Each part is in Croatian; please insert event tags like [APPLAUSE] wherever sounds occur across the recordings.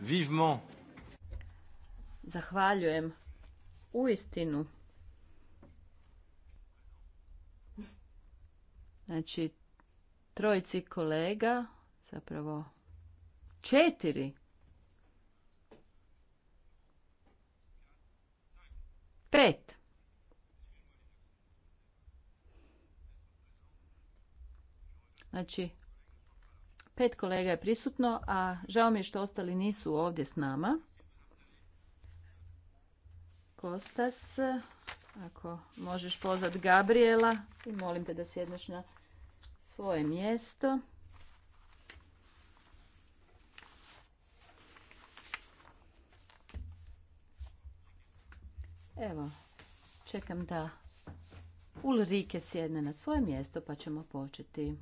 vivement. Zahvaljujem. Uistinu. Znači, trojci kolega, zapravo četiri. Pet. Znači, Pet kolega je prisutno, a žao mi je što ostali nisu ovdje s nama. Kostas, ako možeš pozvat Gabriela i molim te da sjedneš na svoje mjesto. Evo, čekam da Ulrike sjedne na svoje mjesto pa ćemo početi.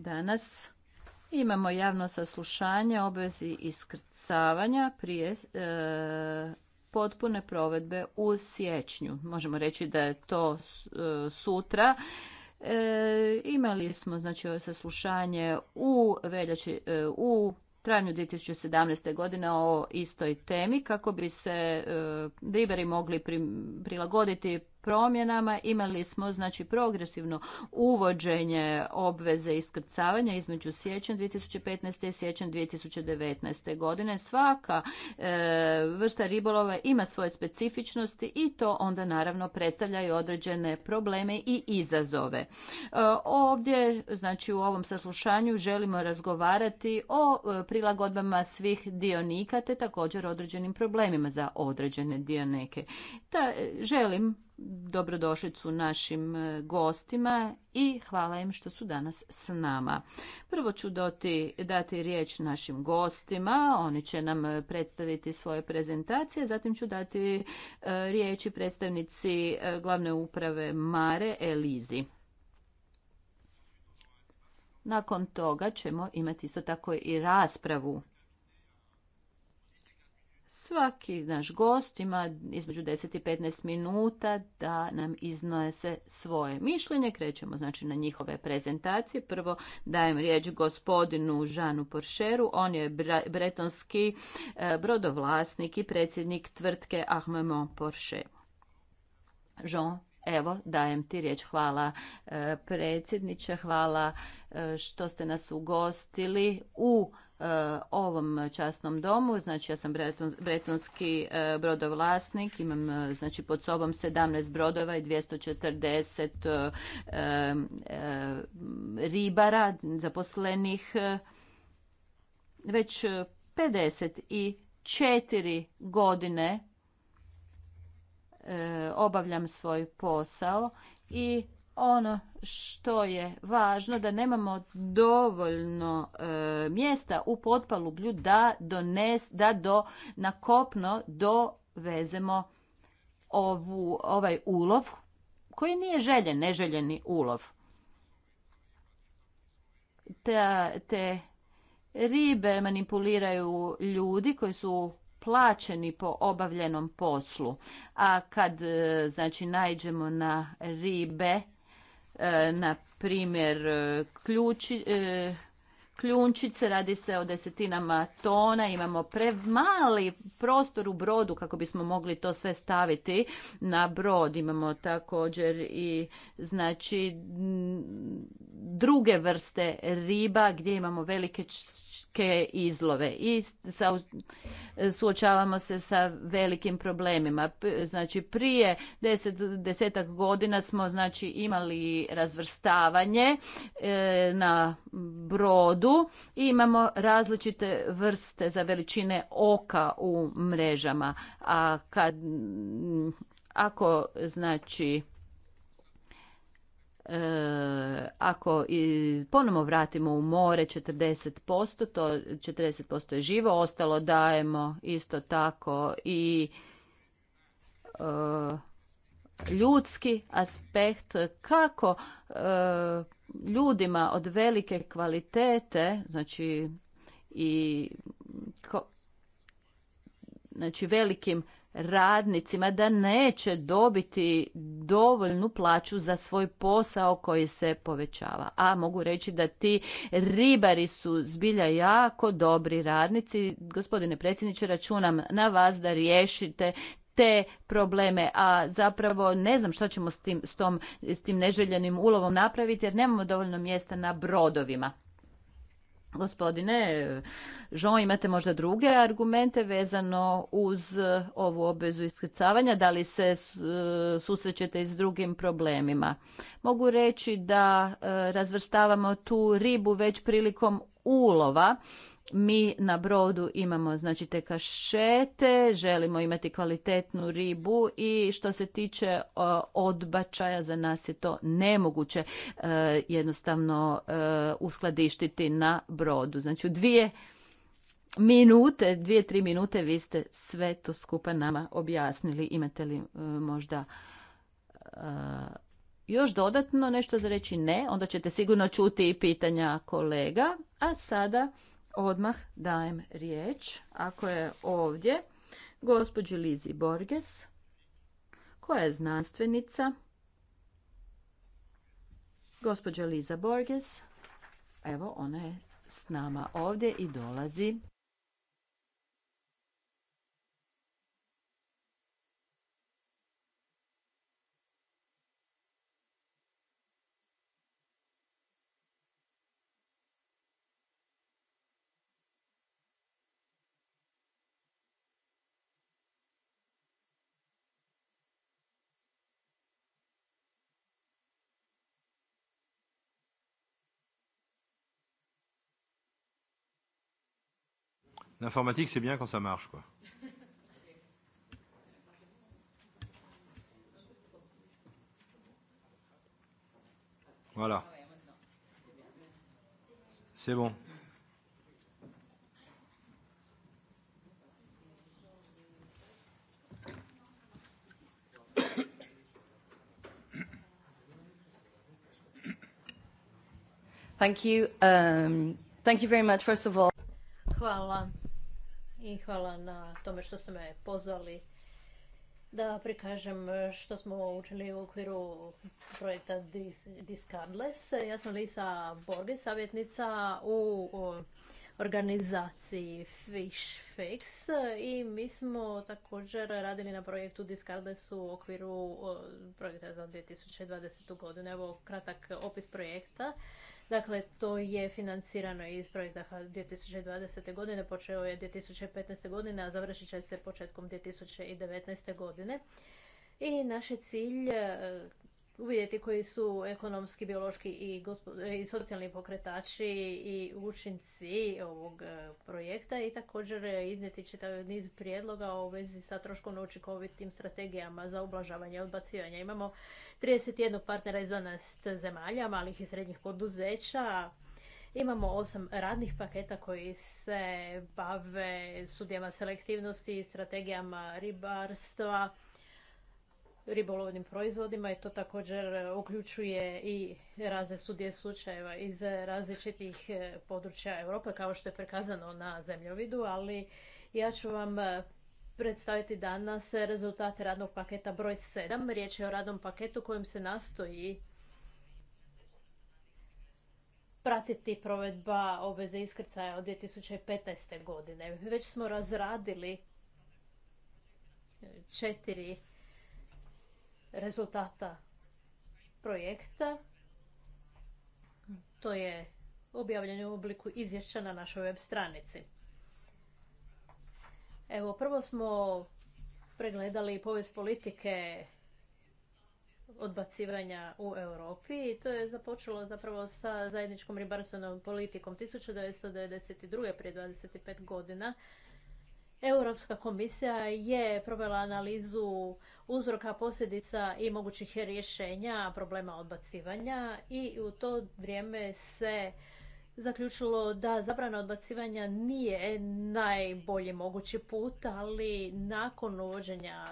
Danas imamo javno saslušanje obvezi iskrcavanja prije e, potpune provedbe u siječnju. Možemo reći da je to e, sutra. E, imali smo znači saslušanje u veljači u travnju 2017. godine o istoj temi kako bi se ribari mogli prilagoditi promjenama imali smo znači progresivno uvođenje obveze iskrcavanja između siječnja 2015. i siječnja 2019. godine svaka e, vrsta ribolova ima svoje specifičnosti i to onda naravno predstavlja i određene probleme i izazove. E, ovdje znači u ovom saslušanju želimo razgovarati o e, prilagodbama svih dionika te također određenim problemima za određene dionike. Ta, želim dobrodošlicu našim e, gostima i hvala im što su danas s nama. Prvo ću doti, dati riječ našim gostima, oni će nam predstaviti svoje prezentacije, zatim ću dati e, riječi predstavnici e, glavne uprave Mare Elizi. Nakon toga ćemo imati isto tako i raspravu Svaki naš gost ima između 10 i 15 minuta da nam iznose svoje mišljenje. Krećemo znači na njihove prezentacije. Prvo dajem riječ gospodinu Žanu Poršeru. On je bretonski e, brodovlasnik i predsjednik tvrtke Ahmemo Porše. Jean Evo, dajem ti riječ. Hvala e, predsjedniče, hvala e, što ste nas ugostili u E, ovom časnom domu. Znači ja sam bretonski e, brodovlasnik, imam e, znači pod sobom 17 brodova i 240 ribara zaposlenih već 54 godine obavljam svoj posao i ono što je važno da nemamo dovoljno e, mjesta u potpalublju da dones da do na kopno dovezemo ovu ovaj ulov koji nije željen neželjeni ulov te, te ribe manipuliraju ljudi koji su plaćeni po obavljenom poslu a kad e, znači najđemo na ribe E, na primjer e, ključi, e, kljunčice, radi se o desetinama tona, imamo premali prostor u brodu kako bismo mogli to sve staviti na brod. Imamo također i znači druge vrste riba gdje imamo velike velike izlove i suočavamo se sa velikim problemima. Znači prije deset, desetak godina smo znači imali razvrstavanje e, na brodu i imamo različite vrste za veličine oka u mrežama. A kad ako znači E, ako i ponovo vratimo u more 40%, to 40% je živo, ostalo dajemo isto tako i e, ljudski aspekt kako e, ljudima od velike kvalitete, znači i znači velikim radnicima da neće dobiti dovoljnu plaću za svoj posao koji se povećava. A mogu reći da ti ribari su zbilja jako dobri radnici. Gospodine predsjedniče, računam na vas da riješite te probleme, a zapravo ne znam što ćemo s tim, s tim neželjenim ulovom napraviti jer nemamo dovoljno mjesta na brodovima. Gospodine, Žon, imate možda druge argumente vezano uz ovu obvezu iskrcavanja? Da li se susrećete i s drugim problemima? Mogu reći da e, razvrstavamo tu ribu već prilikom ulova mi na brodu imamo znači te kašete, želimo imati kvalitetnu ribu i što se tiče odbačaja za nas je to nemoguće e, jednostavno e, uskladištiti na brodu. Znači u dvije minute, dvije, tri minute vi ste sve to skupa nama objasnili. Imate li e, možda još dodatno nešto za reći ne, onda ćete sigurno čuti i pitanja kolega. A sada odmah dajem riječ, ako je ovdje, gospođi Lizi Borges, koja je znanstvenica. Gospođa Liza Borges, evo ona je s nama ovdje i dolazi. L'informatique, c'est bien quand ça marche, quoi. Voilà. C'est bon. Thank you. Um, thank you very much, first of all. Hvala i hvala na tome što ste me pozvali da prikažem što smo učili u okviru projekta Discardless. Ja sam Lisa Borgi, savjetnica u organizaciji Fish Fix i mi smo također radili na projektu Discardless u okviru projekta za 2020. godinu. Evo kratak opis projekta. Dakle, to je financirano iz projekta 2020. godine, počeo je 2015. godine, a završit će se početkom 2019. godine. I naš je cilj e, uvidjeti koji su ekonomski, biološki i, e, i socijalni pokretači i učinci ovog e, projekta i također e, iznijeti čitav niz prijedloga u vezi sa troškovno učinkovitim strategijama za ublažavanje odbacivanja. Imamo 31 partnera iz 12 zemalja, malih i srednjih poduzeća, Imamo osam radnih paketa koji se bave studijama selektivnosti, strategijama ribarstva, ribolovnim proizvodima i to također e, uključuje i razne studije slučajeva iz različitih e, područja Europe kao što je prikazano na zemljovidu, ali ja ću vam e, predstaviti danas rezultate radnog paketa broj 7. Riječ je o radnom paketu kojim se nastoji pratiti provedba obveze iskrcaja od 2015. godine. Već smo razradili četiri rezultata projekta. To je objavljeno u obliku izvješća na našoj web stranici. Evo, prvo smo pregledali povijest politike odbacivanja u Europi i to je započelo zapravo sa zajedničkom ribarstvenom politikom 1992. prije 25 godina Europska komisija je provela analizu uzroka, posljedica i mogućih rješenja problema odbacivanja i u to vrijeme se zaključilo da zabrana odbacivanja nije najbolji mogući put, ali nakon uvođenja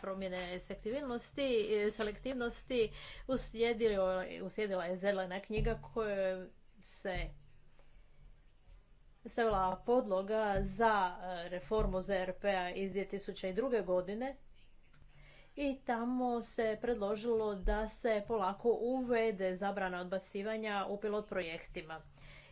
promjene selektivnosti, selektivnosti uslijedila je zelena knjiga koja se stavila podloga za e, reformu ZRP-a iz 2002. godine i tamo se predložilo da se polako uvede zabrana odbacivanja u pilot projektima.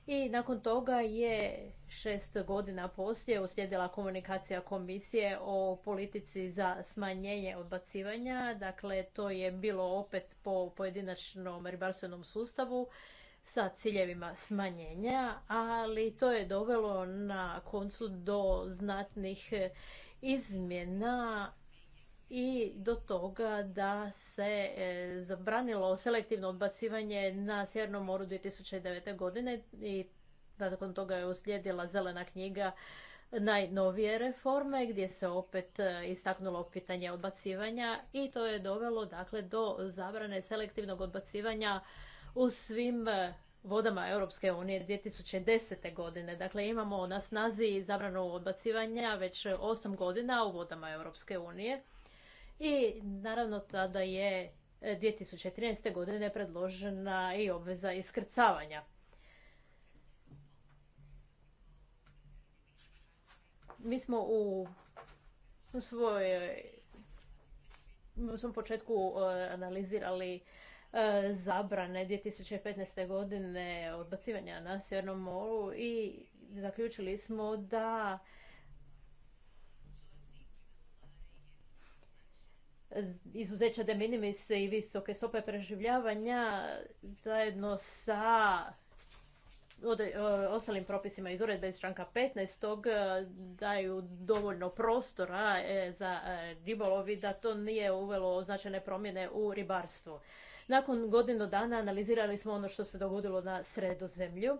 I nakon toga je šest godina poslije uslijedila komunikacija komisije o politici za smanjenje odbacivanja. Dakle, to je bilo opet po pojedinačnom ribarstvenom sustavu sa ciljevima smanjenja, ali to je dovelo na koncu do znatnih e, izmjena i do toga da se e, zabranilo selektivno odbacivanje na Sjevernom moru 2009. godine i nakon toga je uslijedila zelena knjiga najnovije reforme gdje se opet e, istaknulo pitanje odbacivanja i to je dovelo dakle do zabrane selektivnog odbacivanja u svim e, vodama Europske unije 2010. godine. Dakle, imamo na snazi zabranu odbacivanja već 8 godina u vodama Europske unije. I naravno tada je 2013. E, godine predložena i obveza iskrcavanja. Mi smo u svojoj u svom početku e, analizirali E, zabrane 2015. godine odbacivanja na Sjevernom moru i zaključili smo da izuzeća de minimis i visoke stope preživljavanja zajedno sa e, ostalim propisima iz uredbe iz članka 15. E, daju dovoljno prostora za ribolovi da to nije uvelo značajne promjene u ribarstvu. Nakon godinu dana analizirali smo ono što se dogodilo na sredozemlju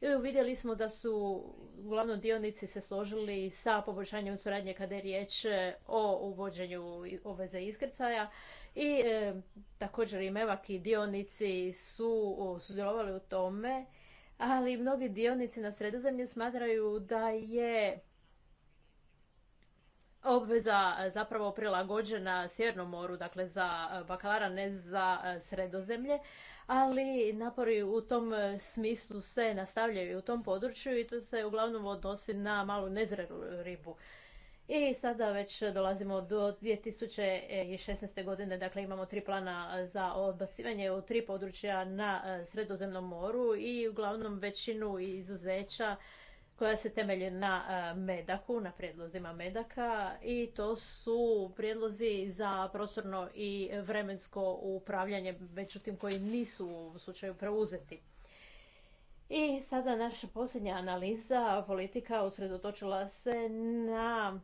i vidjeli smo da su uglavnom dionici se složili sa poboljšanjem suradnje kada je riječ e, o uvođenju obveze iskrcaja i e, također i mevaki dionici su sudjelovali u tome ali mnogi dionici na sredozemlju smatraju da je obveza e, zapravo prilagođena sjevernom moru, dakle za e, bakalara, ne za e, sredozemlje, ali napori u tom smislu se nastavljaju u tom području i to se uglavnom odnosi na malu nezrelu ribu. I sada već dolazimo do 2016. godine, dakle imamo tri plana za odbacivanje u tri područja na Sredozemnom moru i uglavnom većinu izuzeća koja se temelje na e, medaku, na prijedlozima medaka i to su prijedlozi za prostorno i vremensko upravljanje, međutim koji nisu u slučaju preuzeti. I sada naša posljednja analiza politika usredotočila se na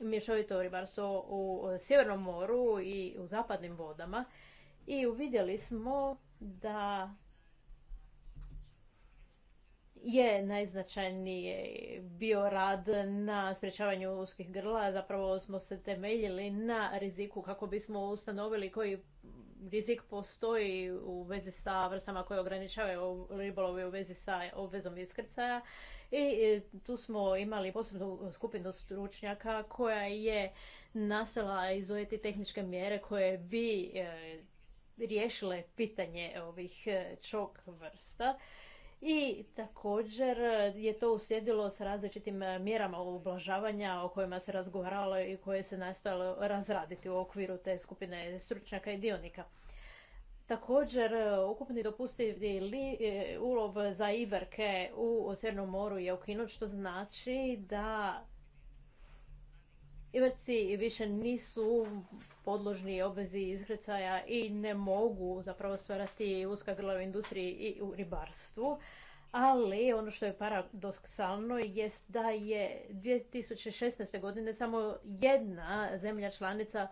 mješovito ribarstvo u e, Sjevernom moru i u zapadnim vodama i uvidjeli smo da je najznačajniji bio rad na sprečavanju uskih grla. Zapravo smo se temeljili na riziku kako bismo ustanovili koji rizik postoji u vezi sa vrstama koje ograničavaju ribolove u vezi sa obvezom iskrcaja. I e, tu smo imali posebnu skupinu stručnjaka koja je nasela izvojiti tehničke mjere koje bi e, riješile pitanje ovih e, čok vrsta i također je to uslijedilo s različitim e, mjerama ublažavanja o kojima se razgovaralo i koje se nastojalo razraditi u okviru te skupine stručnjaka i dionika. Također, e, ukupni dopustivi li, e, ulov za iverke u Sjernom moru je ukinut, što znači da iverci više nisu podložni obvezi iskrcaja i ne mogu zapravo stvarati uska grla u industriji i u ribarstvu. Ali ono što je paradoksalno jest da je 2016. godine samo jedna zemlja članica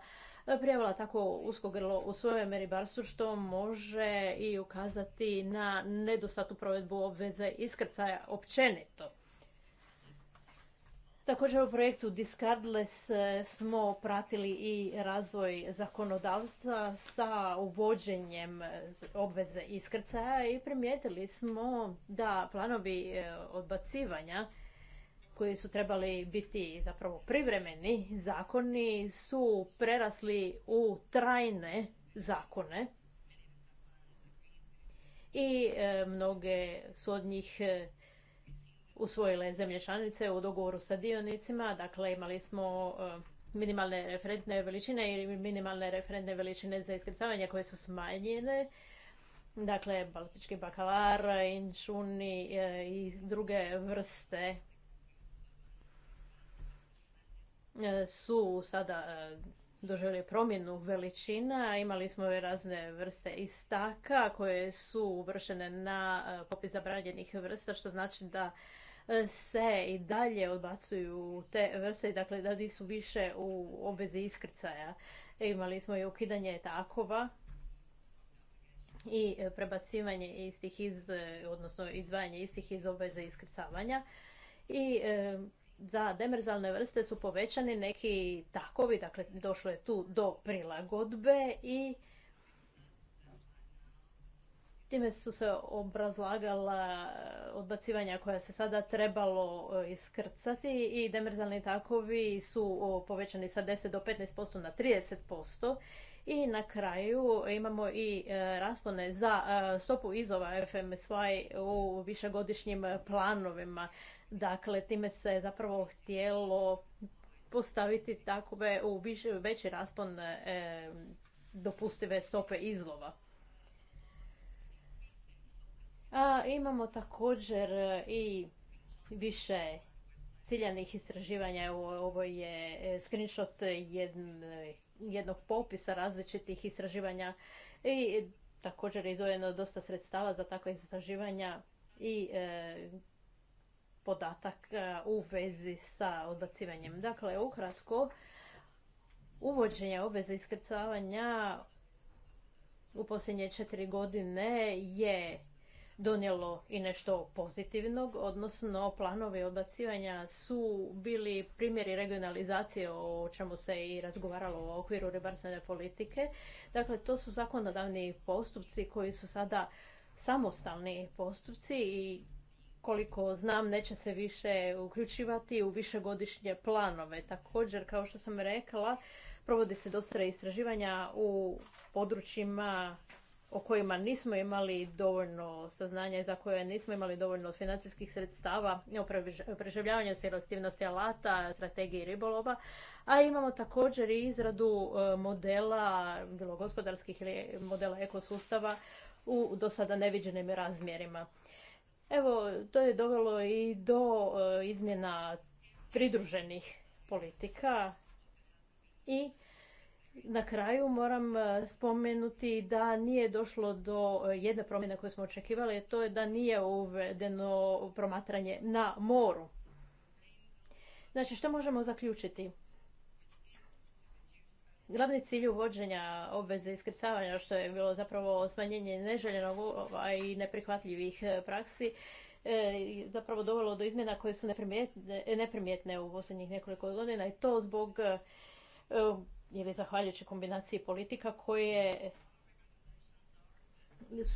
e, prijavila tako usko grlo u svojem ribarstvu što može i ukazati na nedostatnu provedbu obveze iskrcaja općenito. Također u projektu Discardless e, smo pratili i razvoj zakonodavstva sa uvođenjem e, obveze iskrcaja i primijetili smo da planovi e, odbacivanja koji su trebali biti zapravo privremeni zakoni su prerasli u trajne zakone i mnoge su od njih usvojile zemlje članice u dogovoru sa dionicima. Dakle, imali smo e, minimalne referentne veličine ili minimalne referentne veličine za iskrcavanje koje su smanjene. Dakle, baltički bakalar, inčuni e, i druge vrste e, su sada doživjeli promjenu veličina. Imali smo i razne vrste istaka koje su uvršene na popis zabranjenih vrsta, što znači da E, se i dalje odbacuju te vrste, dakle da nisu više u obvezi iskrcaja. E, imali smo i ukidanje takova i e, prebacivanje istih iz, odnosno izdvajanje istih iz obveze iskrcavanja. I za demerzalne vrste su povećani neki takovi, dakle došlo je tu do prilagodbe i Time su se obrazlagala eh, odbacivanja koja se sada trebalo eh, iskrcati i demerzalni takovi su povećani sa 10 do 15% na 30%. I na kraju eh, imamo i raspone za stopu izova FMSY u višegodišnjim planovima. Dakle, time se zapravo htjelo postaviti takve u veći raspon dopustive stope izlova. A, imamo također e, i više ciljanih istraživanja. ovo je e, screenshot jednog popisa različitih istraživanja i također je izvojeno dosta sredstava za takve istraživanja i e, podatak u vezi sa odbacivanjem. Dakle, ukratko, uvođenje obveze iskrcavanja u posljednje četiri godine je donijelo i nešto pozitivnog, odnosno planovi odbacivanja su bili primjeri regionalizacije o čemu se i razgovaralo u okviru ribarstvene politike. Dakle, to su zakonodavni postupci koji su sada samostalni postupci i koliko znam neće se više uključivati u višegodišnje planove. Također, kao što sam rekla, provodi se dosta istraživanja u područjima o kojima nismo imali dovoljno saznanja i za koje nismo imali dovoljno financijskih sredstava o preživljavanju selektivnosti alata, strategiji ribolova, a imamo također i izradu e, modela, bilo gospodarskih modela ekosustava u do sada neviđenim razmjerima. Evo, to je dovelo i do e, izmjena pridruženih politika i na kraju moram e, spomenuti da nije došlo do e, jedne promjene koje smo očekivali, to je da nije uvedeno promatranje na moru. Znači, što možemo zaključiti? Glavni cilj uvođenja obveze iskrcavanja, što je bilo zapravo smanjenje neželjenog ulova i neprihvatljivih e, praksi, zapravo dovelo do izmjena koje su neprimjetne, neprimjetne u posljednjih nekoliko godina i to zbog ili zahvaljujući kombinaciji politika koje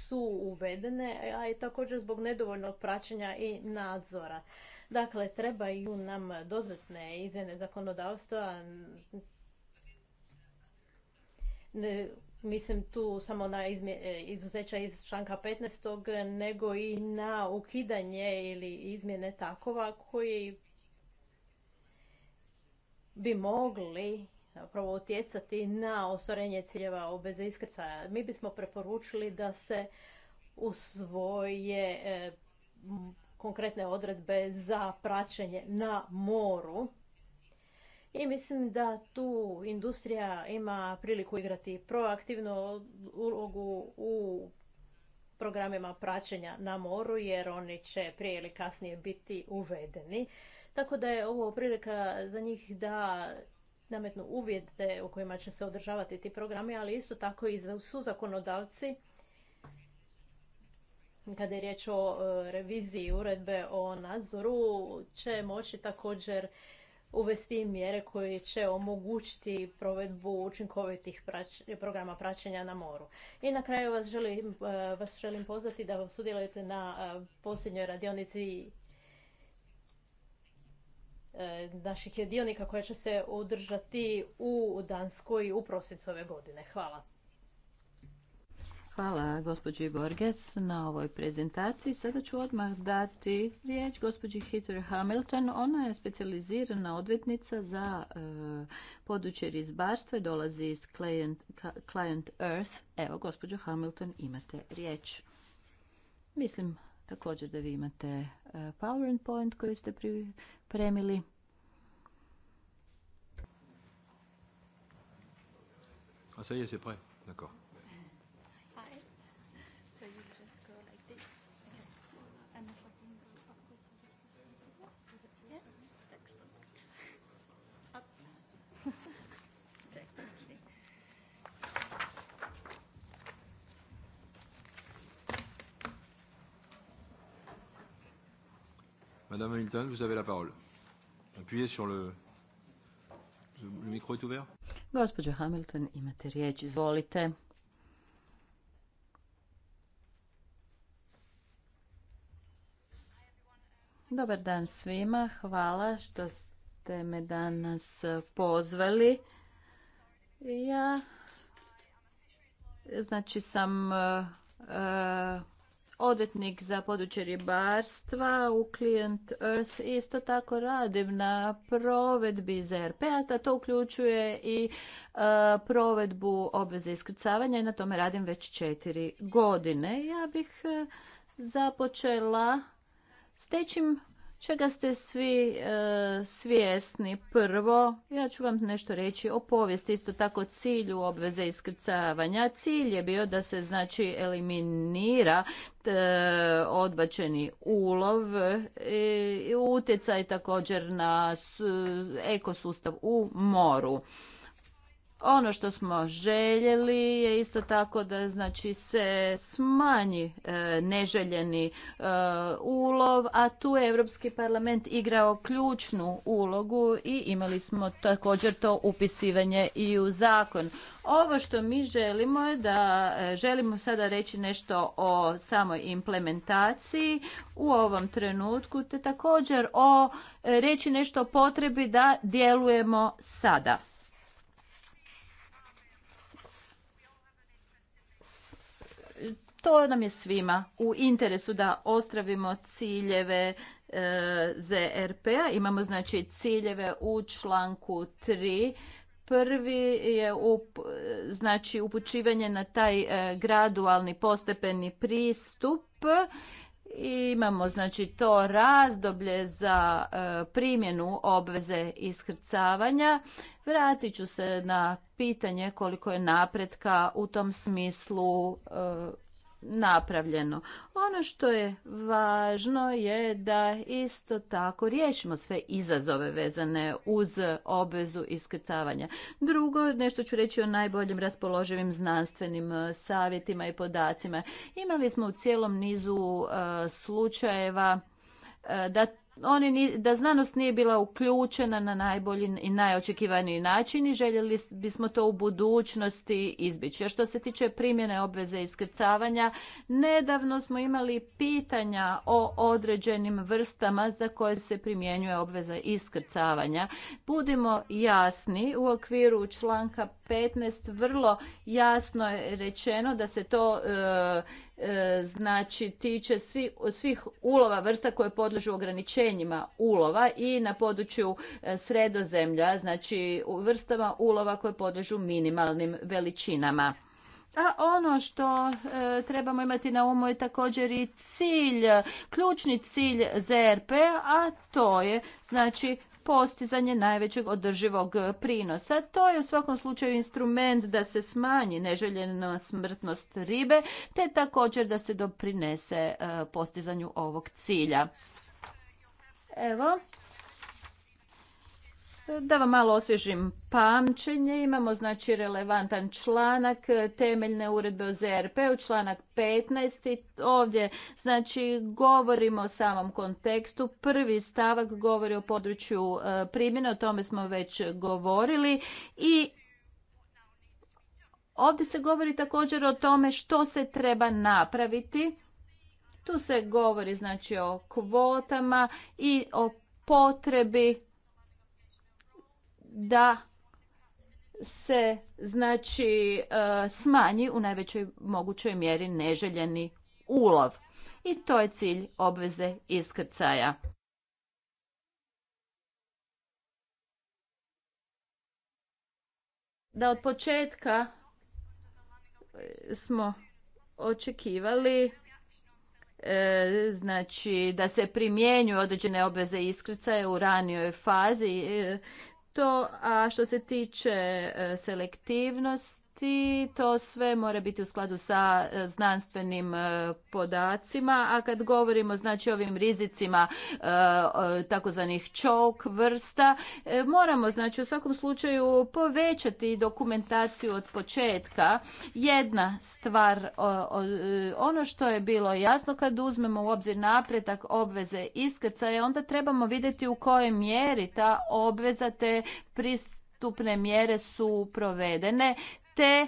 su uvedene, a i također zbog nedovoljnog praćenja i nadzora. Dakle, trebaju nam dodatne izmjene zakonodavstva. Ne, mislim tu samo na izuzeća iz članka 15. nego i na ukidanje ili izmjene takova koji bi mogli zapravo utjecati na ostvarenje ciljeva obveze iskrcaja. Mi bismo preporučili da se usvoje e, konkretne odredbe za praćenje na moru. I mislim da tu industrija ima priliku igrati proaktivnu ulogu u programima praćenja na moru jer oni će prije ili kasnije biti uvedeni. Tako da je ovo prilika za njih da nametnu uvjete u kojima će se održavati ti programi, ali isto tako i su zakonodavci kada je riječ o e, reviziji uredbe o nadzoru, će moći također uvesti mjere koje će omogućiti provedbu učinkovitih programa praćenja na moru. I na kraju vas želim, e, vas želim pozvati da vam sudjelujete na e, posljednjoj radionici E, naših dionika koja će se održati u Danskoj u prosincu ove godine. Hvala. Hvala gospođi Borges na ovoj prezentaciji. Sada ću odmah dati riječ gospođi Heather Hamilton. Ona je specijalizirana odvjetnica za e, područje rizbarstva i dolazi iz Client, Earth. Evo, gospođo Hamilton, imate riječ. Mislim također da vi imate e, PowerPoint koji ste pri, premili. A ça y est, c'est prêt. D'accord. Madame Hamilton, vous avez la parole. Appuyez sur le... Le micro est ouvert. Gospodje Hamilton, imate riječ, izvolite. Dobar dan svima, hvala što ste me danas pozvali. Ja, znači sam... Uh, uh, Odvetnik za područje ribarstva u Client Earth. Isto tako radim na provedbi ZRP-a, to uključuje i e, provedbu obveze iskrcavanja i na tome radim već četiri godine. Ja bih e, započela s čega ste svi e, svjesni. Prvo, ja ću vam nešto reći o povijesti, isto tako cilju obveze iskrcavanja. Cilj je bio da se znači eliminira e, odbačeni ulov i utjecaj također na s, ekosustav u moru. Ono što smo željeli je isto tako da znači se smanji e, neželjeni e, ulov, a tu je Europski parlament igrao ključnu ulogu i imali smo također to upisivanje i u zakon. Ovo što mi želimo je da e, želimo sada reći nešto o samoj implementaciji u ovom trenutku, te također o reći nešto o potrebi da djelujemo sada. To nam je svima u interesu da ostravimo ciljeve e, ZRP-a. Imamo znači ciljeve u članku 3. Prvi je up, znači upućivanje na taj e, gradualni postepeni pristup. Imamo znači to razdoblje za e, primjenu obveze iskrcavanja. Vratit ću se na pitanje koliko je napretka u tom smislu napravljeno. Ono što je važno je da isto tako riješimo sve izazove vezane uz obvezu iskrcavanja. Drugo, nešto ću reći o najboljim raspoloživim znanstvenim e, savjetima i podacima. Imali smo u cijelom nizu e, slučajeva e, da oni da znanost nije bila uključena na najbolji i najočekivaniji način i željeli bismo to u budućnosti izbjeći. A što se tiče primjene obveze iskrcavanja, nedavno smo imali pitanja o određenim vrstama za koje se primjenjuje obveza iskrcavanja. Budimo jasni, u okviru članka 15 vrlo jasno je rečeno da se to e, E, znači tiče svi, svih ulova vrsta koje podležu ograničenjima ulova i na području e, sredozemlja, znači vrstama ulova koje podležu minimalnim veličinama. A ono što e, trebamo imati na umu je također i cilj, ključni cilj ZRP, a to je znači postizanje najvećeg održivog prinosa. To je u svakom slučaju instrument da se smanji neželjena smrtnost ribe, te također da se doprinese e, postizanju ovog cilja. Evo, da vam malo osvježim pamćenje, imamo znači relevantan članak e, temeljne uredbe o ZRP-u, članak 15. Ovdje znači govorimo o samom kontekstu. Prvi stavak govori o području e, primjene, o tome smo već govorili i ovdje se govori također o tome što se treba napraviti. Tu se govori znači o kvotama i o potrebi da se znači e, smanji u najvećoj mogućoj mjeri neželjeni ulov. I to je cilj obveze iskrcaja. Da od početka e, smo očekivali e, znači da se primjenju određene obveze iskrcaja u ranijoj fazi to, a što se tiče e, selektivnost, to sve mora biti u skladu sa e, znanstvenim e, podacima, a kad govorimo znači ovim rizicima e, takozvanih čok vrsta, moramo znači u svakom slučaju povećati dokumentaciju od početka. Jedna stvar, ono što je bilo jasno kad uzmemo u obzir napretak obveze iskrcaja, onda trebamo vidjeti u kojoj mjeri ta obveza te pristupne mjere su provedene te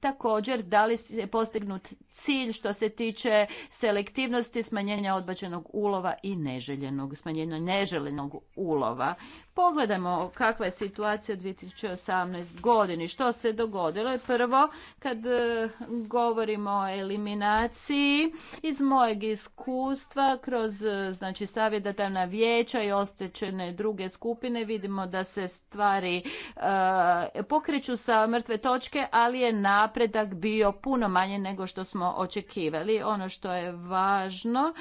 također da li je postignut cilj što se tiče selektivnosti smanjenja odbačenog ulova i neželjenog, smanjenja neželjenog ulova. Pogledajmo kakva je situacija u 2018. godini. Što se dogodilo je prvo kad e, govorimo o eliminaciji iz mojeg iskustva kroz e, znači savjetodavna vijeća i ostečene druge skupine vidimo da se stvari e, pokreću sa mrtve točke, ali je napredak bio puno manje nego što smo očekivali. Ono što je važno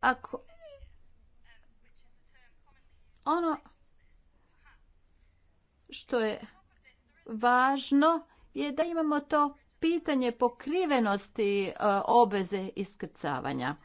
Ako... Ono što je važno je da imamo to pitanje pokrivenosti e, obveze iskrcavanja.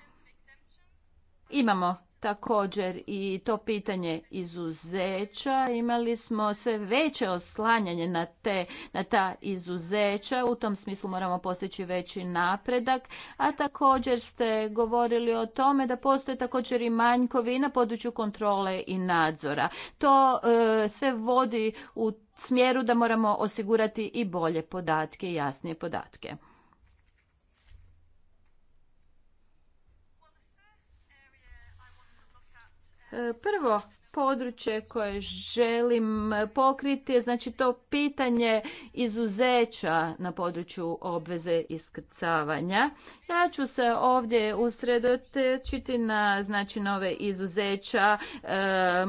Imamo također i to pitanje izuzeća. Imali smo sve veće oslanjanje na, te, na ta izuzeća, u tom smislu moramo postići veći napredak, a također ste govorili o tome da postoje također i manjkovi na području kontrole i nadzora. To e, sve vodi u smjeru da moramo osigurati i bolje podatke i jasnije podatke. E, prvo područje koje želim pokriti je znači to pitanje izuzeća na području obveze iskrcavanja. Ja ću se ovdje usredotečiti na znači nove izuzeća e,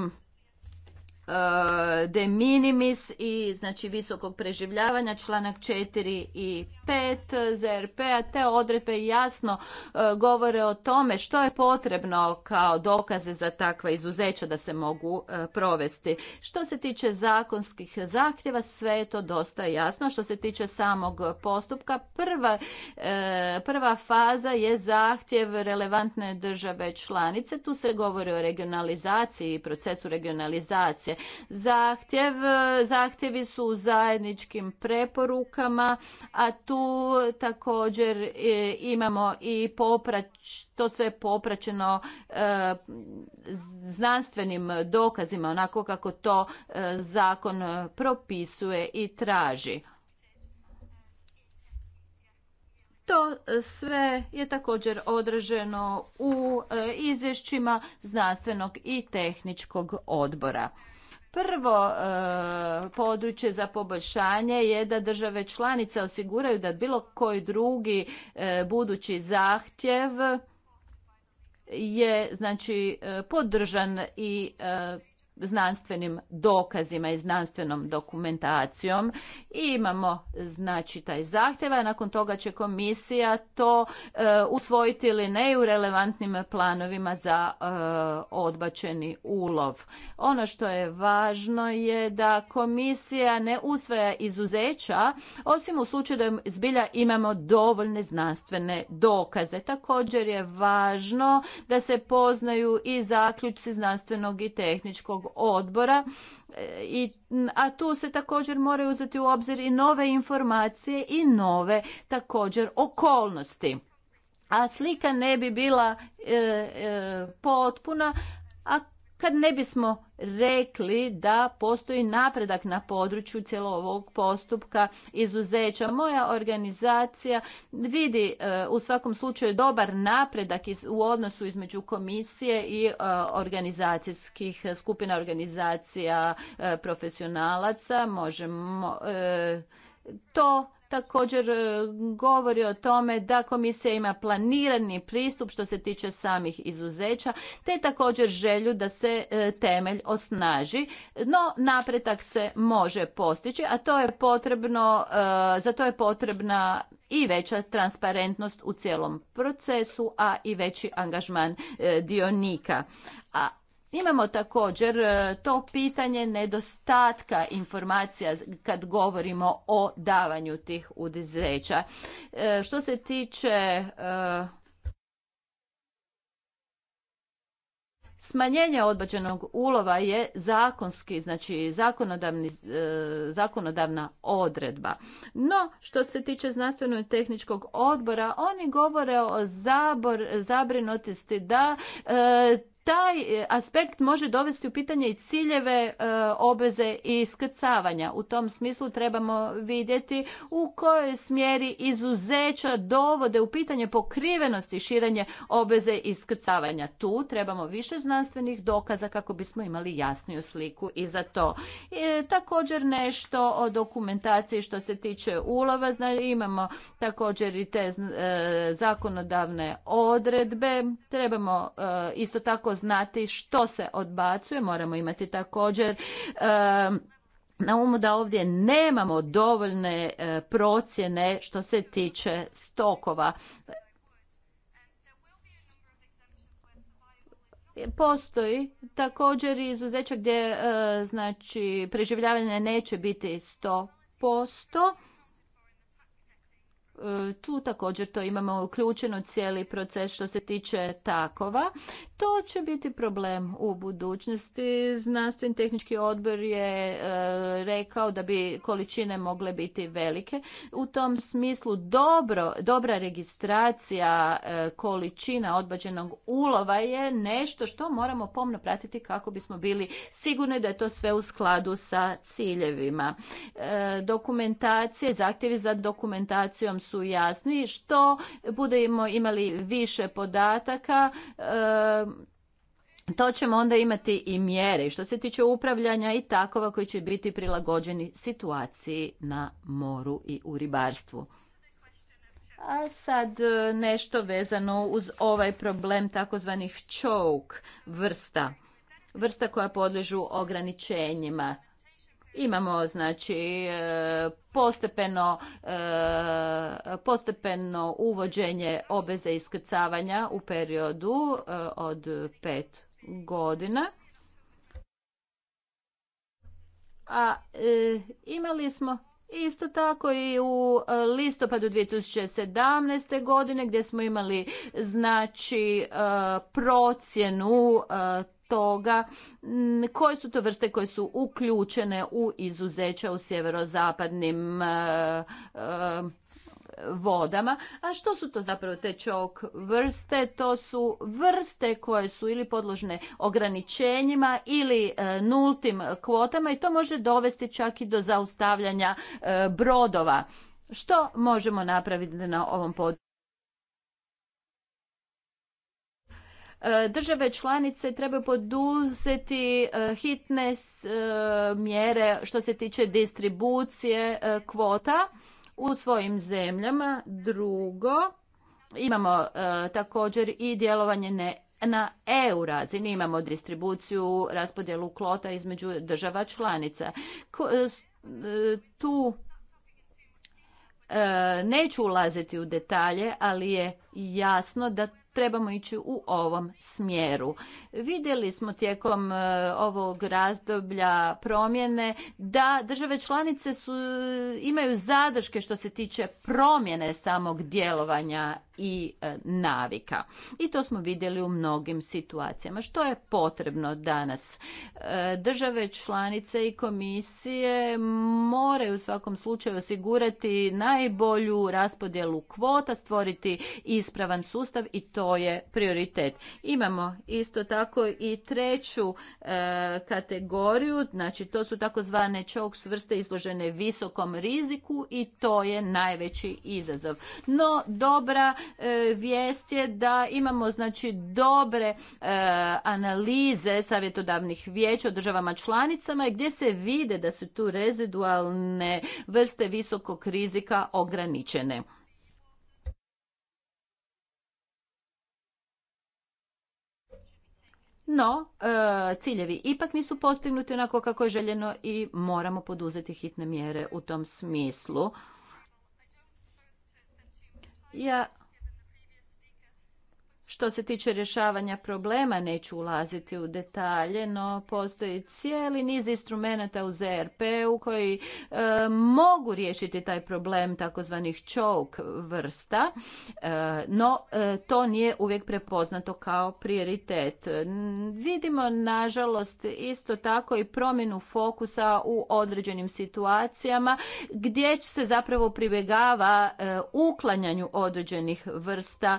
de minimis i znači visokog preživljavanja članak 4 i 5 ZRP-a te odredbe jasno e, govore o tome što je potrebno kao dokaze za takva izuzeća da se mogu e, provesti. Što se tiče zakonskih zahtjeva, sve je to dosta jasno. Što se tiče samog postupka, prva, e, prva faza je zahtjev relevantne države članice. Tu se govori o regionalizaciji i procesu regionalizacije. Zahtjev, zahtjevi su u zajedničkim preporukama, a tu tu također e, imamo i poprać, to sve popraćeno e, znanstvenim dokazima, onako kako to e, zakon propisuje i traži. To sve je također odraženo u izvješćima znanstvenog i tehničkog odbora. Prvo e, područje za poboljšanje je da države članice osiguraju da bilo koji drugi e, budući zahtjev je znači e, podržan i znanstvenim dokazima i znanstvenom dokumentacijom i imamo znači taj zahtjev, a nakon toga će komisija to e, usvojiti ili ne u relevantnim planovima za e, odbačeni ulov. Ono što je važno je da komisija ne usvaja izuzeća osim u slučaju da zbilja imamo dovoljne znanstvene dokaze. Također je važno da se poznaju i zaključci znanstvenog i tehničkog odbora e, i a tu se također moraju uzeti u obzir i nove informacije i nove također okolnosti a slika ne bi bila e, e, potpuna a kad ne bismo rekli da postoji napredak na području cijelo ovog postupka izuzeća. Moja organizacija vidi e, u svakom slučaju dobar napredak u odnosu između komisije i e, organizacijskih skupina organizacija e, profesionalaca. Možemo to također e, govori o tome da komisija ima planirani pristup što se tiče samih izuzeća, te također želju da se e, temelj osnaži, no napretak se može postići, a to je potrebno, e, za to je potrebna i veća transparentnost u cijelom procesu, a i veći angažman dionika. A Imamo također e, to pitanje nedostatka informacija kad govorimo o davanju tih udizeća. E, što se tiče e, Smanjenje odbađenog ulova je zakonski, znači zakonodavna odredba. No, što se tiče znanstveno i tehničkog odbora, oni govore o zabor, zabrinutosti da taj e, aspekt može dovesti u pitanje i ciljeve e, obveze i iskrcavanja. U tom smislu trebamo vidjeti u kojoj smjeri izuzeća dovode u pitanje pokrivenosti širenje obveze i skrcavanja. Tu trebamo više znanstvenih dokaza kako bismo imali jasniju sliku i za to. E, također nešto o dokumentaciji što se tiče ulova. Znači, imamo također i te zakonodavne odredbe. Trebamo isto tako znati što se odbacuje, moramo imati također na umu da ovdje nemamo dovoljne e, procjene što se tiče stokova. Postoji također i izuzeća gdje e, znači preživljavanje neće biti 100%. E, tu također to imamo uključeno cijeli proces što se tiče takova. To će biti problem u budućnosti. Znanstveni tehnički odbor je e, rekao da bi količine mogle biti velike. U tom smislu dobro, dobra registracija e, količina odbađenog ulova je nešto što moramo pomno pratiti kako bismo bili sigurni da je to sve u skladu sa ciljevima. Dokumentacije, zahtjevi za dokumentacijom su su jasni. Što budemo imali više podataka, e, to ćemo onda imati i mjere što se tiče upravljanja i takova koji će biti prilagođeni situaciji na moru i u ribarstvu. A sad e, nešto vezano uz ovaj problem takozvanih choke vrsta. Vrsta koja podležu ograničenjima. Imamo znači e, postepeno, e, postepeno uvođenje obveze iskrcavanja u periodu e, od pet godina. A imali smo Isto tako i u listopadu 2017. godine gdje smo imali znači procjenu toga koje su to vrste koje su uključene u izuzeća u sjeverozapadnim e, e, vodama. A što su to zapravo te čok vrste? To su vrste koje su ili podložne ograničenjima ili e, nultim kvotama i to može dovesti čak i do zaustavljanja brodova. Što možemo napraviti na ovom području? E, države članice trebaju poduzeti e, hitne e, mjere što se tiče distribucije kvota u svojim zemljama. Drugo, imamo također i djelovanje ne na EU razini imamo distribuciju, raspodjelu klota između država članica. Tu neću ulaziti u detalje, ali je jasno da trebamo ići u ovom smjeru. Vidjeli smo tijekom e, ovog razdoblja promjene da države članice su, imaju zadrške što se tiče promjene samog djelovanja i e, navika. I to smo vidjeli u mnogim situacijama. Što je potrebno danas? E, države članice i komisije moraju u svakom slučaju osigurati najbolju raspodjelu kvota, stvoriti ispravan sustav i to to je prioritet. Imamo isto tako i treću e, kategoriju, znači to su takozvane čoks vrste izložene visokom riziku i to je najveći izazov. No dobra e, vijest je da imamo znači dobre e, analize savjetodavnih vijeća o državama članicama i gdje se vide da su tu rezidualne vrste visokog rizika ograničene. no e, ciljevi ipak nisu postignuti onako kako je željeno i moramo poduzeti hitne mjere u tom smislu. Ja što se tiče rješavanja problema, neću ulaziti u detalje, no postoji cijeli niz instrumenata u ZRP-u koji e, mogu riješiti taj problem takozvanih choke vrsta, e, no e, to nije uvijek prepoznato kao prioritet. Vidimo, nažalost, isto tako i promjenu fokusa u određenim situacijama gdje se zapravo pribjegava uklanjanju određenih vrsta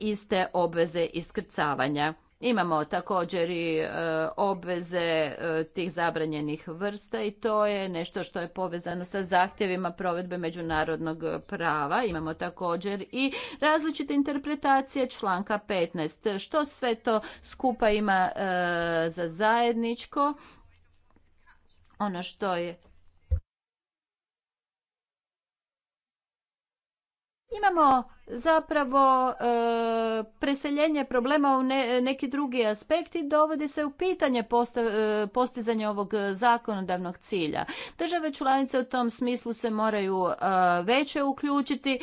iz te obveze iskrcavanja. Imamo također i e, obveze e, tih zabranjenih vrsta i to je nešto što je povezano sa zahtjevima provedbe međunarodnog prava. Imamo također i različite interpretacije članka 15. Što sve to skupa ima e, za zajedničko? Ono što je Imamo zapravo e, preseljenje problema u neki drugi aspekt i dovodi se u pitanje e, postizanje ovog zakonodavnog cilja. Države članice u tom smislu se moraju e, veće uključiti,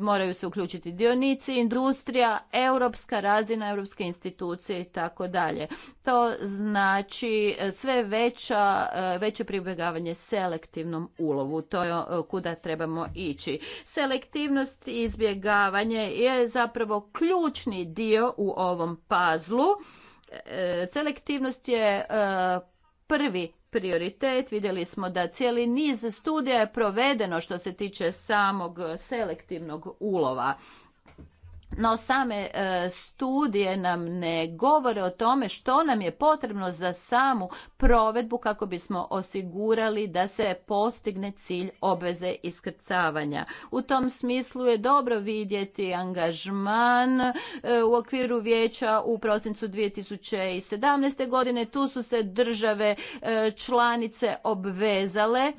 moraju se uključiti dionici, industrija, europska razina, europske institucije i tako dalje. To znači sve veće pribjegavanje selektivnom ulovu, to je kuda trebamo ići. Selektivno i izbjegavanje je zapravo ključni dio u ovom pazlu. E, selektivnost je e, prvi prioritet. Vidjeli smo da cijeli niz studija je provedeno što se tiče samog selektivnog ulova no same e, studije nam ne govore o tome što nam je potrebno za samu provedbu kako bismo osigurali da se postigne cilj obveze iskrcavanja. U tom smislu je dobro vidjeti angažman e, u okviru vijeća u prosincu 2017. godine. Tu su se države e, članice obvezale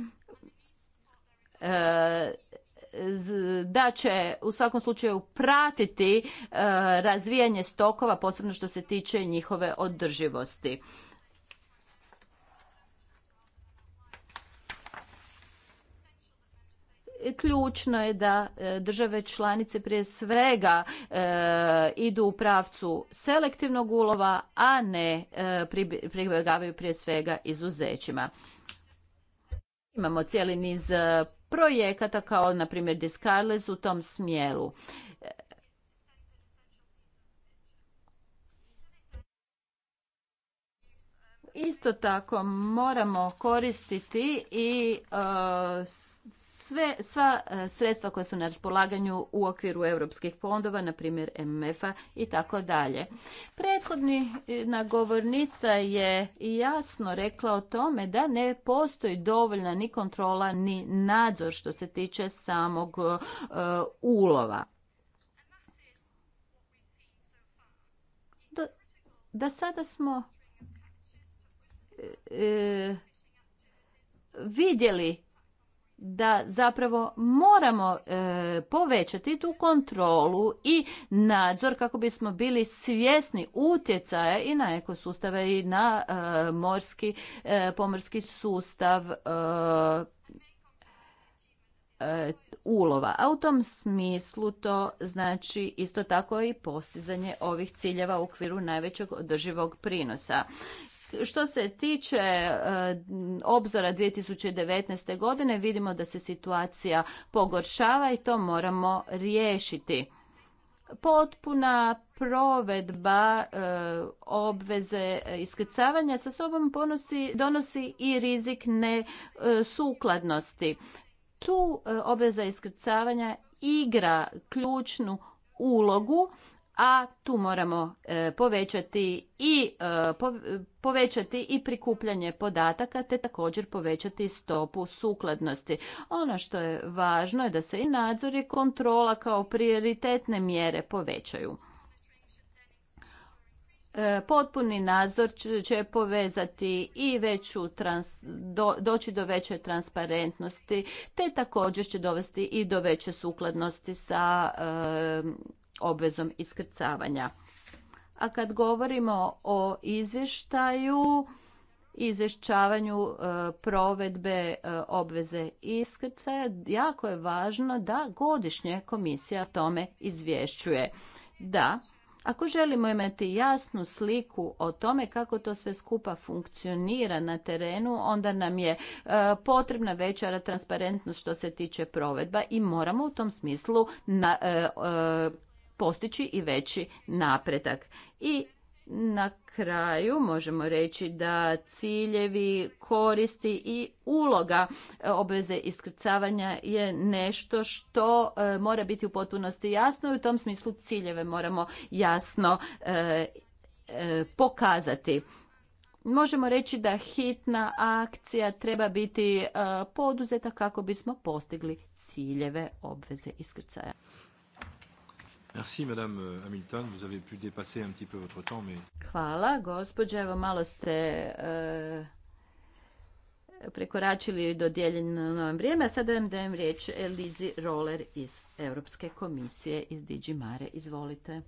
da će u svakom slučaju pratiti e, razvijanje stokova, posebno što se tiče njihove održivosti. ključno je da e, države članice prije svega e, idu u pravcu selektivnog ulova, a ne e, pribjegavaju prije svega izuzećima. Imamo cijeli niz projekata kao na primjer Discarles u tom smjeru. Isto tako moramo koristiti i e, sve, sva e, sredstva koja su na raspolaganju u okviru europskih fondova, na primjer MMF-a i tako dalje. Prethodni e, nagovornica je jasno rekla o tome da ne postoji dovoljna ni kontrola ni nadzor što se tiče samog e, ulova. da sada smo vidjeli da zapravo moramo e, povećati tu kontrolu i nadzor kako bismo bili svjesni utjecaja i na ekosustave i na e, morski e, pomorski sustav ulova. A u tom smislu to znači isto tako i postizanje ovih ciljeva u okviru najvećeg održivog prinosa. Što se tiče eh, obzora 2019. godine, vidimo da se situacija pogoršava i to moramo riješiti. Potpuna provedba eh, obveze iskrcavanja sa sobom donosi i rizik nesukladnosti. Eh, tu obveza iskrcavanja igra ključnu ulogu a tu moramo e, povećati i e, povećati i prikupljanje podataka te također povećati stopu sukladnosti. Ono što je važno je da se i nadzor i kontrola kao prioritetne mjere povećaju. E, potpuni nadzor će povezati i veću doći do veće transparentnosti, te također će dovesti i do veće sukladnosti sa obvezom iskrcavanja. A kad govorimo o izvještaju, izvješćavanju e, provedbe e, obveze iskrcaja, jako je važno da godišnje komisija tome izvješćuje. Da, ako želimo imati jasnu sliku o tome kako to sve skupa funkcionira na terenu, onda nam je e, potrebna većara transparentnost što se tiče provedba i moramo u tom smislu na, postići i veći napredak. I na kraju možemo reći da ciljevi, koristi i uloga e, obveze iskrcavanja je nešto što e, mora biti u potpunosti jasno i u tom smislu ciljeve moramo jasno e, pokazati. Možemo reći da hitna akcija treba biti poduzeta kako bismo postigli ciljeve obveze iskrcaja. Merci, madame euh, Hamilton. Vous avez pu dépasser un petit peu votre temps, mais... Hvala, gospođa. Evo, malo ste e, prekoračili dodijeljeno novom vrijeme. A sada vam dajem riječ Elizi Roller iz Europske komisije iz Digimare. Izvolite.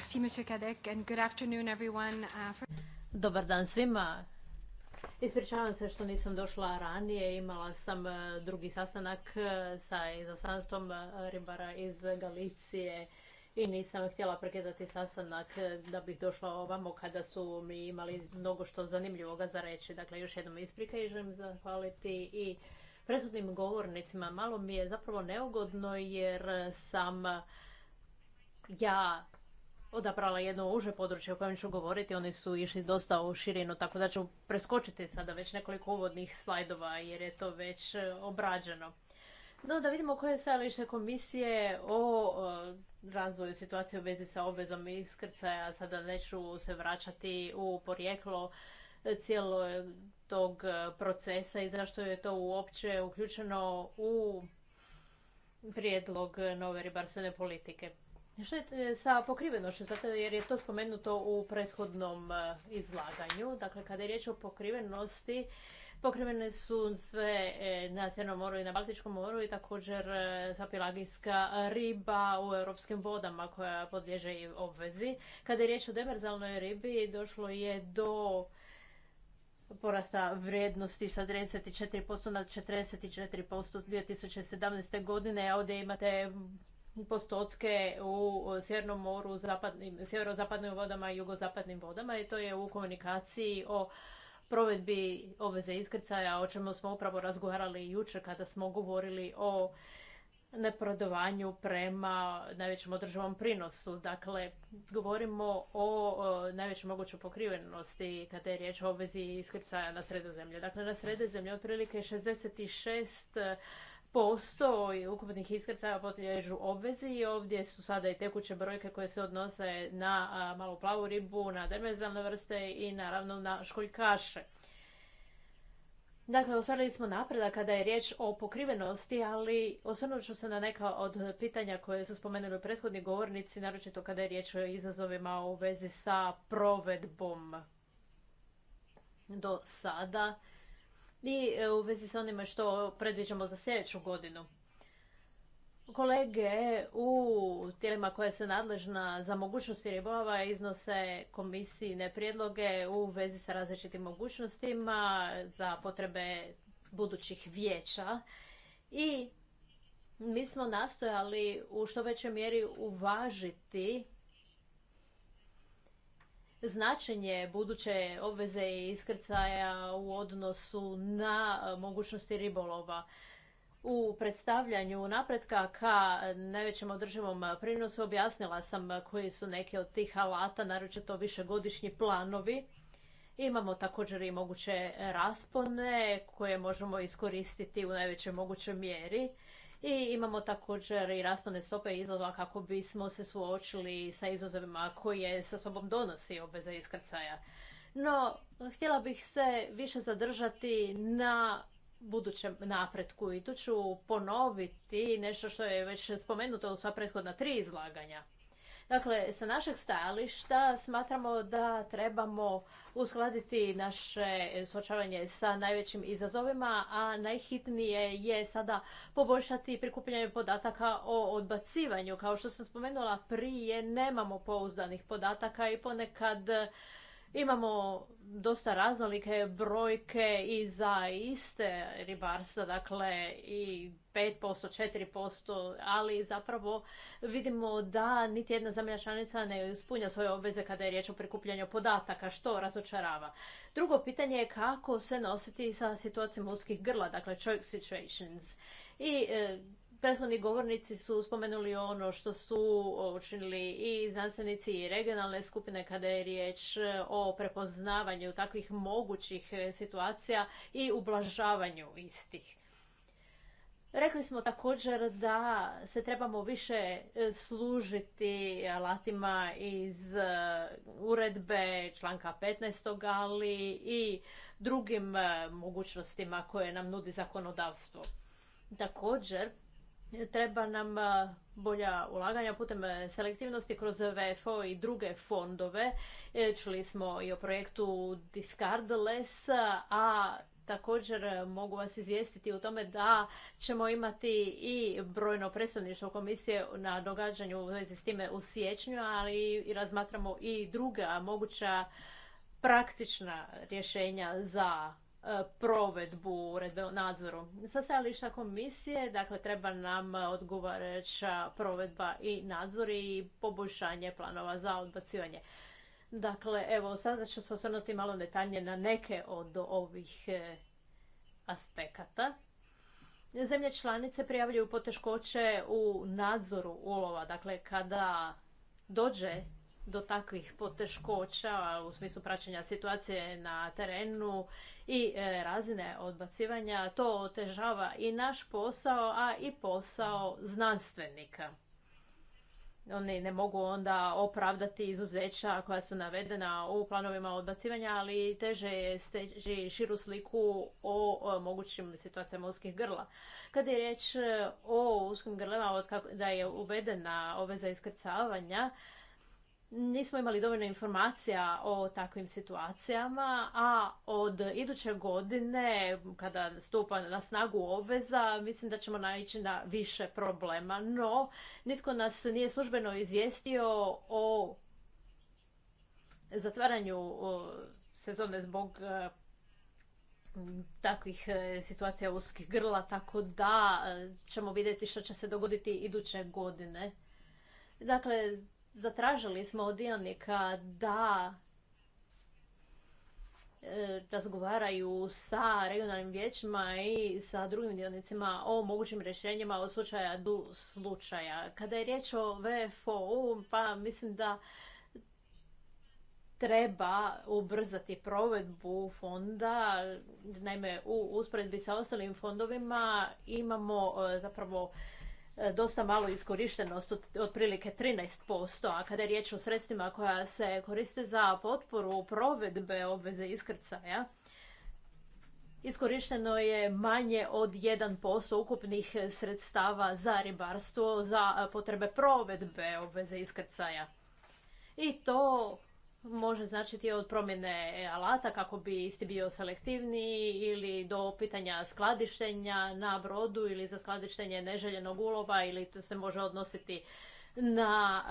Merci, Monsieur Kadek, and good afternoon, everyone. Uh, Dobar dan svima. Ispričavam se što nisam došla ranije, imala sam e, drugi sastanak e, sa izaslanstvom e, ribara iz Galicije i nisam htjela prekidati sastanak da bih došla ovamo kada su mi imali mnogo što zanimljivoga za reći. Dakle, još jednom isprika i želim zahvaliti i prethodnim govornicima. Malo mi je zapravo neugodno jer sam ja odabrala jedno uže područje o kojem ću govoriti. Oni su išli dosta u širinu, tako da ću preskočiti sada već nekoliko uvodnih slajdova jer je to već e, obrađeno. No, da vidimo koje je stajalište komisije o e, razvoju situacije u vezi sa obvezom iskrcaja. Sada neću se vraćati u porijeklo e, cijelo tog procesa i zašto je to uopće uključeno u prijedlog nove ribarstvene politike. Što je e, sa pokrivenošću, zato jer je to spomenuto u prethodnom e, izlaganju. Dakle, kada je riječ o pokrivenosti, pokrivene su sve e, na Crnom moru i na Baltičkom moru i također sapilagijska riba u europskim vodama koja podliježe i obvezi. Kada je riječ o demerzalnoj ribi, došlo je do porasta vrijednosti sa 34% na 44% 2017. godine. Ovdje imate postotke u Sjernom moru, sjeverozapadnim vodama i jugozapadnim vodama i to je u komunikaciji o provedbi obveze iskrcaja, o čemu smo upravo razgovarali jučer kada smo govorili o neprodovanju prema najvećem održivom prinosu. Dakle, govorimo o, najvećoj mogućoj pokrivenosti kada je riječ o obvezi iskrcaja na sredozemlje. Dakle, na sredozemlje otprilike 66 posto ukupnih iskrcaja podliježu obvezi i ovdje su sada i tekuće brojke koje se odnose na malu plavu ribu, na demezalne vrste i naravno na školjkaše. Dakle, osvarili smo napredak kada je riječ o pokrivenosti, ali osvrnut ću se na neka od pitanja koje su spomenuli prethodni govornici, naročito kada je riječ o izazovima u vezi sa provedbom do sada i e, u vezi s onime što predviđamo za sljedeću godinu. Kolege u tijelima koja se nadležna za mogućnosti ribova iznose komisijne prijedloge u vezi sa različitim mogućnostima za potrebe budućih vijeća i mi smo nastojali u što većoj mjeri uvažiti značenje buduće obveze i iskrcaja u odnosu na e, mogućnosti ribolova. U predstavljanju napretka ka najvećem održivom prinosu objasnila sam koji su neke od tih alata, naročito višegodišnji planovi. Imamo također i moguće raspone koje možemo iskoristiti u najvećoj mogućoj mjeri. I imamo također i raspone stope izlova kako bismo se suočili sa izazovima koje sa sobom donosi obveze iskrcaja. No, htjela bih se više zadržati na budućem napretku i tu ću ponoviti nešto što je već spomenuto u sva prethodna tri izlaganja. Dakle, sa našeg stajališta smatramo da trebamo uskladiti naše suočavanje sa najvećim izazovima, a najhitnije je sada poboljšati prikupljanje podataka o odbacivanju. Kao što sam spomenula prije, nemamo pouzdanih podataka i ponekad Imamo dosta raznolike brojke i za iste ribarstva, dakle i 5%, 4%, ali zapravo vidimo da niti jedna zemlja članica ne ispunja svoje obveze kada je riječ o prikupljanju podataka, što razočarava. Drugo pitanje je kako se nositi sa situacijom uskih grla, dakle choke situations. I e, Prethodni govornici su spomenuli ono što su učinili i znanstvenici i regionalne skupine kada je riječ e, o prepoznavanju takvih mogućih e, situacija i ublažavanju istih. Rekli smo također da se trebamo više e, služiti alatima iz uredbe članka 15. ali i drugim mogućnostima koje nam nudi zakonodavstvo. Također, Treba nam e, bolja ulaganja putem e, selektivnosti kroz VFO i druge fondove. E, čuli smo i o projektu Discardless, a također mogu vas izvijestiti u tome da ćemo imati i brojno predstavništvo komisije na događanju u vezi s time u siječnju, ali i razmatramo i druga moguća praktična rješenja za E, provedbu uredbe o nadzoru. Sa stajališta komisije, dakle, treba nam odgovarajuća provedba i nadzori i poboljšanje planova za odbacivanje. Dakle, evo, sada ću se osvrnuti malo detaljnije na neke od ovih e, aspekata. Zemlje članice prijavljuju poteškoće u nadzoru ulova. Dakle, kada dođe do takvih poteškoća u smislu praćenja situacije na terenu i e, razine odbacivanja, to otežava i naš posao, a i posao znanstvenika. Oni ne mogu onda opravdati izuzeća koja su navedena u planovima odbacivanja, ali teže je steći širu sliku o mogućim situacijama uskih grla. Kad je riječ e, o uskim grlema da je uvedena obveza iskrcavanja, nismo imali dovoljno informacija o takvim situacijama, a od iduće godine, kada stupa na snagu obveza, mislim da ćemo naići na više problema. No, nitko nas nije službeno izvijestio o zatvaranju sezone zbog e, takvih e, situacija uskih grla, tako da e, ćemo vidjeti što će se dogoditi iduće godine. Dakle, zatražili smo od dionika da e, razgovaraju sa regionalnim vijećima i sa drugim dionicima o mogućim rješenjima od slučaja do slučaja. Kada je riječ o VFO, pa mislim da treba ubrzati provedbu fonda. Naime, u usporedbi sa ostalim fondovima imamo e, zapravo E, dosta malo iskorištenost, otprilike 13%, a kada je riječ o sredstvima koja se koriste za potporu provedbe obveze iskrcaja, iskorišteno je manje od 1% ukupnih sredstava za ribarstvo za e, potrebe provedbe obveze iskrcaja. I to može značiti od promjene alata kako bi isti bio selektivniji ili do pitanja skladištenja na brodu ili za skladištenje neželjenog ulova ili to se može odnositi na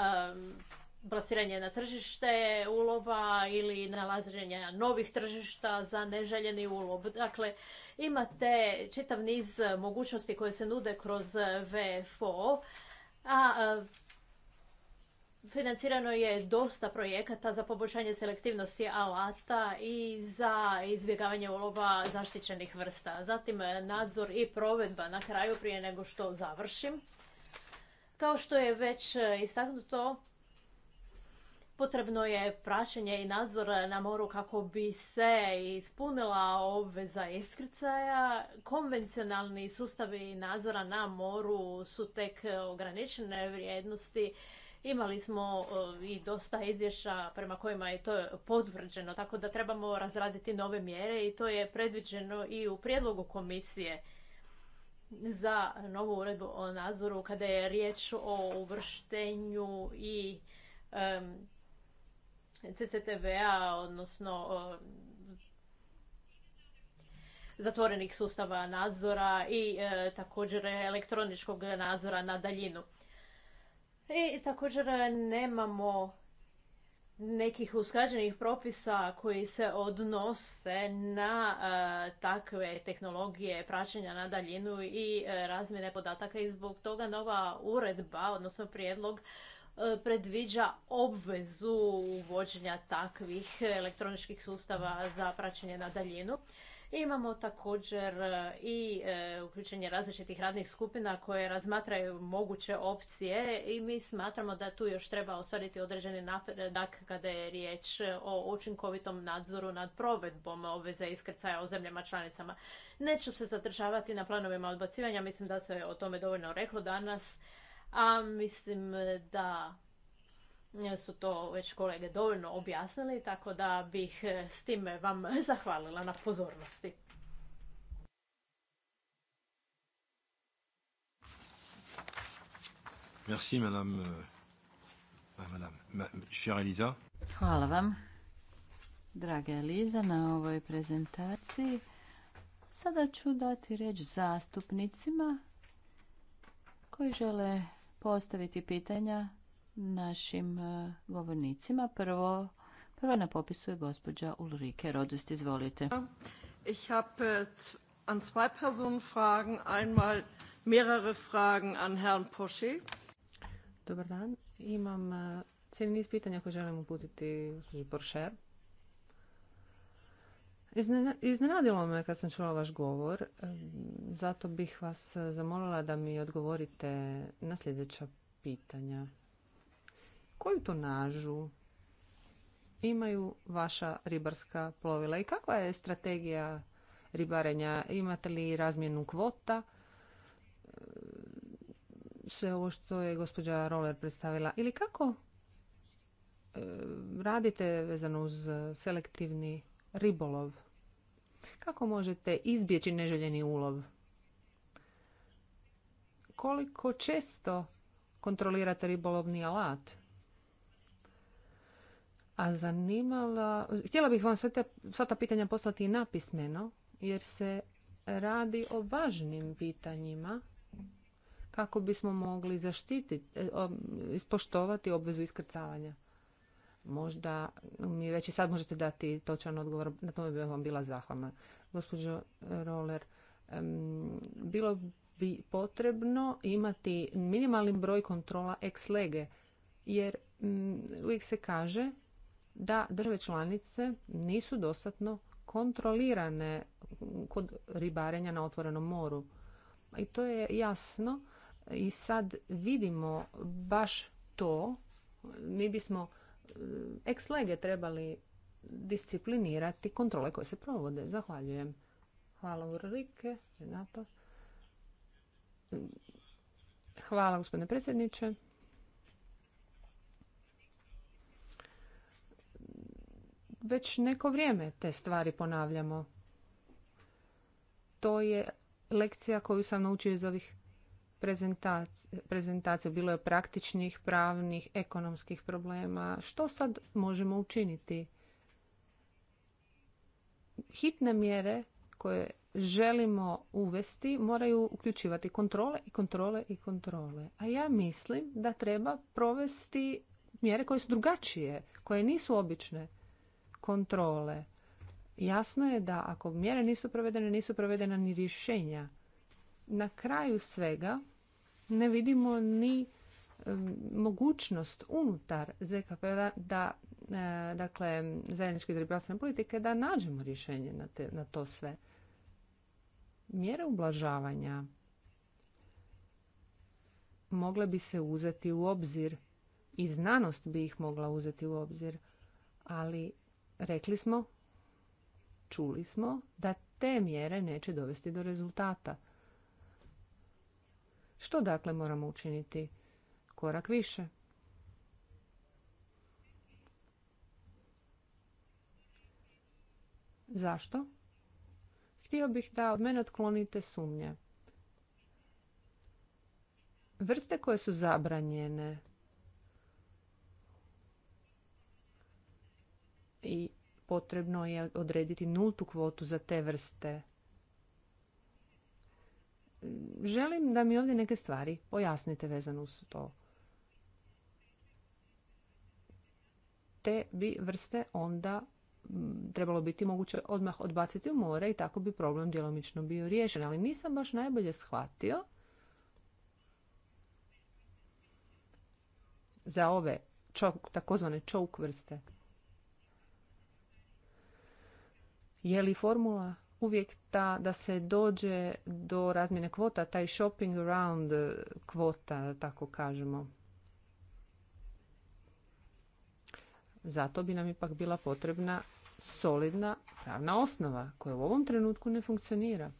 plasiranje na tržište ulova ili nalaženje novih tržišta za neželjeni ulov. Dakle, imate čitav niz mogućnosti koje se nude kroz VFO, a Financirano je dosta projekata za poboljšanje selektivnosti alata i za izbjegavanje ulova zaštićenih vrsta. Zatim nadzor i provedba na kraju prije nego što završim. Kao što je već istaknuto, potrebno je praćenje i nadzor na moru kako bi se ispunila obveza iskrcaja. Konvencionalni sustavi nadzora na moru su tek ograničene vrijednosti Imali smo e, i dosta izvješća prema kojima je to potvrđeno, tako da trebamo razraditi nove mjere i to je predviđeno i u prijedlogu komisije za novu uredbu o nadzoru kada je riječ o uvrštenju i CCTV-a, odnosno e, zatvorenih sustava nadzora i e, također elektroničkog nadzora na daljinu. E, I također e, nemamo nekih uskađenih propisa koji se odnose na e, takve tehnologije praćenja na daljinu i razmjene podataka i zbog toga nova uredba, odnosno prijedlog, predviđa obvezu uvođenja takvih elektroničkih sustava za praćenje na daljinu. Imamo također e, i e, uključenje različitih radnih skupina koje razmatraju moguće opcije i mi smatramo da tu još treba ostvariti određeni napredak kada je riječ e, o učinkovitom nadzoru nad provedbom obveze iskrcaja o zemljama članicama. Neću se zadržavati na planovima odbacivanja, mislim da se o tome dovoljno reklo danas, a mislim da su to već kolege dovoljno objasnili, tako da bih e, s time vam [LAUGHS] zahvalila na pozornosti. Euh, Hvala vam, draga Eliza, na ovoj prezentaciji. Sada ću dati reč zastupnicima koji žele postaviti pitanja našim e, govornicima. Prvo, prva na popisu je gospođa Ulrike Rodest. Izvolite. Ich habe an zwei Einmal mehrere Fragen an Herrn Dobar dan. Imam e, cijeli niz pitanja koje želim uputiti gospođi Boršer. Iznenadilo me kad sam čula vaš govor, e, zato bih vas zamolila da mi odgovorite na sljedeća pitanja. Koju tonažu imaju vaša ribarska plovila i kakva je strategija ribarenja? Imate li razmjenu kvota? E, sve ovo što je gospođa Roller predstavila. Ili kako e, radite vezano uz selektivni ribolov? Kako možete izbjeći neželjeni ulov? Koliko često kontrolirate ribolovni alat? A zanimala, htjela bih vam sve sva ta pitanja poslati i napismeno, jer se radi o važnim pitanjima kako bismo mogli zaštititi, e, ispoštovati obvezu iskrcavanja. Možda mi već i sad možete dati točan odgovor, na tome bi vam bila zahvalna. Gospođo Roller, bilo bi potrebno imati minimalni broj kontrola ex lege, jer mm, uvijek se kaže da države članice nisu dostatno kontrolirane kod ribarenja na otvorenom moru. I to je jasno i sad vidimo baš to. Mi bismo eh, ex lege trebali disciplinirati kontrole koje se provode. Zahvaljujem. Hvala Urlike, Renato. Hvala gospodine predsjedniče. već neko vrijeme te stvari ponavljamo. To je lekcija koju sam naučio iz ovih prezentacija. Bilo je praktičnih, pravnih, ekonomskih problema. Što sad možemo učiniti? Hitne mjere koje želimo uvesti moraju uključivati kontrole i kontrole i kontrole. A ja mislim da treba provesti mjere koje su drugačije, koje nisu obične kontrole. Jasno je da ako mjere nisu provedene, nisu provedena ni rješenja. Na kraju svega ne vidimo ni mogućnost unutar ZKP p-a da e, dakle, zajedničke ribarstvene politike da nađemo rješenje na, na to sve. Mjere ublažavanja mogle bi se uzeti u obzir i znanost bi ih mogla uzeti u obzir, ali rekli smo, čuli smo da te mjere neće dovesti do rezultata. Što dakle moramo učiniti? Korak više. Zašto? Htio bih da od mene otklonite sumnje. Vrste koje su zabranjene i potrebno je odrediti nultu kvotu za te vrste. Želim da mi ovdje neke stvari pojasnite vezano uz to. Te bi vrste onda mm, trebalo biti moguće odmah odbaciti u more i tako bi problem djelomično bio riješen. Ali nisam baš najbolje shvatio za ove takozvane čouk vrste. Je li formula uvijek ta da se dođe do razmjene kvota, taj shopping around e, kvota, tako kažemo? Zato bi nam ipak bila potrebna solidna pravna osnova koja u ovom trenutku ne funkcionira.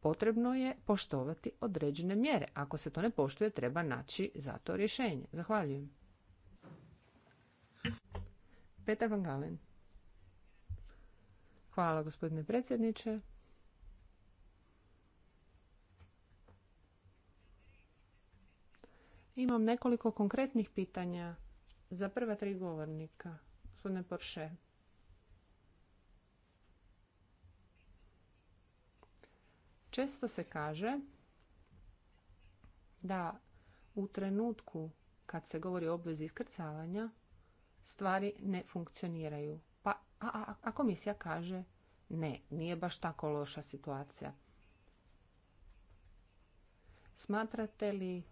Potrebno je poštovati određene mjere. Ako se to ne poštuje, treba naći za to rješenje. Zahvaljujem. Petar Van Galen. Hvala gospodine predsjedniče. Imam nekoliko konkretnih pitanja za prva tri govornika. Gospodine Porše. Često se kaže da u trenutku kad se govori o obvezi iskrcavanja, stvari ne funkcioniraju. Pa, a, a komisija kaže ne, nije baš tako loša situacija. Smatrate li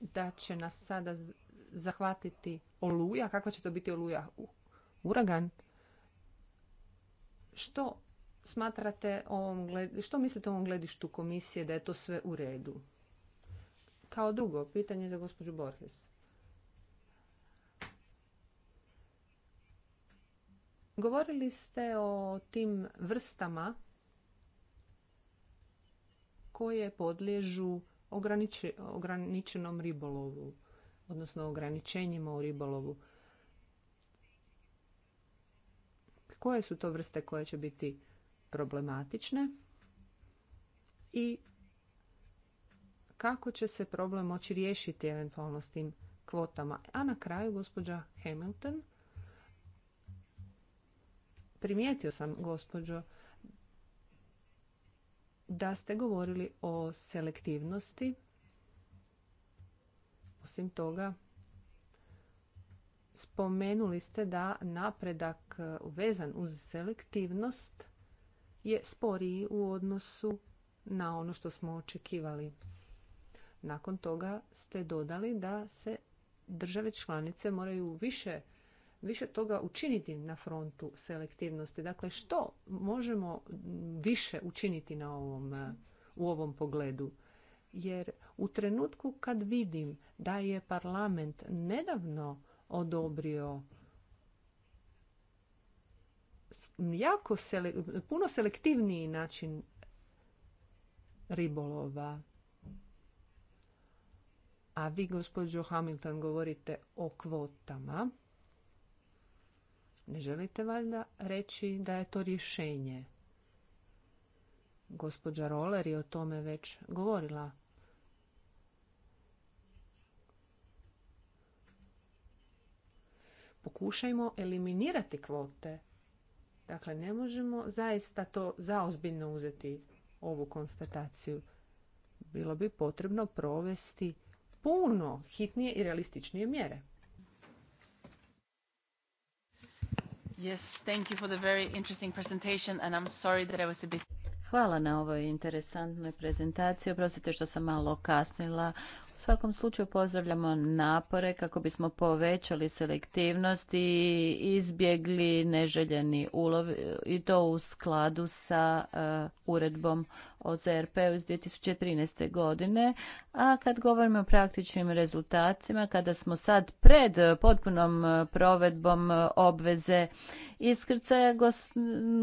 da će nas sada zahvatiti oluja? Kakva će to biti oluja? Uragan? Što smatrate ovom što mislite o ovom gledištu komisije da je to sve u redu? Kao drugo, pitanje za gospođu Borges. Govorili ste o tim vrstama koje podliježu ograničenom ribolovu, odnosno ograničenjima u ribolovu. Koje su to vrste koje će biti problematične i kako će se problem moći riješiti eventualno s tim kvotama. A na kraju gospođa Hamilton primijetio sam, gospođo, da ste govorili o selektivnosti. Osim toga, spomenuli ste da napredak e, vezan uz selektivnost je sporiji u odnosu na ono što smo očekivali. Nakon toga ste dodali da se države članice moraju više više toga učiniti na frontu selektivnosti. Dakle, što možemo više učiniti na ovom, e, u ovom pogledu? Jer u trenutku kad vidim da je parlament nedavno odobrio jako puno selektivniji način ribolova. A vi, gospođo Hamilton, govorite o kvotama. Ne želite valjda reći da je to rješenje? Gospođa Roller je o tome već govorila. Pokušajmo eliminirati kvote. Dakle, ne možemo zaista to zaozbiljno uzeti ovu konstataciju. Bilo bi potrebno provesti puno hitnije i realističnije mjere. Hvala na ovoj interesantnoj prezentaciji. Oprostite što sam malo kasnila. U svakom slučaju pozdravljamo napore kako bismo povećali selektivnost i izbjegli neželjeni ulov i to u skladu sa eh, uredbom o ZRP iz 2013. godine. A kad govorimo o praktičnim rezultatima, kada smo sad pred potpunom e, provedbom e, obveze iskrcaja,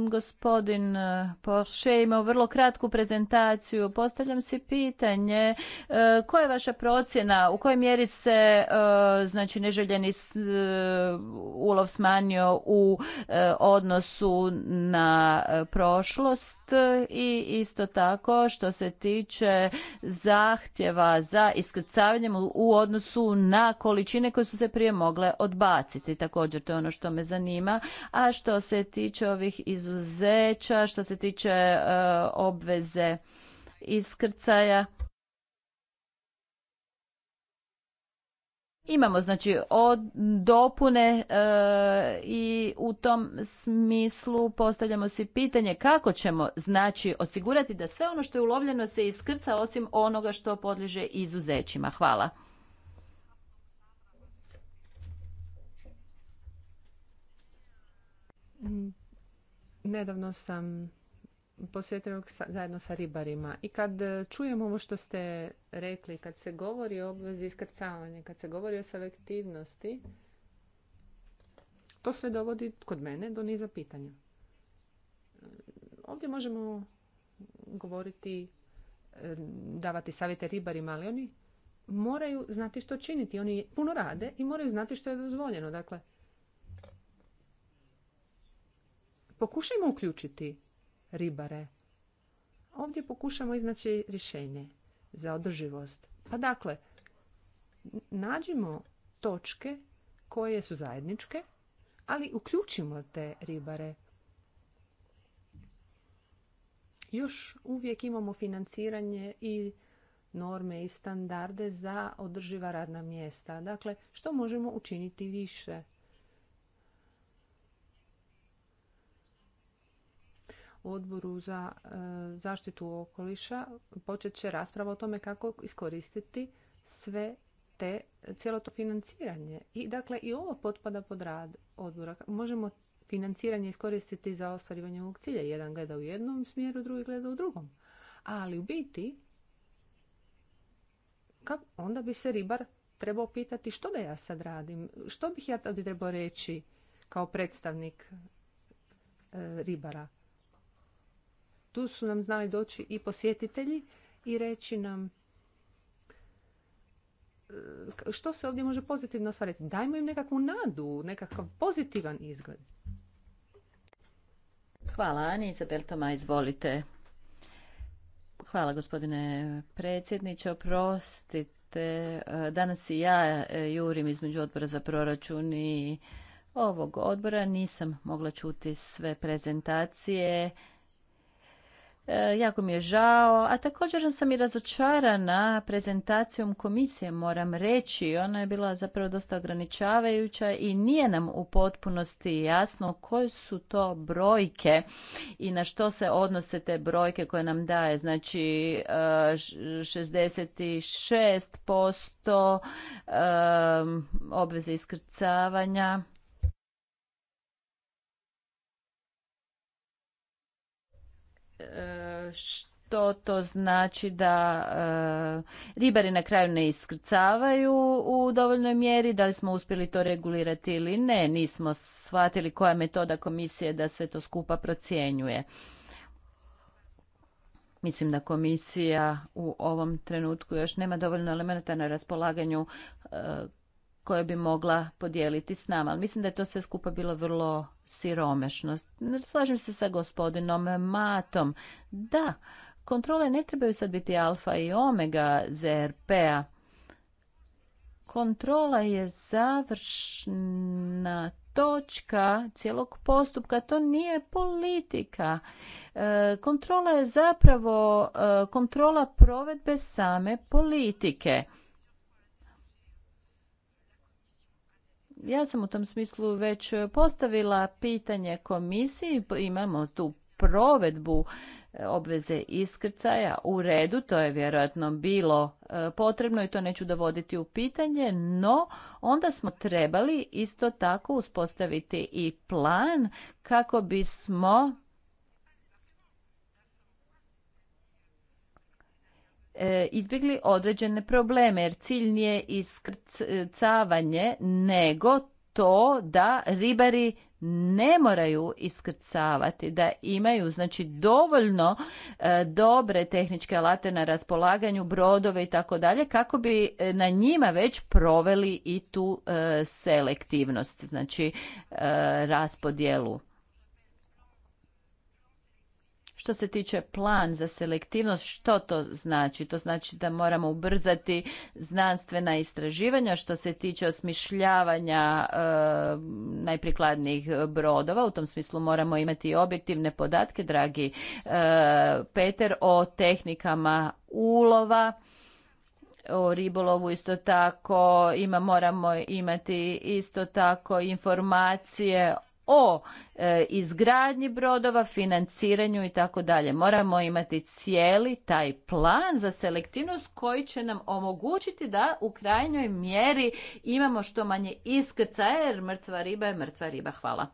gospodin e, Porsche imao vrlo kratku prezentaciju. Postavljam si pitanje, koja je vaša procjena, u kojoj mjeri se znači, neželjeni ulov smanjio u odnosu na prošlost i isto tako što se tiče zahtjeva za iskrcavanjem u odnosu na količine koje su se prije mogle odbaciti. Također to je ono što me zanima. A što se tiče ovih izuzeća, što se tiče e, obveze iskrcaja, Imamo znači dopune e, i u tom smislu postavljamo si pitanje kako ćemo znači osigurati da sve ono što je ulovljeno se iskrca osim onoga što podliže izuzećima. Hvala. Nedavno sam posjetimo zajedno sa ribarima. I kad e, čujemo ovo što ste rekli, kad se govori o obvezi iskrcavanja, kad se govori o selektivnosti, to sve dovodi kod mene do niza pitanja. Ovdje možemo govoriti, e, davati savjete ribarima, ali oni moraju znati što činiti. Oni puno rade i moraju znati što je dozvoljeno. Dakle, pokušajmo uključiti ribare. Ovdje pokušamo iznaći rješenje za održivost. Pa dakle, nađimo točke koje su zajedničke, ali uključimo te ribare. Još uvijek imamo financiranje i norme i standarde za održiva radna mjesta. Dakle, što možemo učiniti više? odboru za e, zaštitu okoliša počet će rasprava o tome kako iskoristiti sve te cijelo to financiranje. I dakle i ovo potpada pod rad odbora. Možemo financiranje iskoristiti za ostvarivanje ovog cilja. Jedan gleda u jednom smjeru, drugi gleda u drugom. Ali u biti onda bi se ribar trebao pitati što da ja sad radim, što bih ja tada trebao reći kao predstavnik e, ribara tu su nam znali doći i posjetitelji i reći nam e, što se ovdje može pozitivno ostvariti. Dajmo im nekakvu nadu, nekakav pozitivan izgled. Hvala, Ani Izabel Toma, izvolite. Hvala, gospodine predsjedniče. Oprostite, e, danas i ja e, jurim između odbora za proračun i ovog odbora. Nisam mogla čuti sve prezentacije E, jako mi je žao, a također sam i razočarana prezentacijom komisije, moram reći. Ona je bila zapravo dosta ograničavajuća i nije nam u potpunosti jasno koje su to brojke i na što se odnose te brojke koje nam daje. Znači 66% e, e, obveze iskrcavanja što to znači da e, ribari na kraju ne iskrcavaju u dovoljnoj mjeri, da li smo uspjeli to regulirati ili ne, nismo shvatili koja metoda komisije da sve to skupa procjenjuje. Mislim da komisija u ovom trenutku još nema dovoljno elemenata na raspolaganju e, koje bi mogla podijeliti s nama. mislim da je to sve skupa bilo vrlo siromešno. Slažem se sa gospodinom Matom. Da, kontrole ne trebaju sad biti alfa i omega ZRP-a. Kontrola je završna točka cijelog postupka, to nije politika. E, kontrola je zapravo e, kontrola provedbe same politike. ja sam u tom smislu već postavila pitanje komisiji, imamo tu provedbu e, obveze iskrcaja u redu, to je vjerojatno bilo e, potrebno i to neću dovoditi u pitanje, no onda smo trebali isto tako uspostaviti i plan kako bismo E, izbjegli određene probleme jer cilj nije iskrcavanje nego to da ribari ne moraju iskrcavati da imaju znači dovoljno e, dobre tehničke alate na raspolaganju brodove i tako dalje kako bi e, na njima već proveli i tu selektivnost znači raspodjelu što se tiče plan za selektivnost, što to znači? To znači da moramo ubrzati znanstvena istraživanja što se tiče osmišljavanja e, najprikladnijih brodova. U tom smislu moramo imati objektivne podatke, dragi e, Peter, o tehnikama ulova o ribolovu isto tako ima moramo imati isto tako informacije o e, izgradnji brodova, financiranju i tako dalje. Moramo imati cijeli taj plan za selektivnost koji će nam omogućiti da u krajnjoj mjeri imamo što manje iskrcaja jer mrtva riba je mrtva riba. Hvala.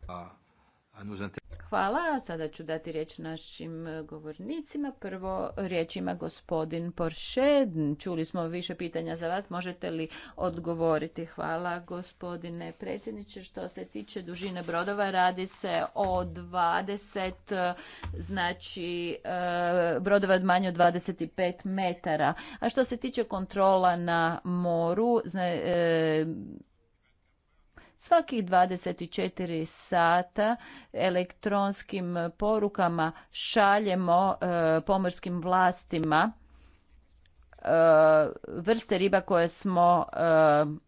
Hvala. Sada ću dati riječ našim govornicima. Prvo riječ ima gospodin Porše. Čuli smo više pitanja za vas. Možete li odgovoriti? Hvala gospodine predsjedniče. Što se tiče dužine brodova, radi se o 20, znači e, brodova od manje od 25 metara. A što se tiče kontrola na moru, zna, e, svakih 24 sata elektronskim porukama šaljemo e, pomorskim vlastima e, vrste riba koje smo e,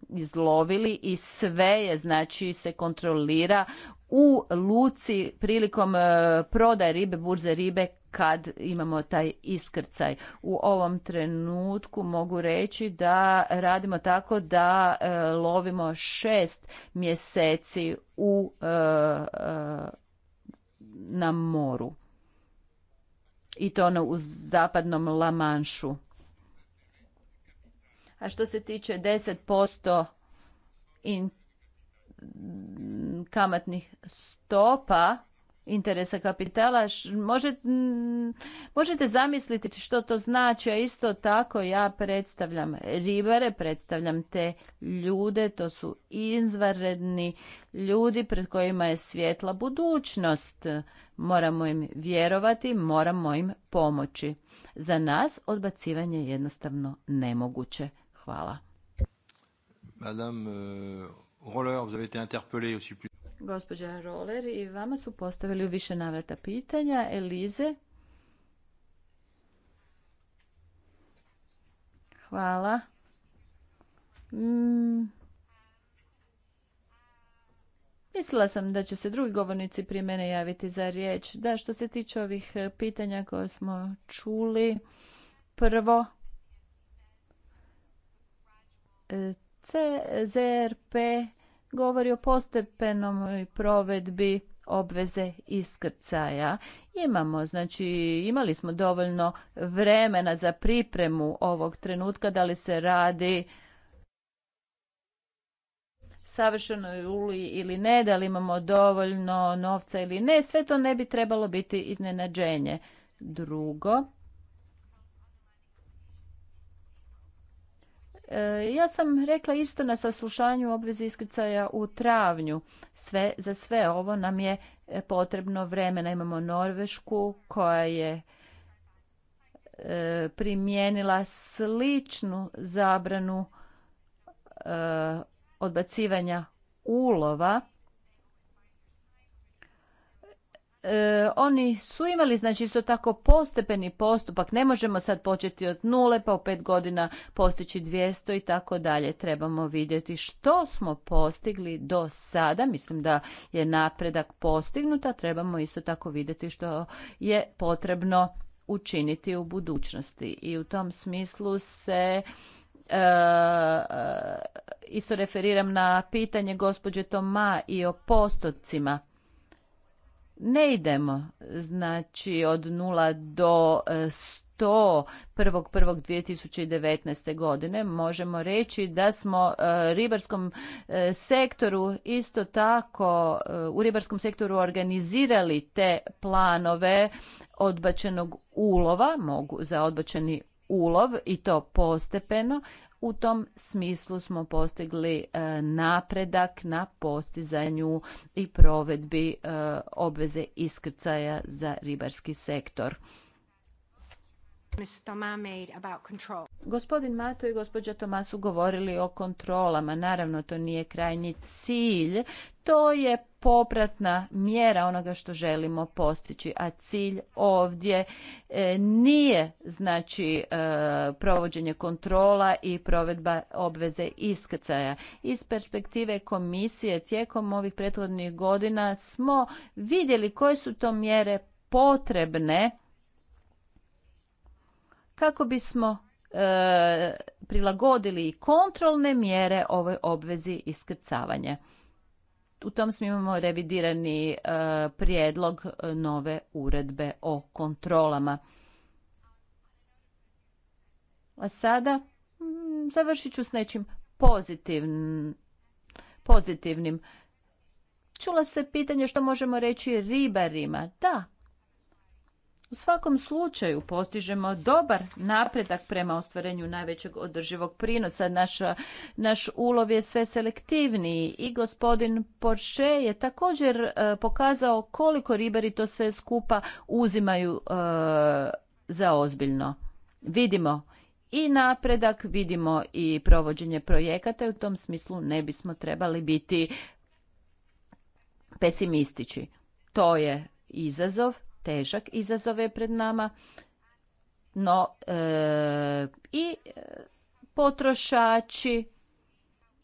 izlovili i sve je znači se kontrolira u luci prilikom prodaje ribe, burze ribe kad imamo taj iskrcaj. U ovom trenutku mogu reći da radimo tako da e, lovimo šest mjeseci u, e, e, na moru. I to ono u zapadnom Lamanšu. A što se tiče 10% in kamatnih stopa, interesa kapitala. Mm, možete, zamisliti što to znači, a isto tako ja predstavljam ribare, predstavljam te ljude, to su izvanredni ljudi pred kojima je svjetla budućnost. Moramo im vjerovati, moramo im pomoći. Za nas odbacivanje je jednostavno nemoguće. Hvala. Madame euh, Roller, été Gospođa Roller i vama su postavili u više navrata pitanja. Elize? Hvala. Mm. Mislila sam da će se drugi govornici prije mene javiti za riječ. Da, što se tiče ovih e, pitanja koje smo čuli, prvo, e, CZRP govori o postepenoj provedbi obveze iskrcaja. Imamo, znači imali smo dovoljno vremena za pripremu ovog trenutka, da li se radi savršenoj uli ili ne, da li imamo dovoljno novca ili ne, sve to ne bi trebalo biti iznenađenje. Drugo, E, ja sam rekla isto na saslušanju obvezi iskrcaja u travnju. Sve, za sve ovo nam je e, potrebno vremena. Imamo Norvešku koja je e, primijenila sličnu zabranu odbacivanja ulova E, oni su imali znači isto tako postepeni postupak ne možemo sad početi od nule pa u pet godina postići 200 i tako dalje trebamo vidjeti što smo postigli do sada mislim da je napredak postignuta. trebamo isto tako vidjeti što je potrebno učiniti u budućnosti i u tom smislu se E, e isto referiram na pitanje gospođe Toma i o postocima ne idemo. Znači od 0 do 100 e, 1.1.2019. godine možemo reći da smo e, ribarskom e, sektoru isto tako u ribarskom sektoru organizirali te planove odbačenog ulova, mogu za odbačeni ulov i to postepeno, u tom smislu smo postigli e, napredak na postizanju i provedbi e, obveze iskrcaja za ribarski sektor. Gospodin Mato i gospođa Toma su govorili o kontrolama. Naravno, to nije krajnji cilj. To je popratna mjera onoga što želimo postići, a cilj ovdje e, nije znači e, provođenje kontrola i provedba obveze iskrcaja. Iz perspektive komisije tijekom ovih prethodnih godina smo vidjeli koje su to mjere potrebne kako bismo e, prilagodili i kontrolne mjere ovoj obvezi iskrcavanja. U tom smo imamo revidirani e, prijedlog e, nove uredbe o kontrolama. A sada m, mm, završit ću s nečim pozitivnim. Čula se pitanje što možemo reći ribarima. Da, u svakom slučaju postižemo dobar napredak prema ostvarenju najvećeg održivog prinosa. Naša, naš ulov je sve selektivniji i gospodin Porsche je također e, pokazao koliko ribari to sve skupa uzimaju e, za ozbiljno. Vidimo i napredak, vidimo i provođenje projekata i u tom smislu ne bismo trebali biti pesimističi. To je izazov težak izazov je pred nama, no e, i e, potrošači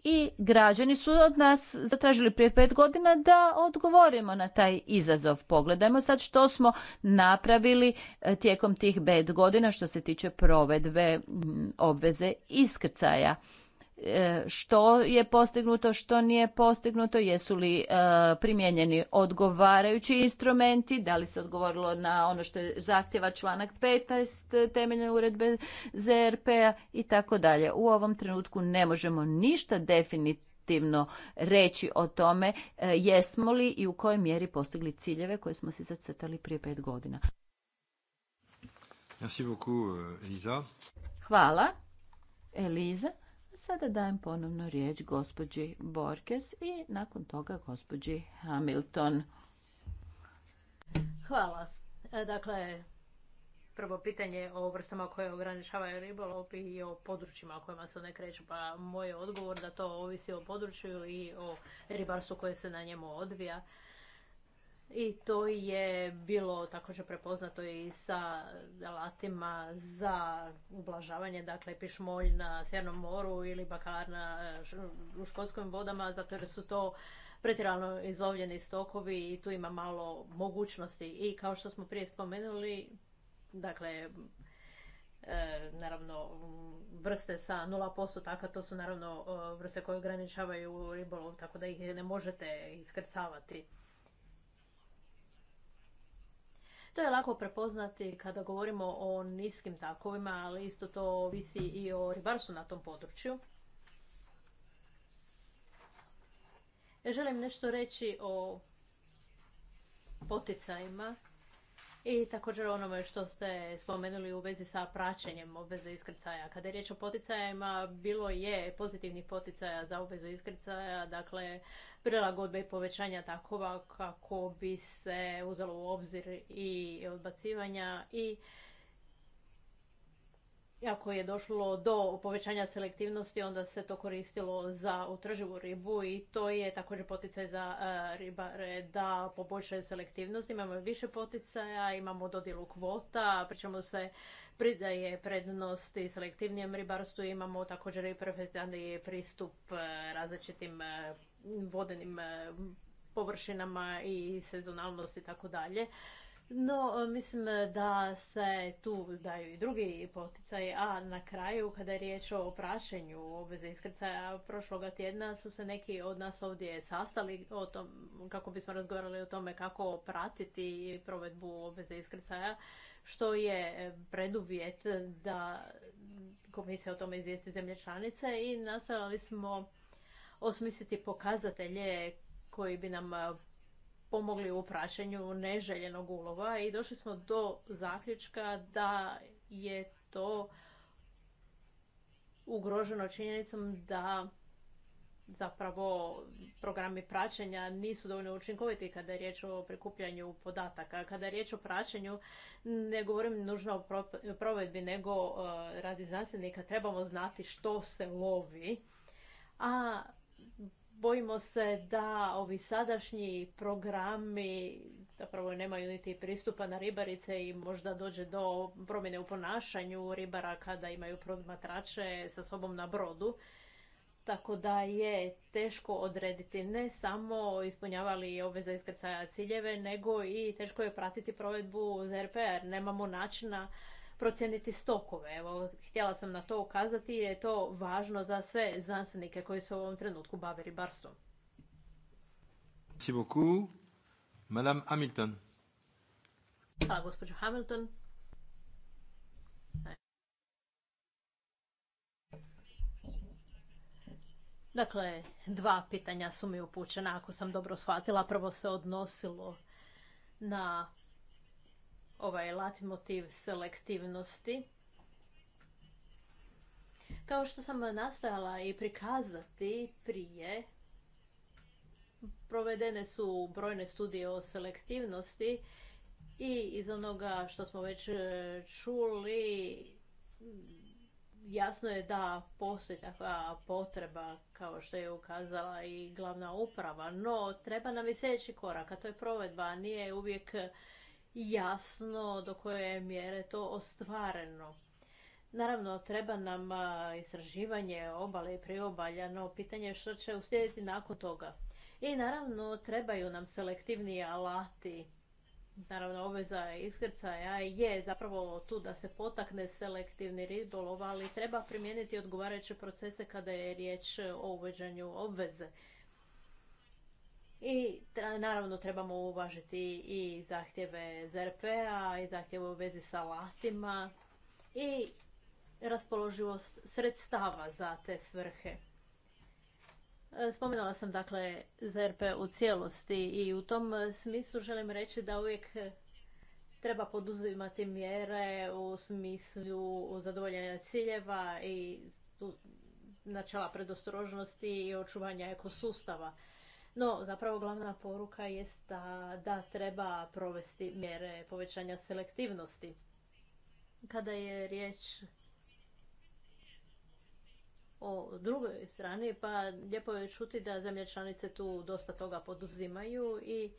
i građani su od nas zatražili prije pet godina da odgovorimo na taj izazov. Pogledajmo sad što smo napravili e, tijekom tih pet godina što se tiče provedbe obveze iskrcaja. E, što je postignuto, što nije postignuto, jesu li e, primijenjeni odgovarajući instrumenti, da li se odgovorilo na ono što je zahtjeva članak 15 temeljne uredbe ZRP-a i tako dalje. U ovom trenutku ne možemo ništa definitivno reći o tome e, jesmo li i u kojoj mjeri postigli ciljeve koje smo si zacrtali prije pet godina. Hvala, Eliza. Sada dajem ponovno riječ gospođi Borkes i nakon toga gospođi Hamilton. Hvala. E, dakle, prvo pitanje o vrstama koje ograničavaju ribolov i o područjima kojima se one kreću. Pa moj je odgovor da to ovisi o području i o ribarstvu koje se na njemu odvija i to je bilo također prepoznato i sa alatima za ublažavanje, dakle pišmolj na Sjernom moru ili bakarna na, e, u školskim vodama, zato jer su to pretjerano izlovljeni stokovi i tu ima malo mogućnosti. I kao što smo prije spomenuli, dakle, e, naravno, vrste sa 0% taka, to su naravno e, vrste koje ograničavaju ribolov, tako da ih ne možete iskrcavati. To je lako prepoznati kada govorimo o niskim takovima, ali isto to visi i o ribarsu na tom području. Želim nešto reći o poticajima i također onome što ste spomenuli u vezi sa praćenjem obveze iskrcaja. Kada je riječ o poticajima, bilo je pozitivnih poticaja za obvezu iskrcaja, dakle prilagodbe i povećanja takova kako bi se uzelo u obzir i odbacivanja i ako je došlo do povećanja selektivnosti, onda se to koristilo za utrživu ribu i to je također poticaj za e, ribare da poboljšaju selektivnost. Imamo više poticaja, imamo dodjelu kvota, pričemu se pridaje prednosti selektivnijem ribarstvu. Imamo također i profesionalni pristup e, različitim e, vodenim površinama i sezonalnosti i tako dalje. No, mislim da se tu daju i drugi poticaji, a na kraju kada je riječ o prašenju obveze iskrcaja prošloga tjedna su se neki od nas ovdje sastali o tom, kako bismo razgovarali o tome kako pratiti provedbu obveze iskrcaja, što je preduvjet da komisija o tome izvijesti zemlje članice i nastojali smo osmisliti pokazatelje koji bi nam pomogli u praćenju neželjenog ulova i došli smo do zaključka da je to ugroženo činjenicom da zapravo programi praćenja nisu dovoljno učinkoviti kada je riječ o prikupljanju podataka. Kada je riječ o praćenju, ne govorim nužno o provedbi, nego e, radi znanstvenika trebamo znati što se lovi. A bojimo se da ovi sadašnji programi zapravo nemaju niti pristupa na ribarice i možda dođe do promjene u ponašanju ribara kada imaju promatrače sa sobom na brodu. Tako da je teško odrediti ne samo ispunjavali ove obveza iskrcaja ciljeve, nego i teško je pratiti provedbu zrp p-a jer nemamo načina procijeniti stokove. Evo, htjela sam na to ukazati jer je to važno za sve znanstvenike koji se u ovom trenutku bave ribarstvom. Madame Hamilton. Hvala, gospođo Hamilton. Dakle, dva pitanja su mi upućena, ako sam dobro shvatila. Prvo se odnosilo na ovaj latimotiv selektivnosti. Kao što sam nastojala i prikazati prije, provedene su brojne studije o selektivnosti i iz onoga što smo već e, čuli jasno je da postoji takva potreba kao što je ukazala i glavna uprava, no treba nam i sljedeći korak, a to je provedba, nije uvijek jasno do koje mjere to ostvareno. Naravno, treba nam istraživanje obale i priobalja, no pitanje je što će uslijediti nakon toga. I naravno, trebaju nam selektivni alati. Naravno, obveza iskrcaja je zapravo tu da se potakne selektivni ribolov, ali treba primijeniti odgovarajuće procese kada je riječ o uveđanju obveze. I naravno trebamo uvažiti i zahtjeve ZRP-a i zahtjeve u vezi sa alatima i raspoloživost sredstava za te svrhe. E, spomenula sam dakle ZRP u cijelosti i u tom smislu želim reći da uvijek treba poduzimati mjere u smislu zadovoljenja ciljeva i načela predostrožnosti i očuvanja ekosustava. No, zapravo glavna poruka je da, da treba provesti mjere povećanja selektivnosti. Kada je riječ o drugoj strani, pa lijepo je čuti da zemlje članice tu dosta toga poduzimaju i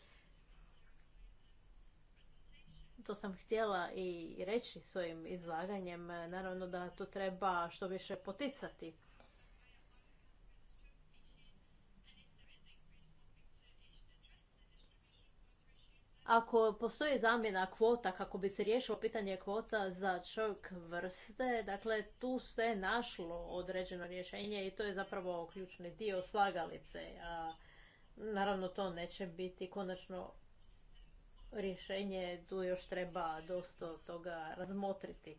to sam htjela i reći svojim izlaganjem. Naravno da to treba što više poticati. Ako postoji zamjena kvota kako bi se riješilo pitanje kvota za čovjek vrste, dakle tu se našlo određeno rješenje i to je zapravo ključni dio slagalice. A, naravno to neće biti konačno rješenje, tu još treba dosta toga razmotriti.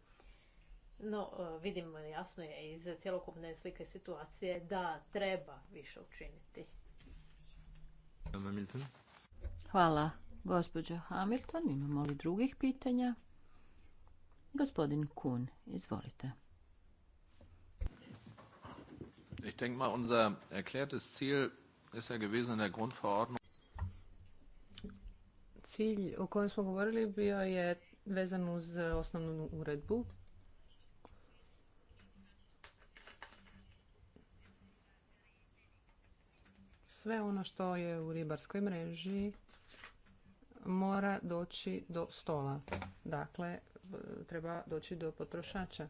No, e, vidimo jasno je iz cjelokupne slike situacije da treba više učiniti. Hvala. Gospođo Hamilton, imamo li drugih pitanja? Gospodin Kuhn, izvolite. Ich denke mal, unser erklärtes Ziel ist ja gewesen in der Grundverordnung. Cilj o kojem smo govorili bio je vezan uz osnovnu uredbu. Sve ono što je u ribarskoj mreži mora doći do stola. Dakle, treba doći do potrošača.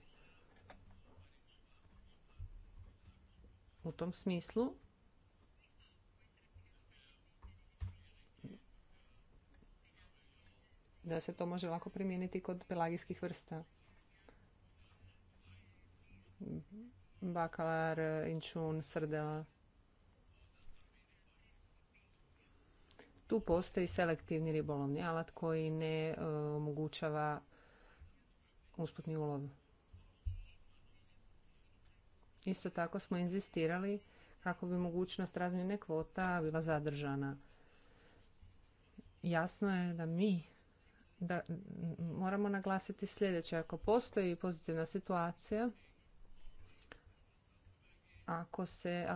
U tom smislu da se to može lako primijeniti kod pelagijskih vrsta. Bakalar, inčun, srdela. Tu postoji selektivni ribolovni alat koji ne e, omogućava usputni ulov. Isto tako smo inzistirali kako bi mogućnost razmjene kvota bila zadržana. Jasno je da mi da moramo naglasiti sljedeće. Ako postoji pozitivna situacija, ako se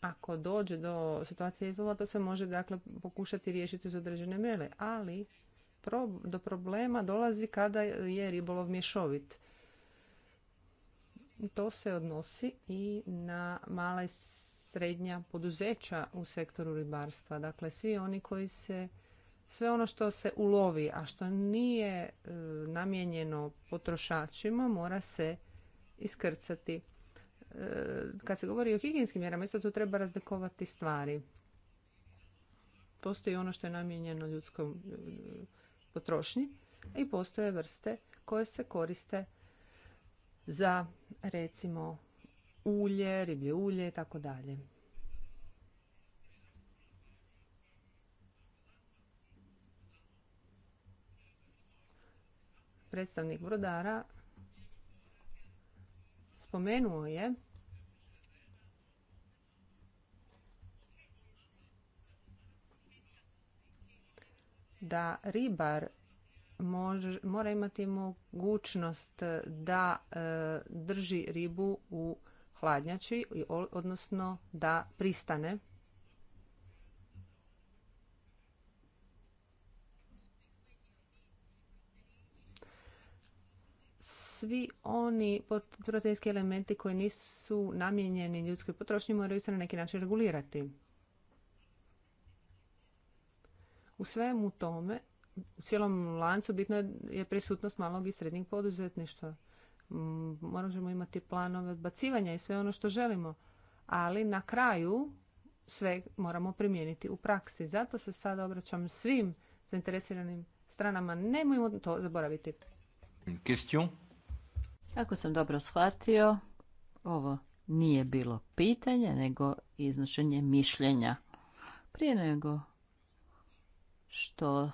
ako dođe do situacije izlova, to se može dakle pokušati riješiti uz određene mjere, ali do problema dolazi kada je ribolov mješovit. To se odnosi i na mala i srednja poduzeća u sektoru ribarstva. Dakle, svi oni koji se sve ono što se ulovi, a što nije e, namijenjeno potrošačima, mora se iskrcati. E, kad se govori o higijenskim mjerama, isto tu treba razlikovati stvari. Postoji ono što je namijenjeno ljudskom e, potrošnji i postoje vrste koje se koriste za recimo ulje, riblje ulje i tako dalje. Predstavnik brodara spomenuo je da ribar mora imati mogućnost da e, drži ribu u hladnjači, odnosno da pristane svi oni proteinski elementi koji nisu namijenjeni ljudskoj potrošnji moraju se na neki način regulirati. U svemu tome, u cijelom lancu bitno je prisutnost malog i srednjeg poduzetništva. Moramo imati planove odbacivanja i sve ono što želimo, ali na kraju sve moramo primijeniti u praksi. Zato se sada obraćam svim zainteresiranim stranama. Nemojmo to zaboraviti. Question. Ako sam dobro shvatio, ovo nije bilo pitanje, nego iznošenje mišljenja. Prije nego što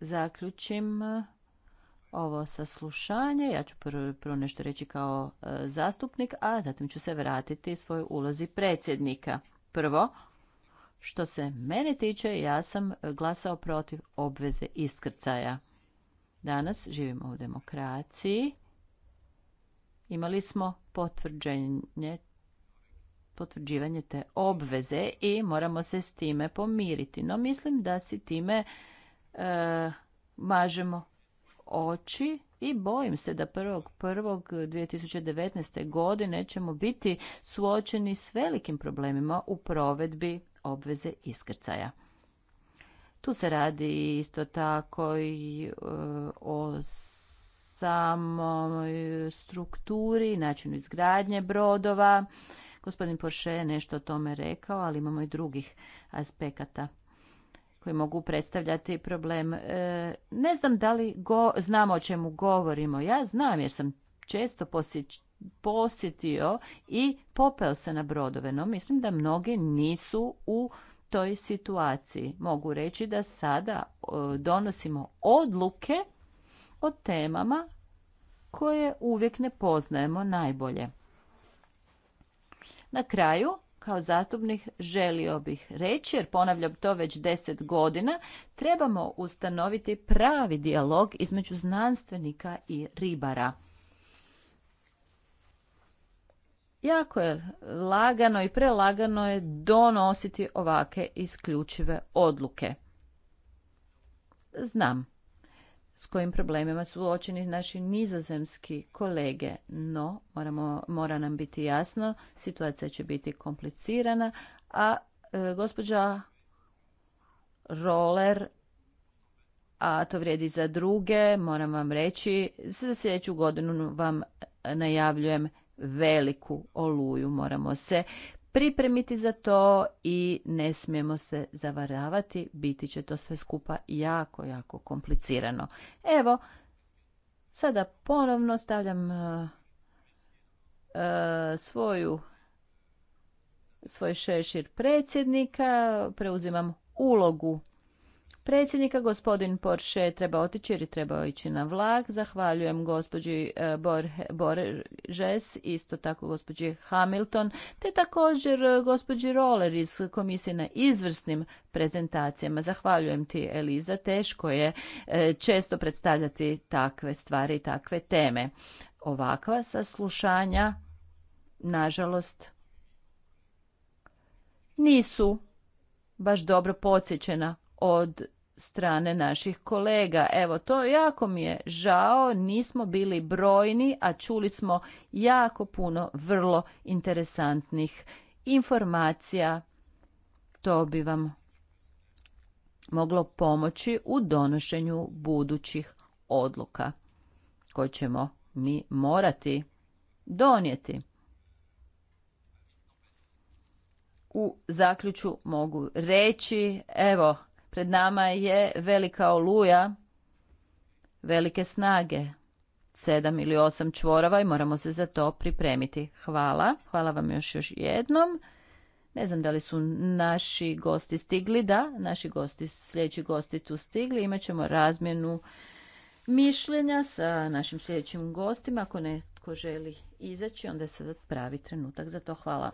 zaključim e, ovo saslušanje, ja ću prvo, nešto reći kao e, zastupnik, a zatim ću se vratiti svoj ulozi predsjednika. Prvo, što se mene tiče, ja sam glasao protiv obveze iskrcaja. Danas živimo u demokraciji imali smo potvrđenje potvrđivanje te obveze i moramo se s time pomiriti. No mislim da si time e, mažemo oči i bojim se da 1.1.2019. godine ćemo biti suočeni s velikim problemima u provedbi obveze iskrcaja. Tu se radi isto tako i e, o samoj strukturi, načinu izgradnje brodova. Gospodin Porše je nešto o tome rekao, ali imamo i drugih aspekata koji mogu predstavljati problem. E, ne znam da li znamo o čemu govorimo. Ja znam jer sam često posjetio i popeo se na brodove, no mislim da mnogi nisu u toj situaciji. Mogu reći da sada e, donosimo odluke o temama koje uvijek ne poznajemo najbolje. Na kraju, kao zastupnik želio bih reći, jer ponavljam to već deset godina, trebamo ustanoviti pravi dijalog između znanstvenika i ribara. Jako je lagano i prelagano je donositi ovake isključive odluke. Znam s kojim problemima su uočeni naši nizozemski kolege, no moramo, mora nam biti jasno, situacija će biti komplicirana, a e, gospođa Roller, a to vrijedi za druge, moram vam reći, za sljedeću godinu vam najavljujem veliku oluju. Moramo se pripremiti za to i ne smijemo se zavaravati, biti će to sve skupa jako, jako komplicirano. Evo, sada ponovno stavljam e, e, svoju svoj šešir predsjednika, preuzimam ulogu predsjednika. Gospodin Porsche, treba otići jer je trebao ići na vlak. Zahvaljujem gospođi e, Borges, isto tako gospođi Hamilton, te također e, gospođi Roller iz komisije na izvrsnim prezentacijama. Zahvaljujem ti Eliza, teško je e, često predstavljati takve stvari i takve teme. Ovakva saslušanja, nažalost, nisu baš dobro podsjećena od strane naših kolega. Evo, to jako mi je žao, nismo bili brojni, a čuli smo jako puno vrlo interesantnih informacija. To bi vam moglo pomoći u donošenju budućih odluka koje ćemo mi morati donijeti. U zaključu mogu reći, evo, Pred nama je velika oluja, velike snage, sedam ili osam čvorova i moramo se za to pripremiti. Hvala, hvala vam još, još jednom. Ne znam da li su naši gosti stigli, da, naši gosti, sljedeći gosti tu stigli, Imaćemo ćemo razmjenu mišljenja sa našim sljedećim gostima. Ako netko želi izaći, onda je sada pravi trenutak za to. Hvala.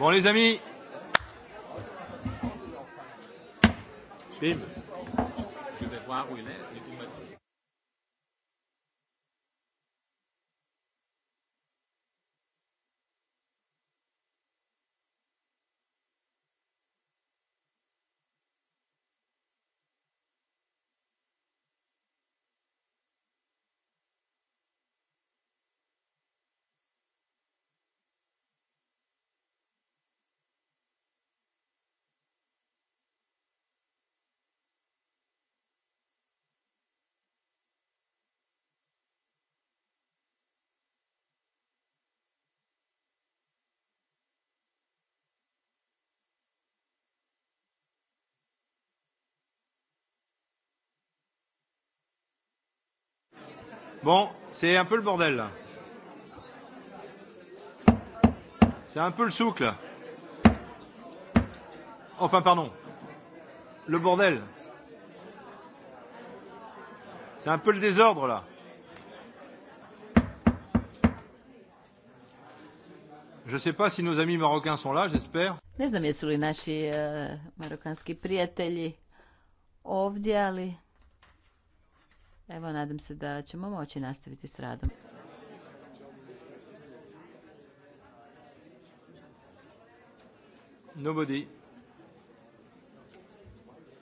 Bon les amis. Film. Je vais voir où il est. Bon, c'est un peu le bordel là. C'est un peu le souk là. Enfin, pardon. Le bordel. C'est un peu le désordre là. Je sais pas si nos amis marocains sont là, j'espère. Ne znam jesu li naši uh, marokanski prijatelji ovdje, ali Evo, nadam se da ćemo moći nastaviti s radom. Nobody.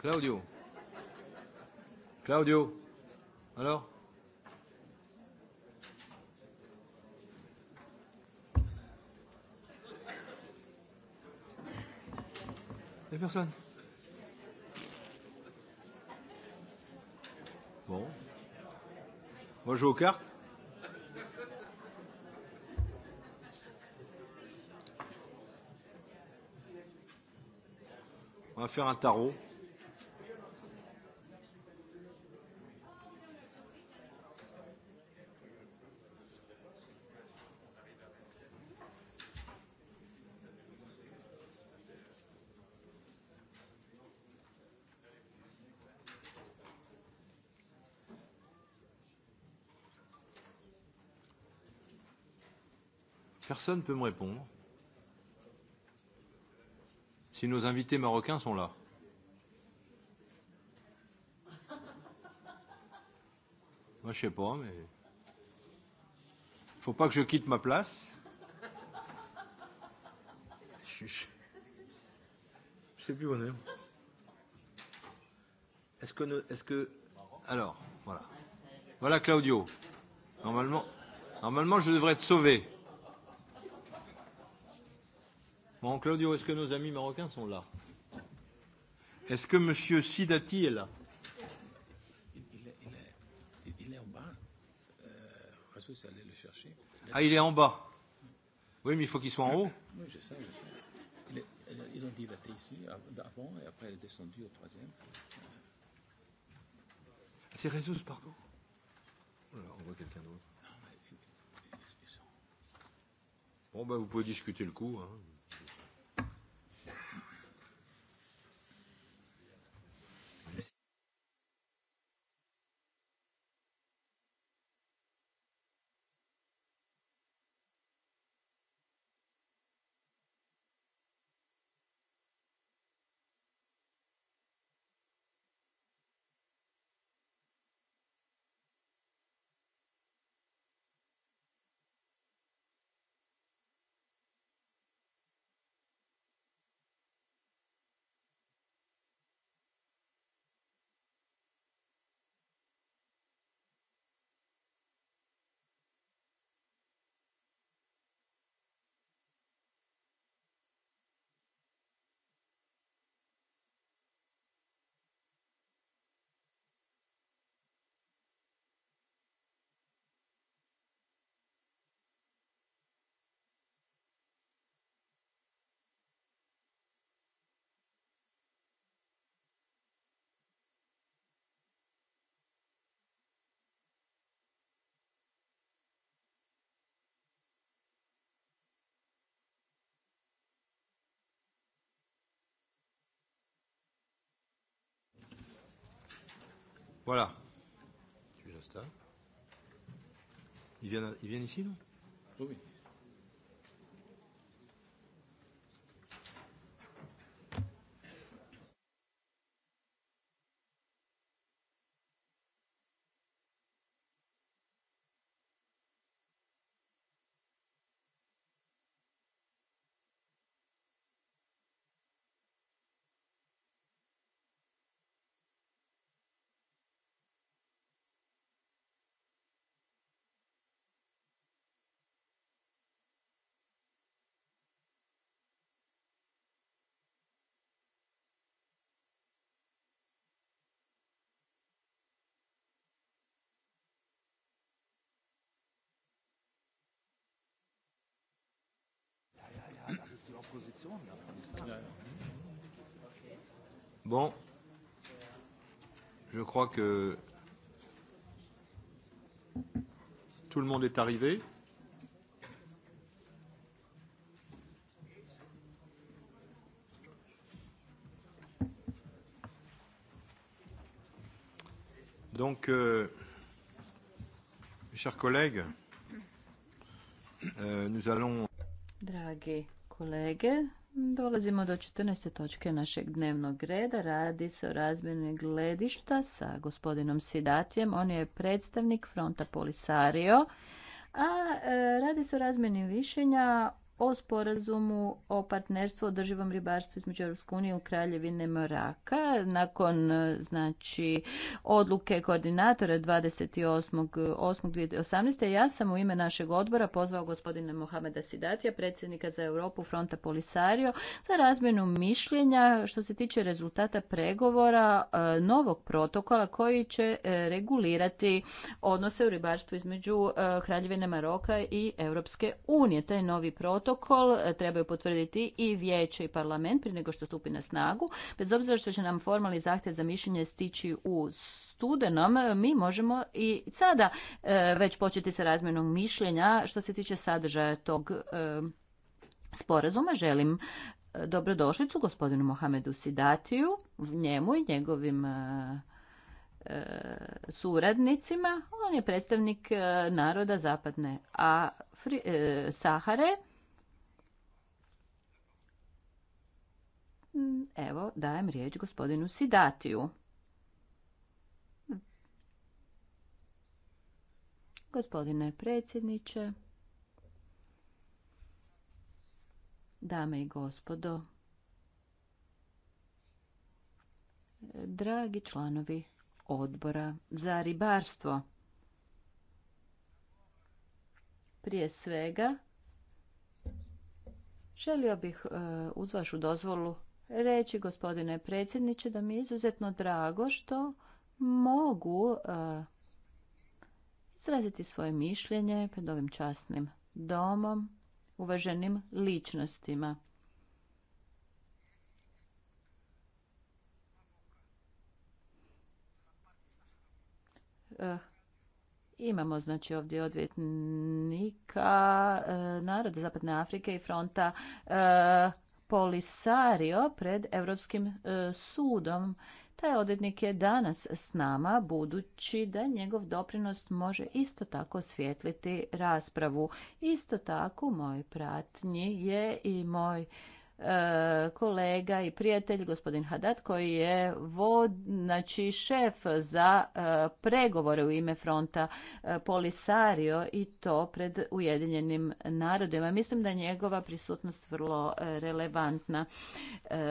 Claudio. Claudio. Alors Il personne. Bon. On va jouer aux cartes On va faire un tarot. Personne ne peut me répondre. Si nos invités marocains sont là. Moi, je sais pas, mais... Faut pas que je quitte ma place. Je, je... je sais plus où on est. Est-ce que... Nous... Est-ce que... Alors, voilà. Voilà Claudio. Normalement, normalement, je devrais être sauvé. Bon, Claudio, est-ce que nos amis marocains sont là Est-ce que Monsieur Sidati est là il, est en bas. Euh, allait le chercher. Ah, il est en bas. Oui, mais il faut qu'il soit en haut. Oui, je sais, je sais. Euh, ils ont dit qu'il ici avant et après il est descendu au troisième. C'est Résus, pardon. On voit quelqu'un d'autre. Bon, ben, vous pouvez discuter le coup. Hein. Voilà. Tu l'installes. Il viennent il vient ici, non Oui. Bon. Je crois que tout le monde est arrivé. Donc, euh, chers collègues, euh, nous allons... Dragi kolege. Dolazimo do 14. točke našeg dnevnog reda. Radi se o razmjeni gledišta sa gospodinom Sidatijem. On je predstavnik fronta Polisario. A e, radi se o razmjeni višenja o sporazumu o partnerstvu o održivom ribarstvu između Europske unije u Kraljevine Moraka. Nakon eh, znači odluke koordinatora 28.8.2018. ja sam u ime našeg odbora pozvao gospodina Mohameda Sidatija, predsjednika za Europu Fronta Polisario, za razmjenu mišljenja što se tiče rezultata pregovora eh, novog protokola koji će eh, regulirati odnose u ribarstvu između Kraljevine Maroka i Europske unije. Taj novi protokol protokol e, trebaju potvrditi i vijeće i parlament prije nego što stupi na snagu. Bez obzira što će nam formalni zahtjev za mišljenje stići u studenom, e, mi možemo i sada e, već početi sa razmjenom mišljenja što se tiče sadržaja tog sporazuma. Želim dobrodošlicu gospodinu Mohamedu Sidatiju, njemu i njegovim suradnicima. On je predstavnik naroda Zapadne a Sahare Mm, evo, dajem riječ gospodinu Sidatiju. Gospodine predsjedniče, dame i gospodo, dragi članovi odbora za ribarstvo, prije svega želio bih e, uz vašu dozvolu reći, gospodine predsjedniče, da mi je izuzetno drago što mogu e, izraziti svoje mišljenje pred ovim časnim domom, uvaženim ličnostima. E, imamo znači ovdje odvjetnika e, naroda Zapadne Afrike i fronta Polisario pred Europskim e, sudom. Taj odvjetnik je danas s nama, budući da njegov doprinos može isto tako osvijetliti raspravu. Isto tako u mojoj pratnji je i moj E, kolega i prijatelj gospodin Hadad koji je vod, znači šef za e, pregovore u ime fronta e, Polisario i to pred Ujedinjenim narodima. Mislim da je njegova prisutnost vrlo relevantna.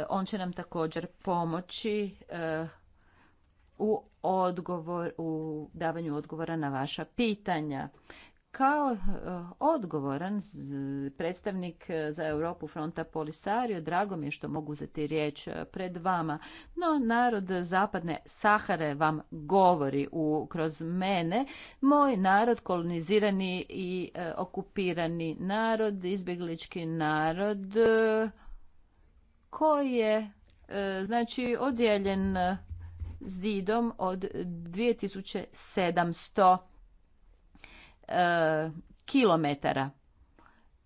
On će nam također pomoći u odgovor u davanju odgovora na vaša pitanja. Kao e, odgovoran predstavnik e, za Europu fronta Polisario, drago mi je što mogu uzeti riječ e, pred vama, no narod zapadne Sahare vam govori u, kroz mene, moj narod kolonizirani i okupirani narod, izbjeglički narod koji je znači odjeljen zidom od 2700 E, kilometara.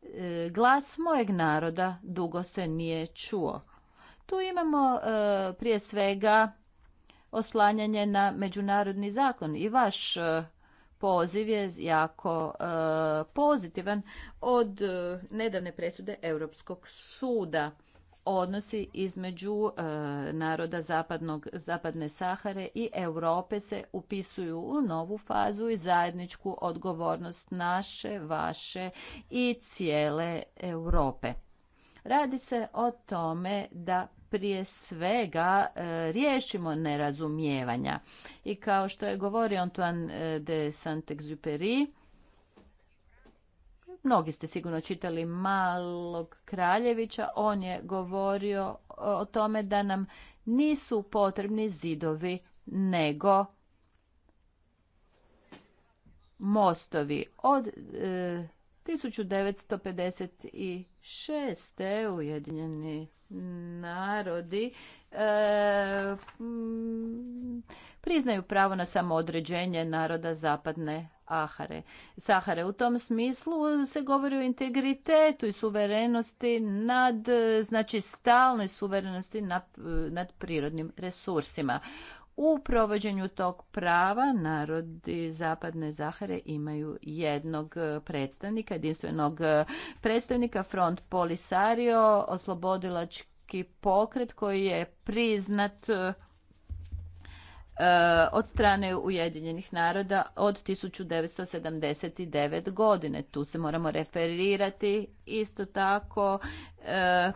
E, glas mojeg naroda dugo se nije čuo. Tu imamo e, prije svega oslanjanje na međunarodni zakon i vaš poziv je jako pozitivan od nedavne presude Europskog suda odnosi između e, naroda zapadnog, zapadne Sahare i Europe se upisuju u novu fazu i zajedničku odgovornost naše, vaše i cijele Europe. Radi se o tome da prije svega e, riješimo nerazumijevanja. I kao što je govorio Antoine de Saint-Exupéry, Mnogi ste sigurno čitali Malog Kraljevića. On je govorio o tome da nam nisu potrebni zidovi, nego mostovi. Od 1956. E, Ujedinjeni narodi e, priznaju pravo na samoodređenje naroda zapadne Ahare, Sahare. U tom smislu se govori o integritetu i suverenosti nad, znači stalnoj suverenosti nad, nad prirodnim resursima. U provođenju tog prava narodi Zapadne Zahare imaju jednog predstavnika, jedinstvenog predstavnika, front Polisario, oslobodilački pokret koji je priznat E, od strane Ujedinjenih naroda od 1979 godine. Tu se moramo referirati isto tako e,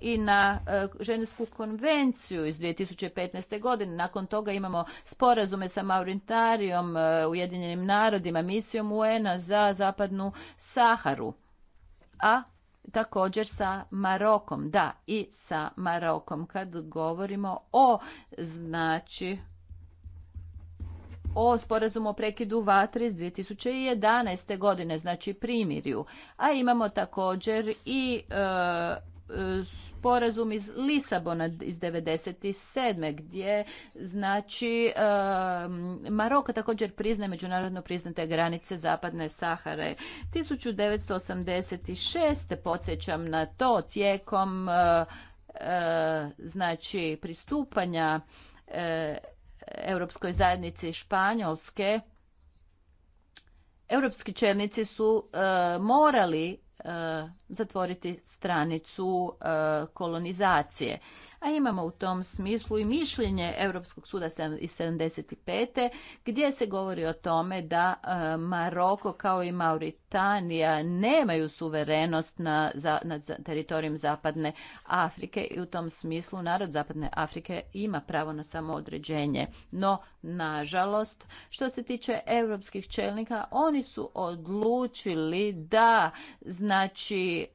i na e, Ženevsku konvenciju iz 2015. godine. Nakon toga imamo sporazume sa Mauritarijom, Ujedinjenim narodima, misijom UN-a za zapadnu Saharu. A također sa Marokom. Da, i sa Marokom kad govorimo o znači o sporazumu o prekidu vatre iz 2011. godine, znači primirju. A imamo također i e, sporazum iz Lisabona iz 1997. gdje znači e, također priznaje međunarodno priznate granice zapadne Sahare. 1986. podsjećam na to tijekom e, e, znači pristupanja Europskoj zajednici Španjolske, europski čelnici su e, morali e, zatvoriti stranicu e, kolonizacije a imamo u tom smislu i mišljenje Europskog suda iz 75. gdje se govori o tome da e, Maroko kao i Mauritanija nemaju suverenost na, nad teritorijem Zapadne Afrike i u tom smislu narod Zapadne Afrike ima pravo na samoodređenje. No, nažalost, što se tiče europskih čelnika, oni su odlučili da znači e,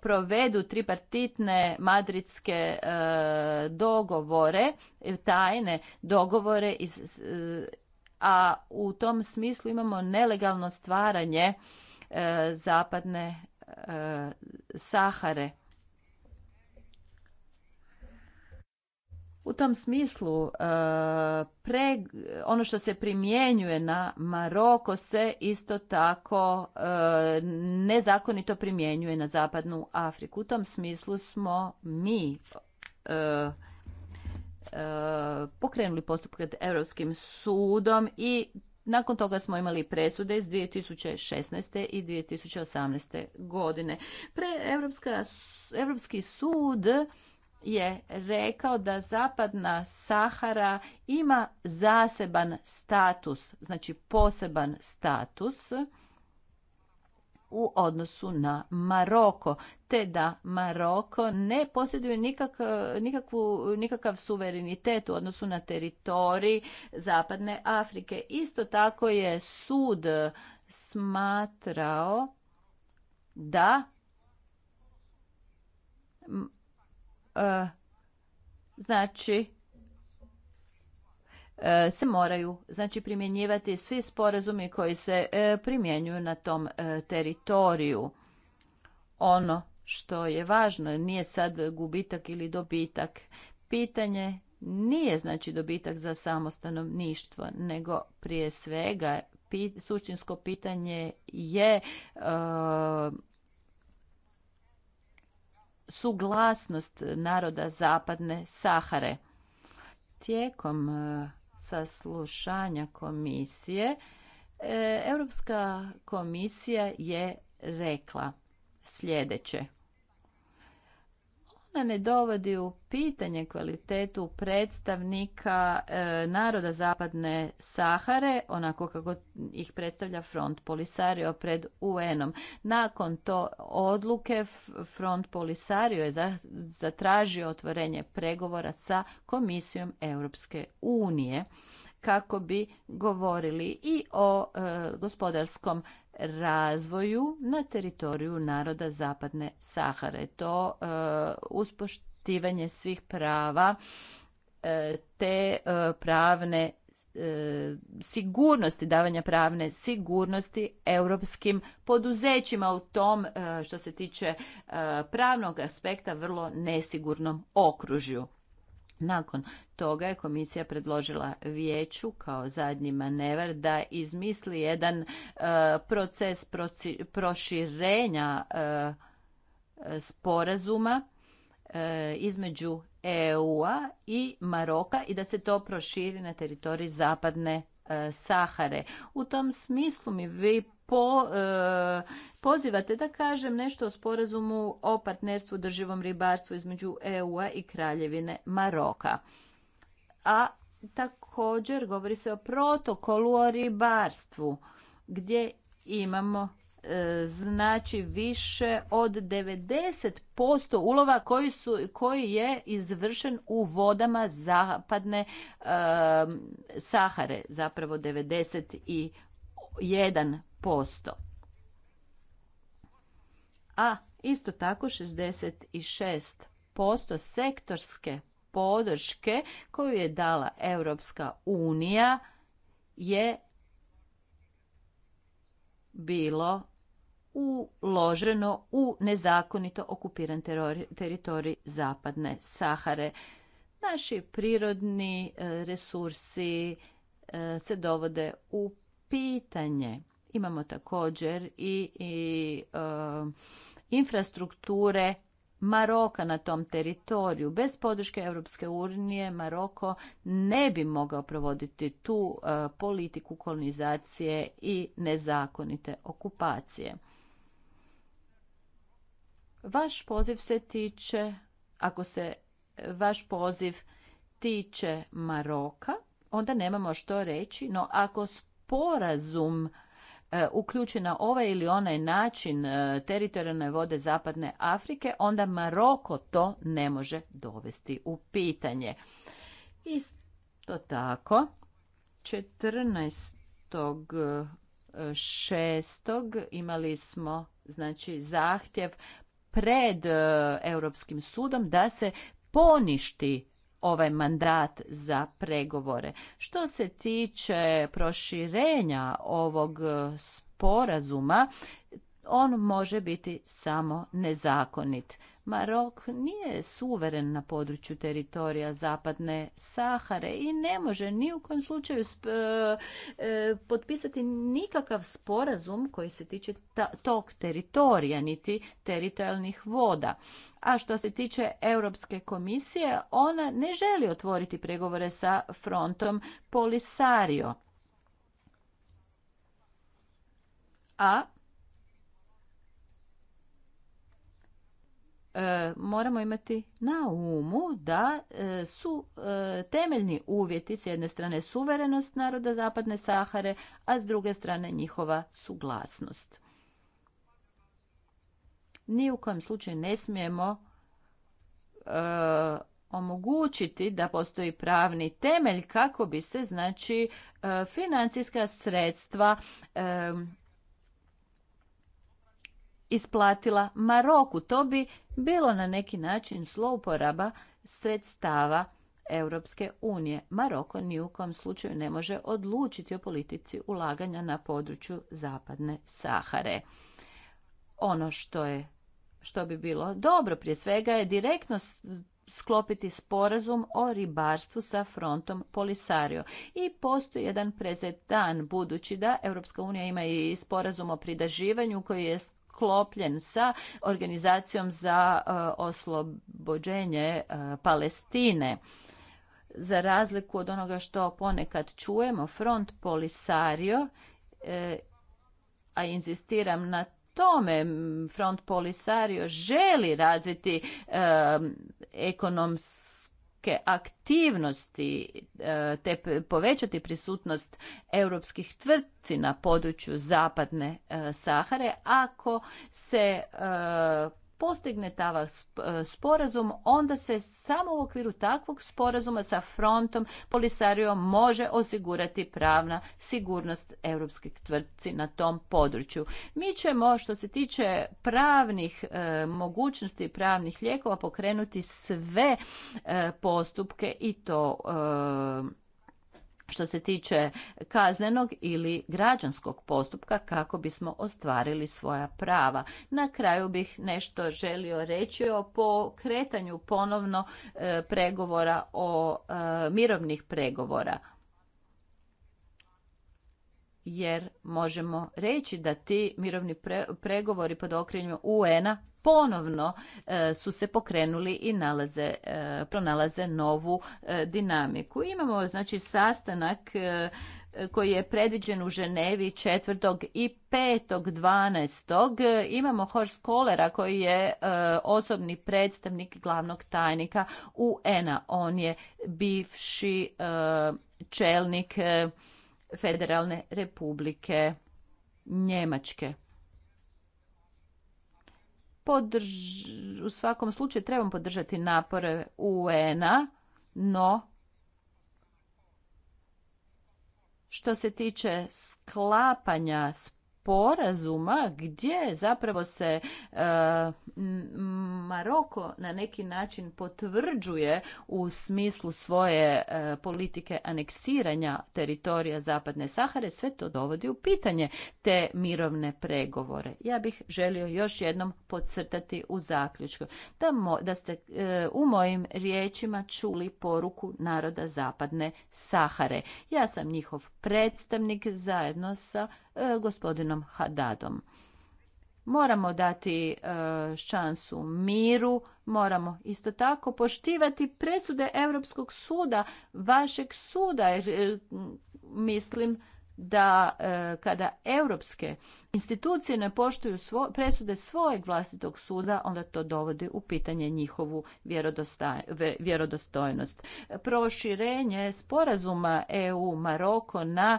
provedu tripartitne madridske e, dogovore, tajne dogovore e, a u tom smislu imamo nelegalno stvaranje e, zapadne e, Sahare. U tom smislu, pre, ono što se primjenjuje na Maroko se isto tako nezakonito primjenjuje na Zapadnu Afriku. U tom smislu smo mi Eh, eh, pokrenuli postupak pred Europskim sudom i nakon toga smo imali presude iz 2016. i 2018. godine. Pre Evropska, Evropski sud je rekao da zapadna Sahara ima zaseban status, znači poseban status u odnosu na Maroko, te da Maroko ne posjeduje nikak, nikakvu, nikakav suverenitet u odnosu na teritoriji Zapadne Afrike. Isto tako je sud smatrao da e, znači E, se moraju znači primjenjivati svi sporazumi koji se e, primjenjuju na tom e, teritoriju. Ono što je važno nije sad gubitak ili dobitak. Pitanje nije znači dobitak za samo stanovništvo, nego prije svega pit, sučinsko pitanje je suglasnost naroda zapadne Sahare. Tijekom saslušanja komisije, e, Europska komisija je rekla sljedeće ne dovodi u pitanje kvalitetu predstavnika e, naroda zapadne Sahare, onako kako ih predstavlja front Polisario pred UN-om. Nakon to odluke front Polisario je zatražio otvorenje pregovora sa Komisijom Europske unije kako bi govorili i o e, gospodarskom razvoju na teritoriju naroda Zapadne Sahare. To e, uspoštivanje svih prava e, te e, pravne e, sigurnosti, davanja pravne sigurnosti europskim poduzećima u tom što se tiče pravnog aspekta vrlo nesigurnom okružju. Nakon toga je komisija predložila vijeću kao zadnji manevar da izmisli jedan e, proces proširenja e, sporazuma e, između EU-a i Maroka i da se to proširi na teritoriji zapadne Sahare. U tom smislu mi vi po, pozivate da kažem nešto o sporazumu o partnerstvu drživom ribarstvu između EU-a i Kraljevine Maroka. A također govori se o protokolu o ribarstvu gdje imamo e, znači više od 90% ulova koji, su, koji je izvršen u vodama zapadne e, Sahare, zapravo 91% a isto tako 66% sektorske podrške koju je dala Europska unija je bilo uloženo u nezakonito okupiran teritorij zapadne Sahare. Naši prirodni e, resursi e, se dovode u pitanje. Imamo također i, i e, infrastrukture Maroka na tom teritoriju. Bez podrške Europske unije Maroko ne bi mogao provoditi tu e, politiku kolonizacije i nezakonite okupacije. Vaš poziv se tiče, ako se vaš poziv tiče Maroka, onda nemamo što reći, no ako sporazum E, na ovaj ili onaj način e, teritorijalne vode Zapadne Afrike, onda Maroko to ne može dovesti u pitanje. Isto tako, 14. imali smo znači zahtjev pred e, Europskim sudom da se poništi ovaj mandat za pregovore. Što se tiče proširenja ovog sporazuma, on može biti samo nezakonit. Marok nije suveren na području teritorija zapadne Sahare i ne može ni u kojem slučaju e, e, potpisati nikakav sporazum koji se tiče tog teritorija, niti teritorijalnih voda. A što se tiče Europske komisije, ona ne želi otvoriti pregovore sa frontom Polisario. A E, moramo imati na umu da e, su e, temeljni uvjeti s jedne strane suverenost naroda Zapadne Sahare, a s druge strane njihova suglasnost. Ni u kojem slučaju ne smijemo omogućiti da postoji pravni temelj kako bi se znači financijska sredstva isplatila Maroku. To bi bilo na neki način zlouporaba sredstava Europske unije. Maroko ni u kom slučaju ne može odlučiti o politici ulaganja na području zapadne Sahare. Ono što je što bi bilo dobro prije svega je direktno sklopiti sporazum o ribarstvu sa frontom Polisario. I postoji jedan prezetan, budući da Europska unija ima i sporazum o pridaživanju koji je sklopljen sa organizacijom za e, oslobođenje e, Palestine. Za razliku od onoga što ponekad čujemo, front Polisario, e, a inzistiram na tome Front Polisario želi razviti ekonomsku aktivnosti e, te povećati prisutnost europskih tvrtci na području zapadne e, Sahare ako se e, postigne tava e, sporazum, onda se samo u okviru takvog sporazuma sa frontom Polisario može osigurati pravna sigurnost europskih tvrtci na tom području. Mi ćemo što se tiče pravnih e, mogućnosti pravnih lijekova pokrenuti sve e, postupke i to e, što se tiče kaznenog ili građanskog postupka kako bismo ostvarili svoja prava. Na kraju bih nešto želio reći o pokretanju ponovno e, pregovora o e, mirovnih pregovora jer možemo reći da ti mirovni pregovori pod okriljem UN-a ponovno e, su se pokrenuli i nalaze, e, pronalaze novu e, dinamiku. Imamo znači sastanak koji je predviđen u Ženevi 4. i 12. imamo Horst Kolera koji je osobni predstavnik glavnog tajnika UN-a. On je bivši čelnik Federalne republike Njemačke podrž, u svakom slučaju trebamo podržati napore UN-a, no što se tiče sklapanja sporazuma gdje zapravo se eh, Maroko na neki način potvrđuje u smislu svoje eh, politike aneksiranja teritorija Zapadne Sahare, sve to dovodi u pitanje te mirovne pregovore. Ja bih želio još jednom podcrtati u zaključku da, da ste eh, u mojim riječima čuli poruku naroda Zapadne Sahare. Ja sam njihov predstavnik zajedno sa E, gospodinom Hadadom. Moramo dati e, šansu miru, moramo isto tako poštivati presude Europskog suda, vašeg suda, jer e, mislim da kada europske institucije ne poštuju presude svojeg vlastitog suda, onda to dovodi u pitanje njihovu vjerodostojnost. Proširenje sporazuma EU-Maroko na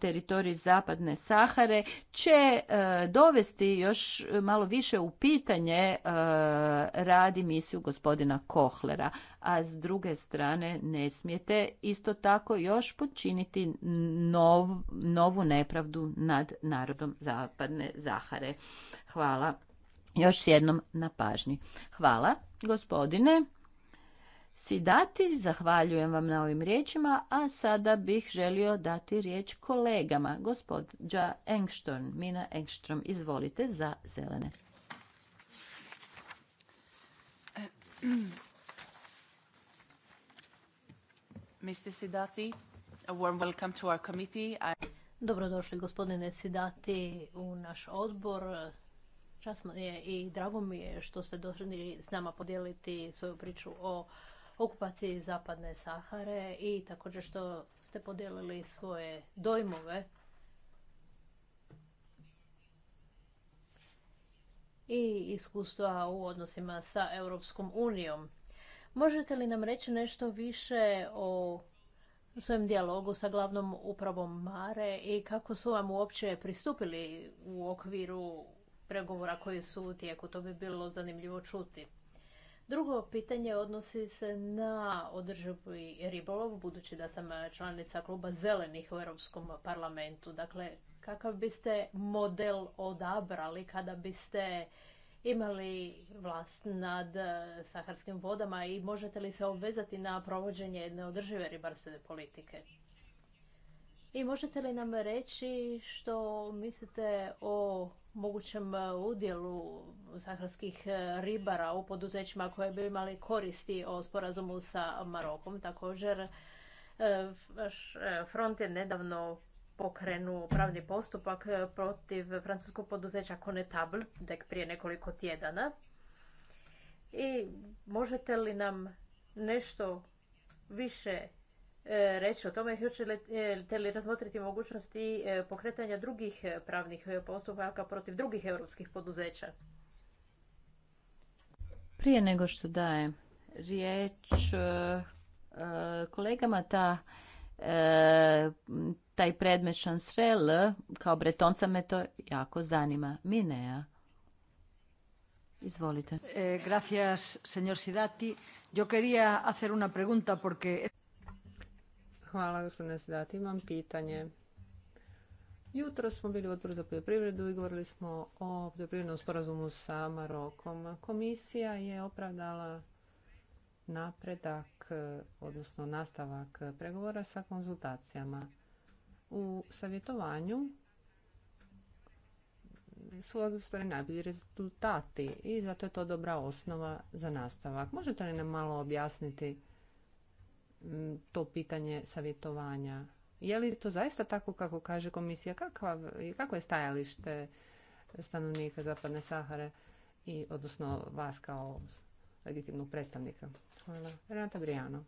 teritoriji Zapadne Sahare će e, dovesti još malo više u pitanje e, radi misiju gospodina Kohlera, a s druge strane ne smijete isto tako još počiniti novu nepravdu nad narodom za zapadne Zahare. Hvala još jednom na pažnji. Hvala gospodine. Sidati, zahvaljujem vam na ovim riječima, a sada bih želio dati riječ kolegama. Gospodža Engström, Mina Engström, izvolite za zelene. Mr. Sidati, a warm welcome to our committee. I... Dobrodošli gospodine Sidati u naš odbor. Časno je i drago mi je što ste došli s nama podijeliti svoju priču o okupaciji Zapadne Sahare i također što ste podijelili svoje dojmove i iskustva u odnosima sa Europskom unijom. Možete li nam reći nešto više o svojem dijalogu sa glavnom upravom Mare i kako su vam uopće pristupili u okviru pregovora koji su u tijeku. To bi bilo zanimljivo čuti. Drugo pitanje odnosi se na održivi ribolov, budući da sam članica kluba zelenih u Europskom parlamentu. Dakle, kakav biste model odabrali kada biste imali vlast nad e, saharskim vodama i možete li se obvezati na provođenje jedne održive ribarstvene politike? I možete li nam reći što mislite o mogućem e, udjelu saharskih e, ribara u poduzećima koje bi imali koristi o sporazumu sa Marokom? Također, Front je nedavno pokrenu pravni postupak eh, protiv francuskog poduzeća Connetable tek prije nekoliko tjedana. I možete li nam nešto više eh, reći o tome, hoćete li eh, razmotriti mogućnosti pokretanja drugih pravnih postupaka protiv drugih europskih poduzeća? Prije nego što dajem riječ kolegama, ta E, taj predmet šansrel, kao bretonca me to jako zanima. Minea. Izvolite. E, gracias, señor Sidati. Yo quería hacer una pregunta porque... Hvala, gospodine Sidati. Imam pitanje. Jutro smo bili u odboru za poljoprivredu i govorili smo o poljoprivrednom sporazumu sa Marokom. Komisija je opravdala napredak, odnosno nastavak pregovora sa konzultacijama. U savjetovanju su stvari, najbolji rezultati i zato je to dobra osnova za nastavak. Možete li nam malo objasniti to pitanje savjetovanja? Je li to zaista tako kako kaže komisija? kako je stajalište stanovnika Zapadne Sahare i odnosno vas kao legitimnog predstavnika. Hvala. Renata Brijano.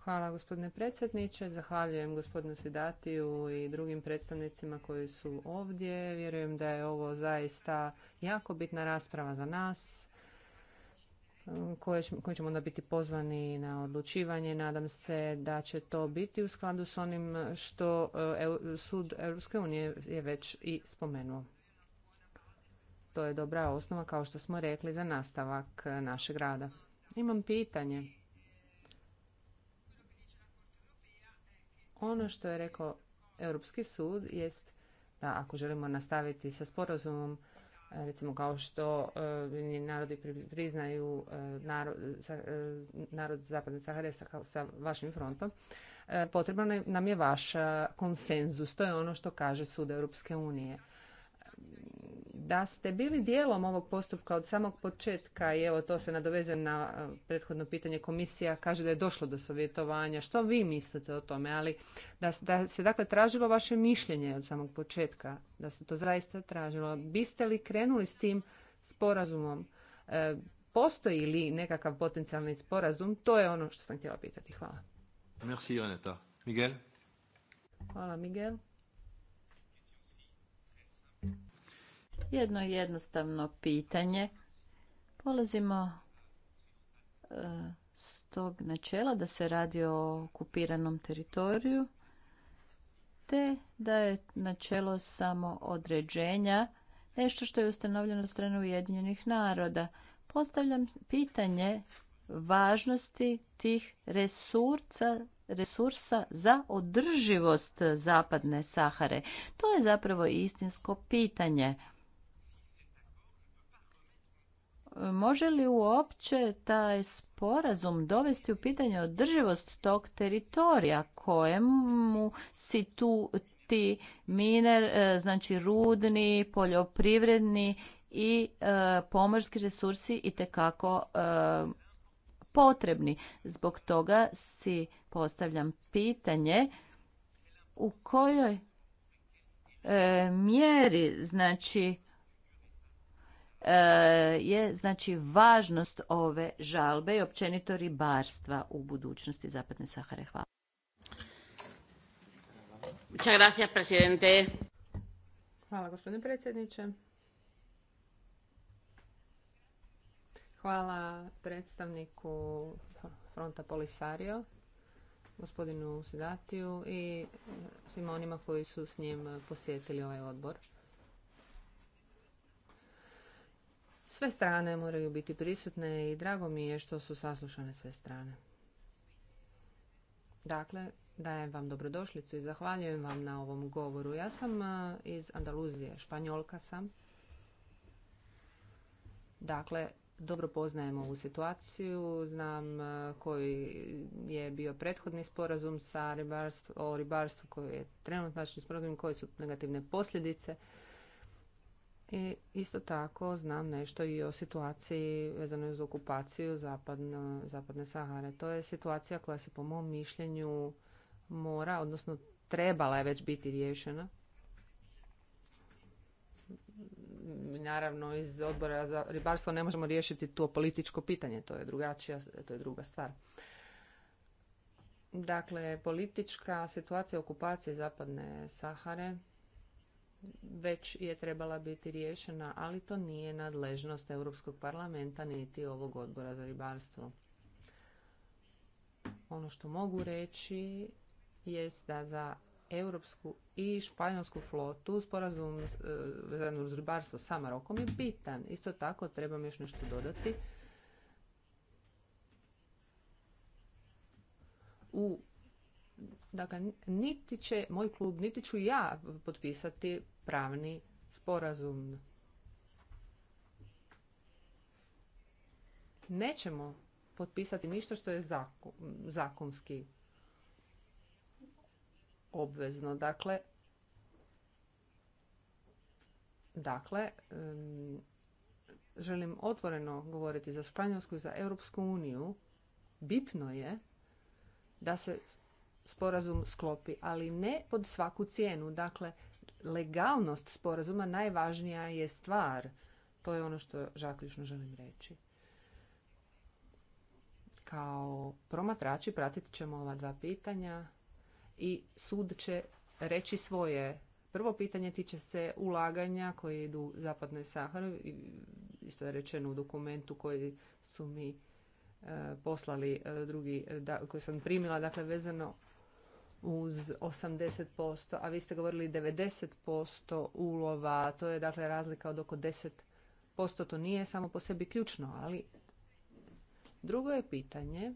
Hvala gospodine predsjedniče. Zahvaljujem gospodinu Sidatiju i drugim predstavnicima koji su ovdje. Vjerujem da je ovo zaista jako bitna rasprava za nas koje ćemo onda biti pozvani na odlučivanje. Nadam se da će to biti u skladu s onim što e, Sud Europske unije je već i spomenuo. To je dobra osnova, kao što smo rekli, za nastavak eh, našeg rada. Imam pitanje. Ono što je rekao Europski sud jest da ako želimo nastaviti sa sporazumom, eh, recimo kao što eh, narodi priznaju narod, narod Zapadne Sahare sa vašim frontom, potrebno nam je vaš konsenzus. To je ono što kaže Sud Europske unije da ste bili dijelom ovog postupka od samog početka i evo to se nadovezuje na e, prethodno pitanje komisija kaže da je došlo do savjetovanja što vi mislite o tome ali da, da se dakle tražilo vaše mišljenje od samog početka da se to zaista tražilo biste li krenuli s tim sporazumom e, postoji li nekakav potencijalni sporazum to je ono što sam htjela pitati hvala Merci, Miguel. hvala Miguel jedno jednostavno pitanje. Polazimo e, s tog načela da se radi o okupiranom teritoriju te da je načelo samo određenja nešto što je ustanovljeno od strane Ujedinjenih naroda. Postavljam pitanje važnosti tih resursa, resursa za održivost zapadne Sahare. To je zapravo istinsko pitanje može li uopće taj sporazum dovesti u pitanje održivost tog teritorija kojemu si tu ti miner, e, znači rudni, poljoprivredni i e, pomorski resursi i tekako e, potrebni. Zbog toga si postavljam pitanje u kojoj mjeri znači E, je znači važnost ove žalbe i općenito ribarstva u budućnosti Zapadne Sahare. Hvala. Hvala gospodine predsjedniče. Hvala predstavniku Fronta Polisario, gospodinu Sidatiju i svima onima koji su s njim posjetili ovaj odbor. Sve strane moraju biti prisutne i drago mi je što su saslušane sve strane. Dakle, dajem vam dobrodošlicu i zahvaljujem vam na ovom govoru. Ja sam iz Andaluzije, Španjolka sam. Dakle, dobro poznajem ovu situaciju, znam koji je bio prethodni sporazum sa ribarstvom, o ribarstvu koji je trenutno sporazum, koje su negativne posljedice i isto tako znam nešto i o situaciji vezanoj uz okupaciju zapadne, zapadne Sahare. To je situacija koja se po mom mišljenju mora, odnosno trebala je već biti riješena. Naravno, iz odbora za ribarstvo ne možemo riješiti to političko pitanje, to je drugačija, to je druga stvar. Dakle, politička situacija okupacije zapadne Sahare već je trebala biti riješena, ali to nije nadležnost Europskog parlamenta niti ovog odbora za ribarstvo. Ono što mogu reći jest da za europsku i španjolsku flotu sporazum e, vezan uz ribarstvo sa Marokom je bitan. Isto tako trebam još nešto dodati. U Dakle, niti će moj klub, niti ću ja potpisati pravni sporazum. Nećemo potpisati ništa što je zakonski obvezno. Dakle, dakle želim otvoreno govoriti za Španjolsku i za Europsku uniju. Bitno je da se sporazum sklopi, ali ne pod svaku cijenu. Dakle, legalnost sporazuma najvažnija je stvar. To je ono što zaključno želim reći. Kao promatrači pratit ćemo ova dva pitanja i sud će reći svoje. Prvo pitanje tiče se ulaganja koje idu u zapadnoj Sahari, isto je rečeno u dokumentu koji su mi e, poslali e, drugi, e, koji sam primila, dakle vezano uz 80%, a vi ste govorili 90% ulova, to je dakle razlika od oko 10%, to nije samo po sebi ključno, ali drugo je pitanje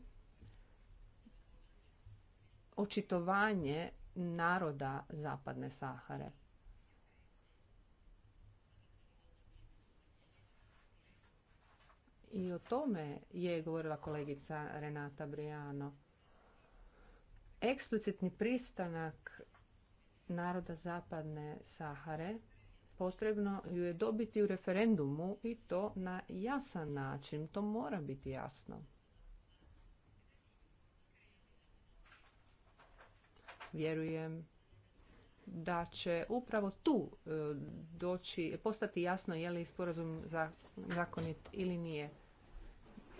očitovanje naroda Zapadne Sahare. I o tome je govorila kolegica Renata Brijano eksplicitni pristanak naroda zapadne Sahare potrebno ju je dobiti u referendumu i to na jasan način. To mora biti jasno. Vjerujem da će upravo tu e, doći, postati jasno je li sporazum zakonit ili nije.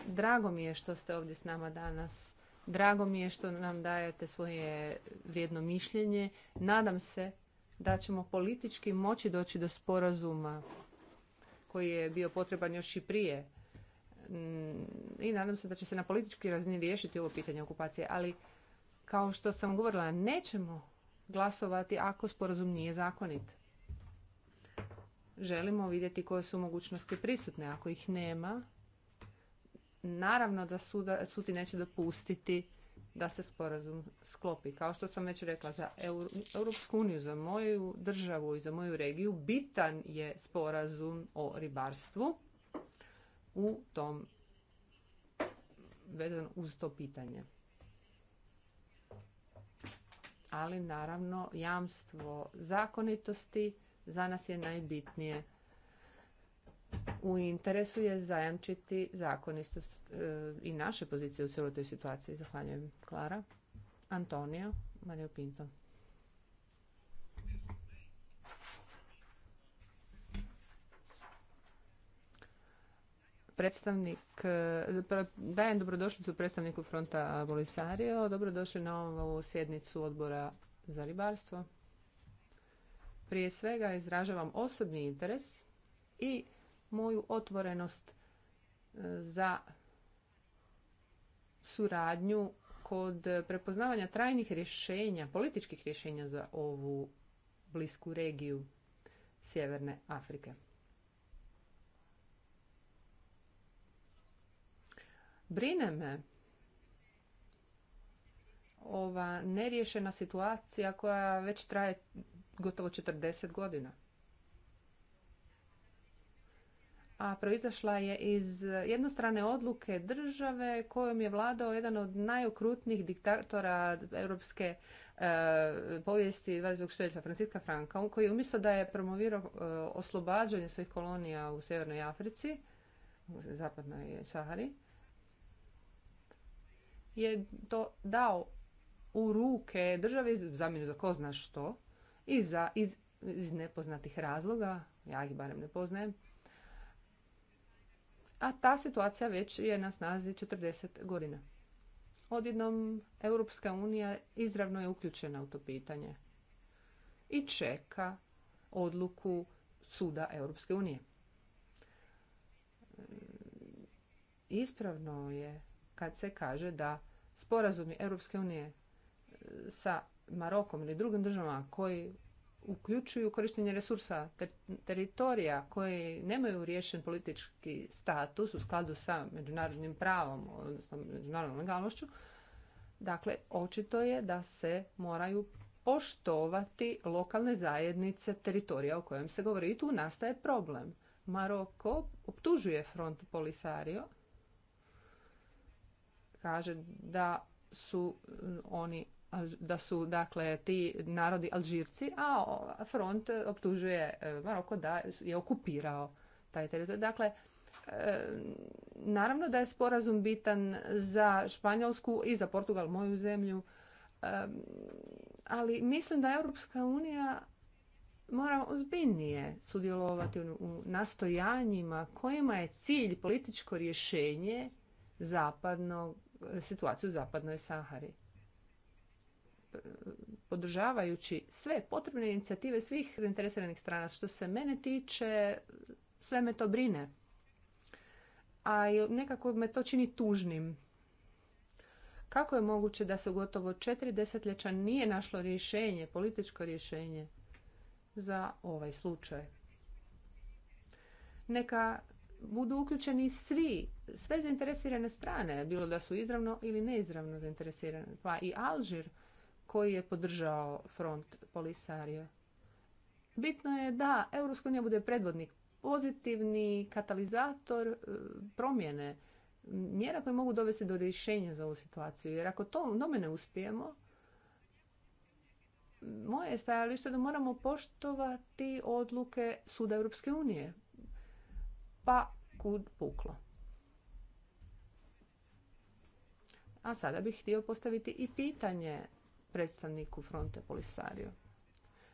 Drago mi je što ste ovdje s nama danas Drago mi je što nam dajete svoje vrijedno mišljenje. Nadam se da ćemo politički moći doći do sporazuma koji je bio potreban još i prije. Mm, I nadam se da će se na politički razini riješiti ovo pitanje okupacije. Ali, kao što sam govorila, nećemo glasovati ako sporazum nije zakonit. Želimo vidjeti koje su mogućnosti prisutne. Ako ih nema, naravno da su ti neće dopustiti da se sporazum sklopi. Kao što sam već rekla, za Europsku uniju, za moju državu i za moju regiju bitan je sporazum o ribarstvu u tom vezan uz to pitanje. Ali naravno jamstvo zakonitosti za nas je najbitnije u interesu je zajamčiti zakonitost e, i naše pozicije u cijeloj toj situaciji. Zahvaljujem. Klara, Antonio, Mario Pinto. predstavnik, e, dajem dobrodošlicu predstavniku fronta Bolisario. Dobrodošli na ovu sjednicu odbora za ribarstvo. Prije svega izražavam osobni interes i moju otvorenost e, za suradnju kod prepoznavanja trajnih rješenja, političkih rješenja za ovu blisku regiju Sjeverne Afrike. Brine me ova neriješena situacija koja već traje gotovo 40 godina. a proizašla je iz jednostrane odluke države kojom je vladao jedan od najokrutnijih diktatora europske e, povijesti 20. stoljeća Franciska Franka, koji umjesto da je promovirao e, oslobađanje svojih kolonija u Sjevernoj Africi, u zapadnoj Sahari, je to dao u ruke države zamjenu za ko zna što i za, iz nepoznatih razloga, ja ih barem ne poznajem, a ta situacija već je na snazi 40 godina. Odjednom, Europska unija izravno je uključena u to pitanje i čeka odluku suda Europske unije. Ispravno je kad se kaže da sporazumi Europske unije sa Marokom ili drugim državama koji uključuju korištenje resursa teritorija koji nemaju riješen politički status u skladu sa međunarodnim pravom, odnosno međunarodnom legalnošću, dakle, očito je da se moraju poštovati lokalne zajednice teritorija o kojem se govori. I tu nastaje problem. Maroko optužuje front Polisario, kaže da su oni da su dakle ti narodi Alžirci, a front optužuje e, Maroko da je okupirao taj teritorij. Dakle, e, naravno da je sporazum bitan za Španjolsku i za Portugal, moju zemlju, e, ali mislim da Europska unija mora ozbiljnije sudjelovati u nastojanjima kojima je cilj političko rješenje zapadnog, situaciju u zapadnoj Sahari podržavajući sve potrebne inicijative svih zainteresiranih strana. Što se mene tiče, sve me to brine. A nekako me to čini tužnim. Kako je moguće da se gotovo četiri desetljeća nije našlo rješenje, političko rješenje za ovaj slučaj? Neka budu uključeni svi, sve zainteresirane strane, bilo da su izravno ili neizravno zainteresirane. Pa i Alžir koji je podržao front Polisario. Bitno je da EU bude predvodnik, pozitivni katalizator e, promjene, mjera koje mogu dovesti do rješenja za ovu situaciju. Jer ako to nome ne uspijemo, moje stajalište da moramo poštovati odluke Suda Europske unije. Pa kud puklo. A sada bih htio postaviti i pitanje predstavniku fronte Polisario.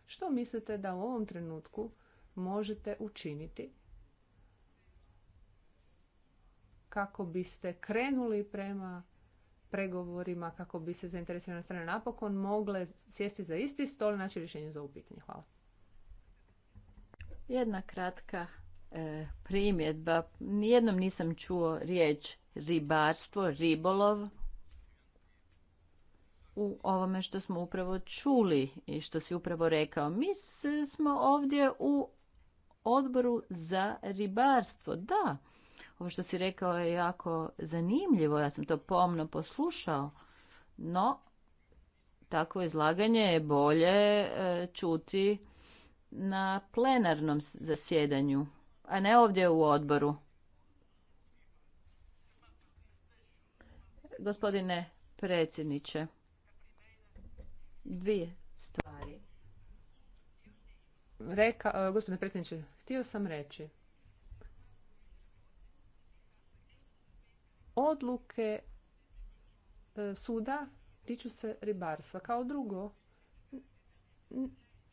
Što mislite da u ovom trenutku možete učiniti kako biste krenuli prema pregovorima, kako bi se zainteresirane strane napokon mogle sjesti za isti stol i naći rješenje za ovo pitanje? Hvala. Jedna kratka e, primjedba. Nijednom nisam čuo riječ ribarstvo, ribolov u ovome što smo upravo čuli i što si upravo rekao. Mi smo ovdje u odboru za ribarstvo. Da, ovo što si rekao je jako zanimljivo. Ja sam to pomno poslušao. No, takvo izlaganje je bolje e, čuti na plenarnom zasjedanju, a ne ovdje u odboru. Gospodine predsjedniče, dvije stvari. Reka, e, gospodine predsjedniče, htio sam reći. Odluke e, suda tiču se ribarstva. Kao drugo,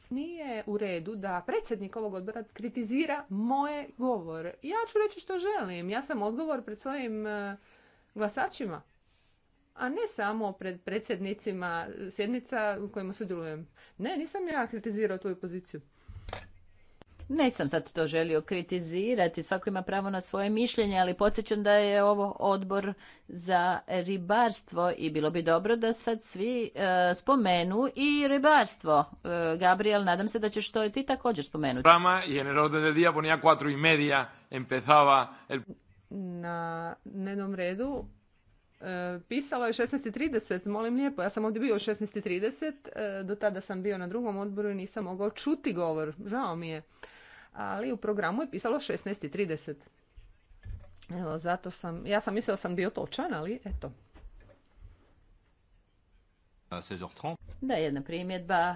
nije u redu da predsjednik ovog odbora kritizira moje govore. Ja ću reći što želim. Ja sam odgovor pred svojim e, glasačima a ne samo pred predsjednicima sjednica u kojima sudjelujem. Ne, nisam ja kritizirao tvoju poziciju. Ne sam sad to želio kritizirati, svako ima pravo na svoje mišljenje, ali podsjećam da je ovo odbor za ribarstvo i bilo bi dobro da sad svi e, spomenu i ribarstvo. E, Gabriel, nadam se da ćeš to i ti također spomenuti. i en el orden del día ponía cuatro y Na nenom redu E, pisalo je 16.30, molim lijepo, ja sam ovdje bio u 16.30, e, do tada sam bio na drugom odboru i nisam mogao čuti govor, žao mi je. Ali u programu je pisalo 16.30. Evo, zato sam, ja sam mislila sam bio točan, ali eto. Da, jedna primjedba,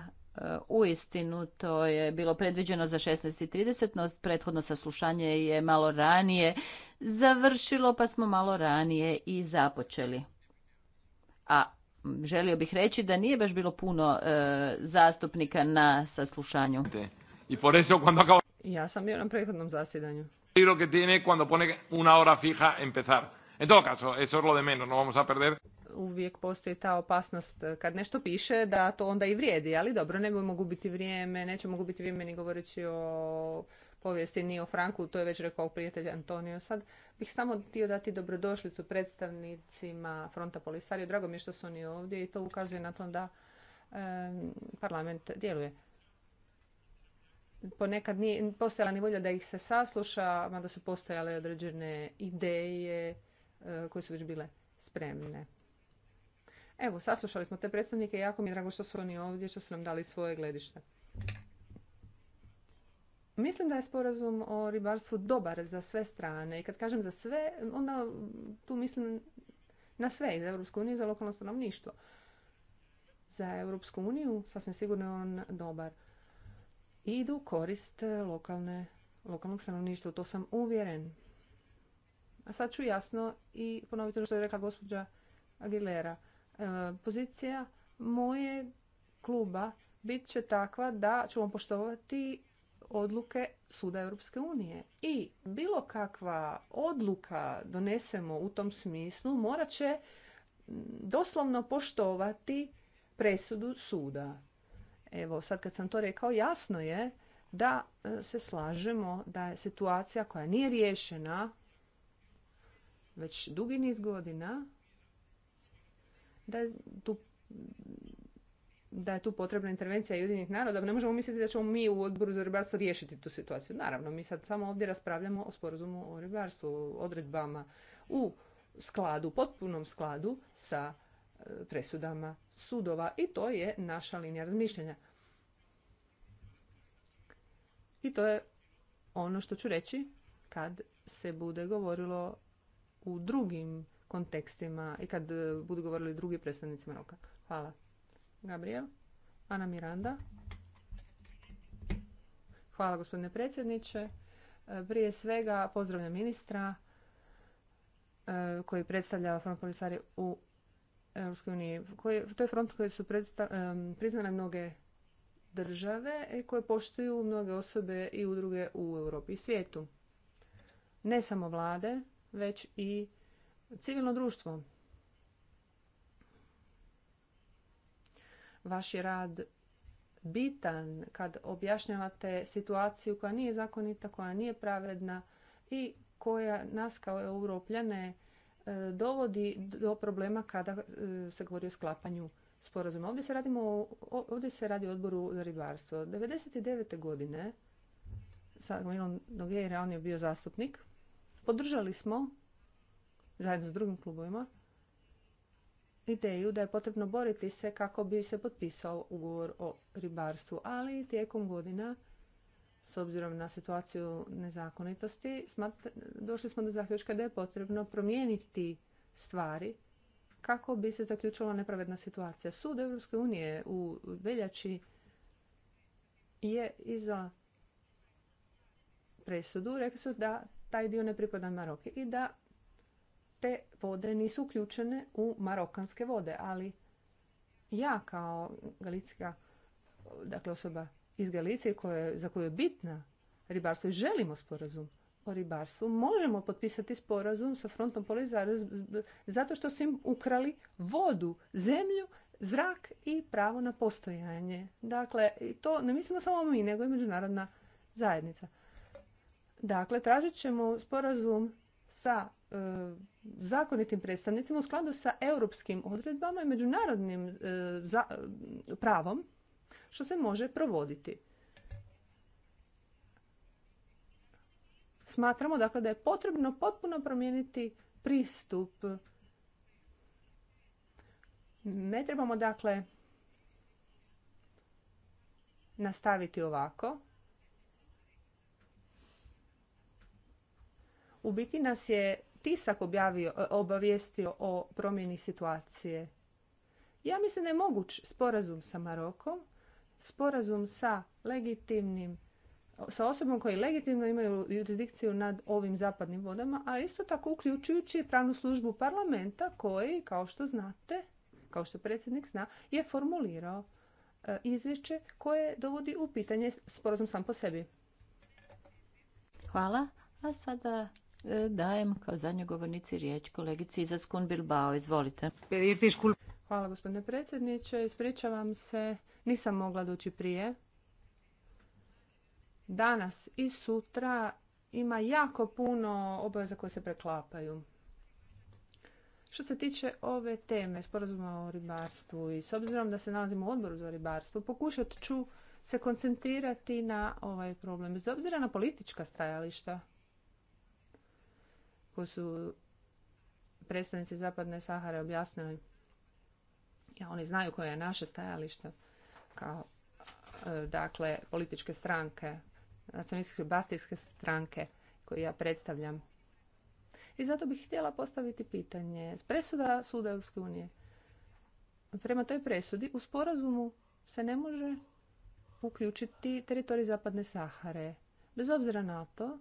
u istinu, to je bilo predviđeno za 16.30, no prethodno saslušanje je malo ranije završilo, pa smo malo ranije i započeli. A želio bih reći da nije baš bilo puno e, zastupnika na saslušanju. Ja sam bio na prethodnom zasjedanju. que tiene pone una hora fija empezar. En todo caso, eso es lo de menos, perder uvijek postoji ta opasnost e, kad nešto piše da to onda i vrijedi, ali dobro, ne mogu biti vrijeme, nećemo biti vrijeme ni govoreći o povijesti ni o Franku, to je već rekao prijatelj Antonio. Sad bih samo htio dati dobrodošlicu predstavnicima Fronta Polisario. Drago mi je što su oni ovdje i to ukazuje na to da parlament djeluje. Ponekad nije postojala ni volja da ih se sasluša, mada su postojale određene ideje e, koje su već bile spremne. Evo, saslušali smo te predstavnike, jako mi je drago što su oni ovdje, što su nam dali svoje gledište. Mislim da je sporazum o ribarstvu dobar za sve strane i kad kažem za sve, onda tu mislim na sve iz EU i za lokalno stanovništvo. Za Europsku uniju sasvim sigurno je on dobar. idu korist lokalnog stanovništva, to sam uvjeren. A sad ću jasno i ponoviti ono što je rekla gospođa Aguilera. E, pozicija moje kluba bit će takva da ćemo poštovati odluke Suda Europske unije. I bilo kakva odluka donesemo u tom smislu morat će doslovno poštovati presudu suda. Evo, sad kad sam to rekao, jasno je da e, se slažemo da je situacija koja nije riješena već dugi niz godina da tu da je tu potrebna intervencija Jedinih naroda. Ne možemo misliti da ćemo mi u odboru za ribarstvo riješiti tu situaciju. Naravno, mi sad samo ovdje raspravljamo o sporazumu o ribarstvu, odredbama u skladu, potpunom skladu sa e, presudama sudova i to je naša linija razmišljanja. I to je ono što ću reći kad se bude govorilo u drugim kontekstima i kad e, budu govorili drugi predstavnici Maroka. Hvala. Gabriel? Ana Miranda? Hvala gospodine predsjedniče. E, prije svega pozdravljam ministra e, koji predstavlja Front Polisari u EU. To je front koji su priznane mnoge države i koje poštuju mnoge osobe i udruge u Europi i svijetu. Ne samo vlade, već i Civilno društvo. Vaš je rad bitan kad objašnjavate situaciju koja nije zakonita, koja nije pravedna i koja nas kao europljane e, dovodi do problema kada e, se govori o sklapanju sporazuma. Ovdje se, radimo, ovdje se radi o odboru za ribarstvo. 1999. godine, sa Milon Nogueira, on je bio zastupnik, podržali smo zajedno s drugim klubovima ideju da je potrebno boriti se kako bi se potpisao ugovor o ribarstvu, ali tijekom godina s obzirom na situaciju nezakonitosti, došli smo do zaključka da je potrebno promijeniti stvari kako bi se zaključila nepravedna situacija. Sud Europske unije u veljači je iza presudu, rekli su da taj dio ne pripada Maroke i da te vode nisu uključene u marokanske vode, ali ja kao galicijska dakle osoba iz Galicije koje, za koju je bitna ribarstvo i želimo sporazum o ribarstvu, možemo potpisati sporazum sa frontom zato što su im ukrali vodu, zemlju, zrak i pravo na postojanje. Dakle, to ne mislimo samo mi, nego i međunarodna zajednica. Dakle, tražit ćemo sporazum sa E, zakonitim predstavnicima u skladu sa europskim odredbama i međunarodnim e, pravom što se može provoditi. Smatramo dakle da je potrebno potpuno promijeniti pristup. Ne trebamo dakle nastaviti ovako. U biti nas je tisak objavio, e, obavijestio o promjeni situacije. Ja mislim da je moguć sporazum sa Marokom, sporazum sa legitimnim sa osobom koji legitimno imaju jurisdikciju nad ovim zapadnim vodama, a isto tako uključujući pravnu službu parlamenta koji, kao što znate, kao što predsjednik zna, je formulirao e, izvješće koje dovodi u pitanje sporazum sam po sebi. Hvala. A sada Dajem kao zadnjoj govornici riječ kolegici Izaskun Bilbao. Izvolite. Hvala gospodine predsjedniče. Ispričavam se, nisam mogla doći prije. Danas i sutra ima jako puno obaveza koje se preklapaju. Što se tiče ove teme, sporazuma o ribarstvu i s obzirom da se nalazimo u odboru za ribarstvo, pokušat ću se koncentrirati na ovaj problem. Bez obzira na politička stajališta, koju su predstavnici Zapadne Sahare objasnili. Ja, oni znaju koje je naše stajalište kao e, dakle političke stranke, nacionalističke bastijske stranke koje ja predstavljam. I zato bih htjela postaviti pitanje. Presuda Suda Europske unije. Prema toj presudi u sporazumu se ne može uključiti teritorij Zapadne Sahare. Bez obzira na to,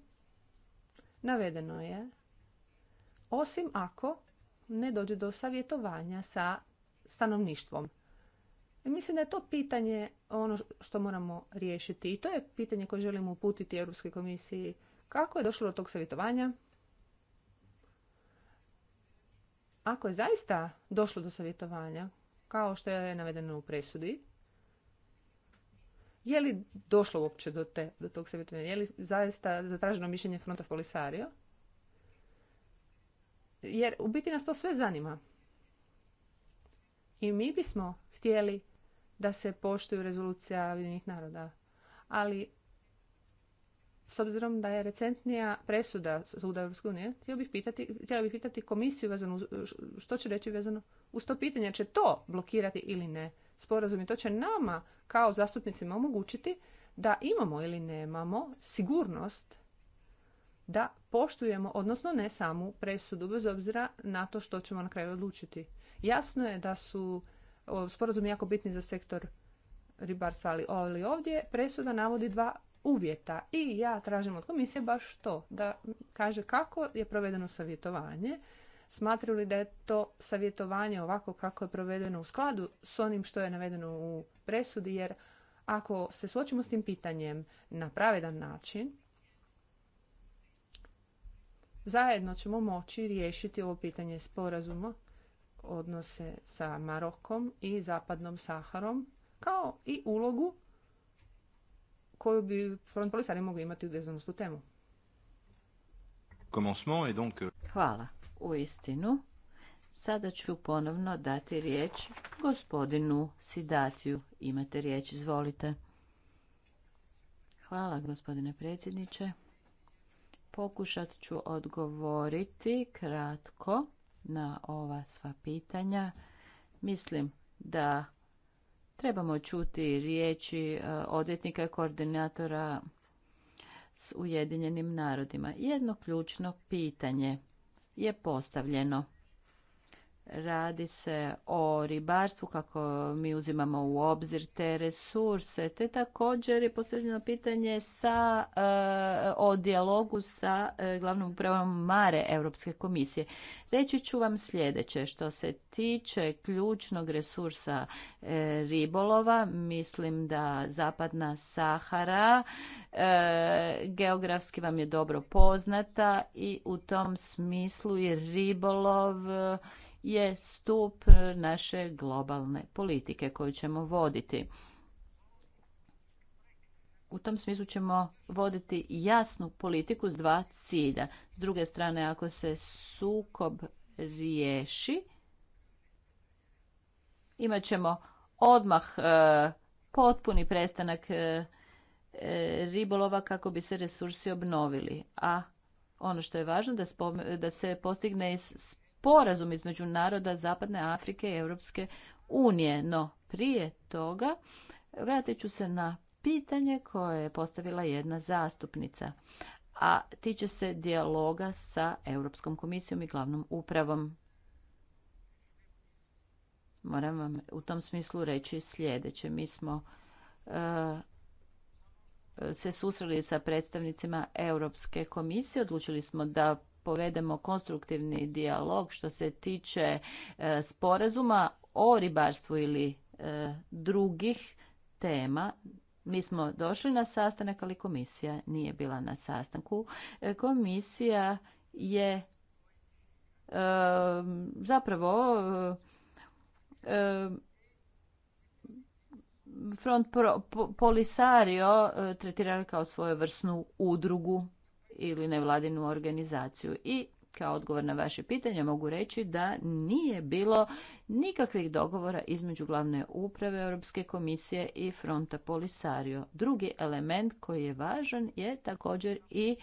navedeno je osim ako ne dođe do savjetovanja sa stanovništvom. E, mislim da je to pitanje ono što moramo riješiti i to je pitanje koje želimo uputiti Europskoj komisiji. Kako je došlo do tog savjetovanja? Ako je zaista došlo do savjetovanja, kao što je navedeno u presudi, je li došlo uopće do, te, do tog savjetovanja? Je li zaista zatraženo mišljenje fronta polisario? jer u biti nas to sve zanima. I mi bismo htjeli da se poštuju rezolucija Ujedinjenih naroda. Ali s obzirom da je recentnija presuda Suda Europske unije, htjela bih pitati, komisiju vezano, što će reći vezano uz to pitanje, će to blokirati ili ne sporazum i to će nama kao zastupnicima omogućiti da imamo ili nemamo sigurnost da poštujemo, odnosno ne samu presudu, bez obzira na to što ćemo na kraju odlučiti. Jasno je da su sporazumi jako bitni za sektor ribarstva, ali ovdje presuda navodi dva uvjeta i ja tražim od komisije baš to, da kaže kako je provedeno savjetovanje, smatruju li da je to savjetovanje ovako kako je provedeno u skladu s onim što je navedeno u presudi, jer ako se suočimo s tim pitanjem na pravedan način, Zajedno ćemo moći riješiti ovo pitanje sporazuma odnose sa Marokom i Zapadnom Saharom, kao i ulogu koju bi front polisari mogli imati u s tu temu. Euh, Hvala. U istinu, sada ću ponovno dati riječ gospodinu Sidatiju. Imate riječ, izvolite. Hvala gospodine predsjedniče. Pokušat ću odgovoriti kratko na ova sva pitanja. Mislim da trebamo čuti riječi e, odvjetnika i koordinatora s Ujedinjenim narodima. Jedno ključno pitanje je postavljeno. Radi se o ribarstvu, kako mi uzimamo u obzir te resurse, te također je postavljeno pitanje sa, eh, o dijalogu sa eh, glavnom upravom Mare Europske komisije. Reći ću vam sljedeće, što se tiče ključnog resursa eh, ribolova, mislim da zapadna Sahara geografski vam je dobro poznata i u tom smislu je ribolov je stup e, naše globalne politike koju ćemo voditi. U tom smislu ćemo voditi jasnu politiku s dva cilja. S druge strane, ako se sukob riješi, imat ćemo odmah e, potpuni prestanak e, ribolova kako bi se resursi obnovili. A ono što je važno da, da se postigne sporazum između naroda Zapadne Afrike i Europske unije. No prije toga vratit ću se na pitanje koje je postavila jedna zastupnica, a tiče se dijaloga sa Europskom komisijom i glavnom upravom. Moram vam u tom smislu reći sljedeće. Mi smo eh, se susreli sa predstavnicima Europske komisije. Odlučili smo da povedemo konstruktivni dijalog što se tiče e, sporazuma o ribarstvu ili e, drugih tema. Mi smo došli na sastanak, ali komisija nije bila na sastanku. E, komisija je zapravo Front Polisario tretirali kao svojevrsnu udrugu ili nevladinu organizaciju. I kao odgovor na vaše pitanje mogu reći da nije bilo nikakvih dogovora između glavne uprave Europske komisije i fronta Polisario. Drugi element koji je važan je također i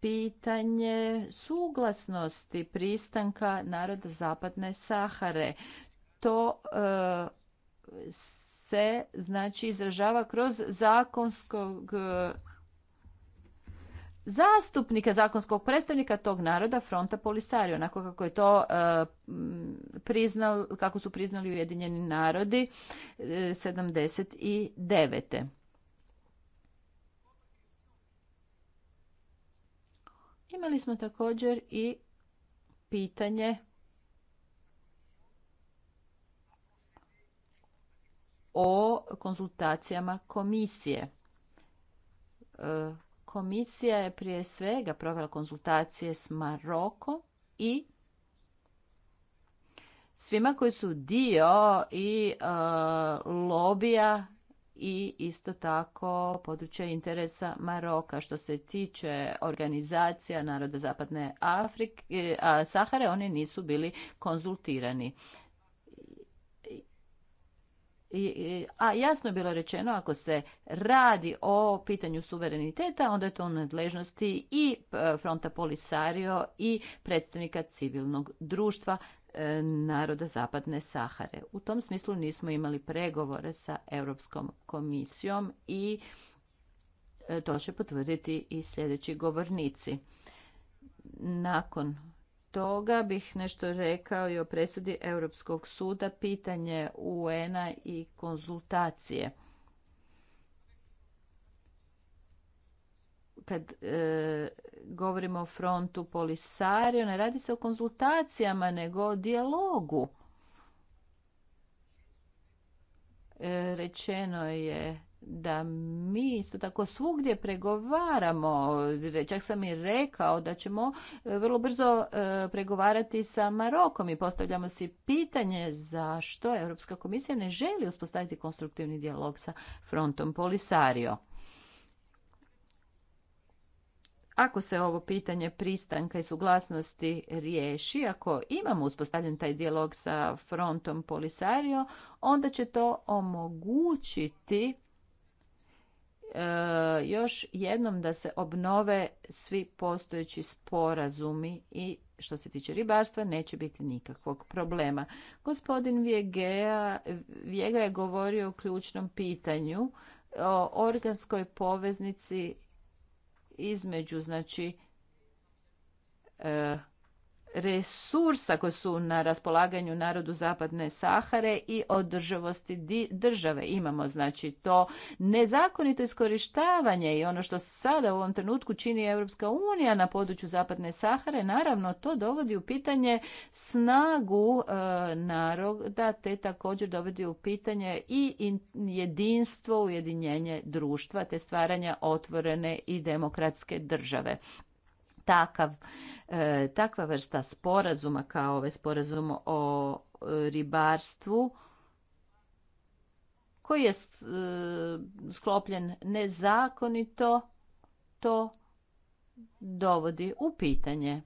pitanje suglasnosti pristanka naroda zapadne Sahare. To e, se znači izražava kroz zakonskog zastupnika, zakonskog predstavnika tog naroda, Fronta Polisario, onako kako je to e, kako su priznali Ujedinjeni narodi e, 79. Imali smo također i pitanje o konzultacijama komisije. E, Komisija je prije svega provela konzultacije s Marokom i svima koji su dio i e, lobija i isto tako područje interesa Maroka. Što se tiče organizacija Naroda Zapadne Afrike, e, a Sahare, oni nisu bili konzultirani a jasno je bilo rečeno ako se radi o pitanju suvereniteta, onda je to u nadležnosti i e, fronta Polisario i predstavnika civilnog društva e, naroda Zapadne Sahare. U tom smislu nismo imali pregovore sa Europskom komisijom i e, to će potvrditi i sljedeći govornici. Nakon toga bih nešto rekao i o presudi Europskog suda, pitanje UN-a i konzultacije. Kad e, govorimo o frontu Polisario, ne radi se o konzultacijama, nego o dijalogu. E, rečeno je da mi isto tako svugdje pregovaramo, čak sam i rekao da ćemo e, vrlo brzo e, pregovarati sa Marokom i postavljamo si pitanje zašto Europska komisija ne želi uspostaviti konstruktivni dijalog sa frontom Polisario. Ako se ovo pitanje pristanka i suglasnosti riješi, ako imamo uspostavljen taj dijalog sa frontom Polisario, onda će to omogućiti E, još jednom da se obnove svi postojeći sporazumi i što se tiče ribarstva neće biti nikakvog problema. Gospodin Vjegea, Vjega je govorio o ključnom pitanju o organskoj poveznici između znači e, resursa koji su na raspolaganju narodu zapadne Sahare i održivosti države. Imamo znači to nezakonito iskorištavanje i ono što sada u ovom trenutku čini Europska unija na području zapadne Sahare, naravno to dovodi u pitanje snagu e, naroda te također dovodi u pitanje i jedinstvo, ujedinjenje društva te stvaranja otvorene i demokratske države takav, e, takva vrsta sporazuma kao ovaj sporazum o ribarstvu koji je e, sklopljen nezakonito, to dovodi u pitanje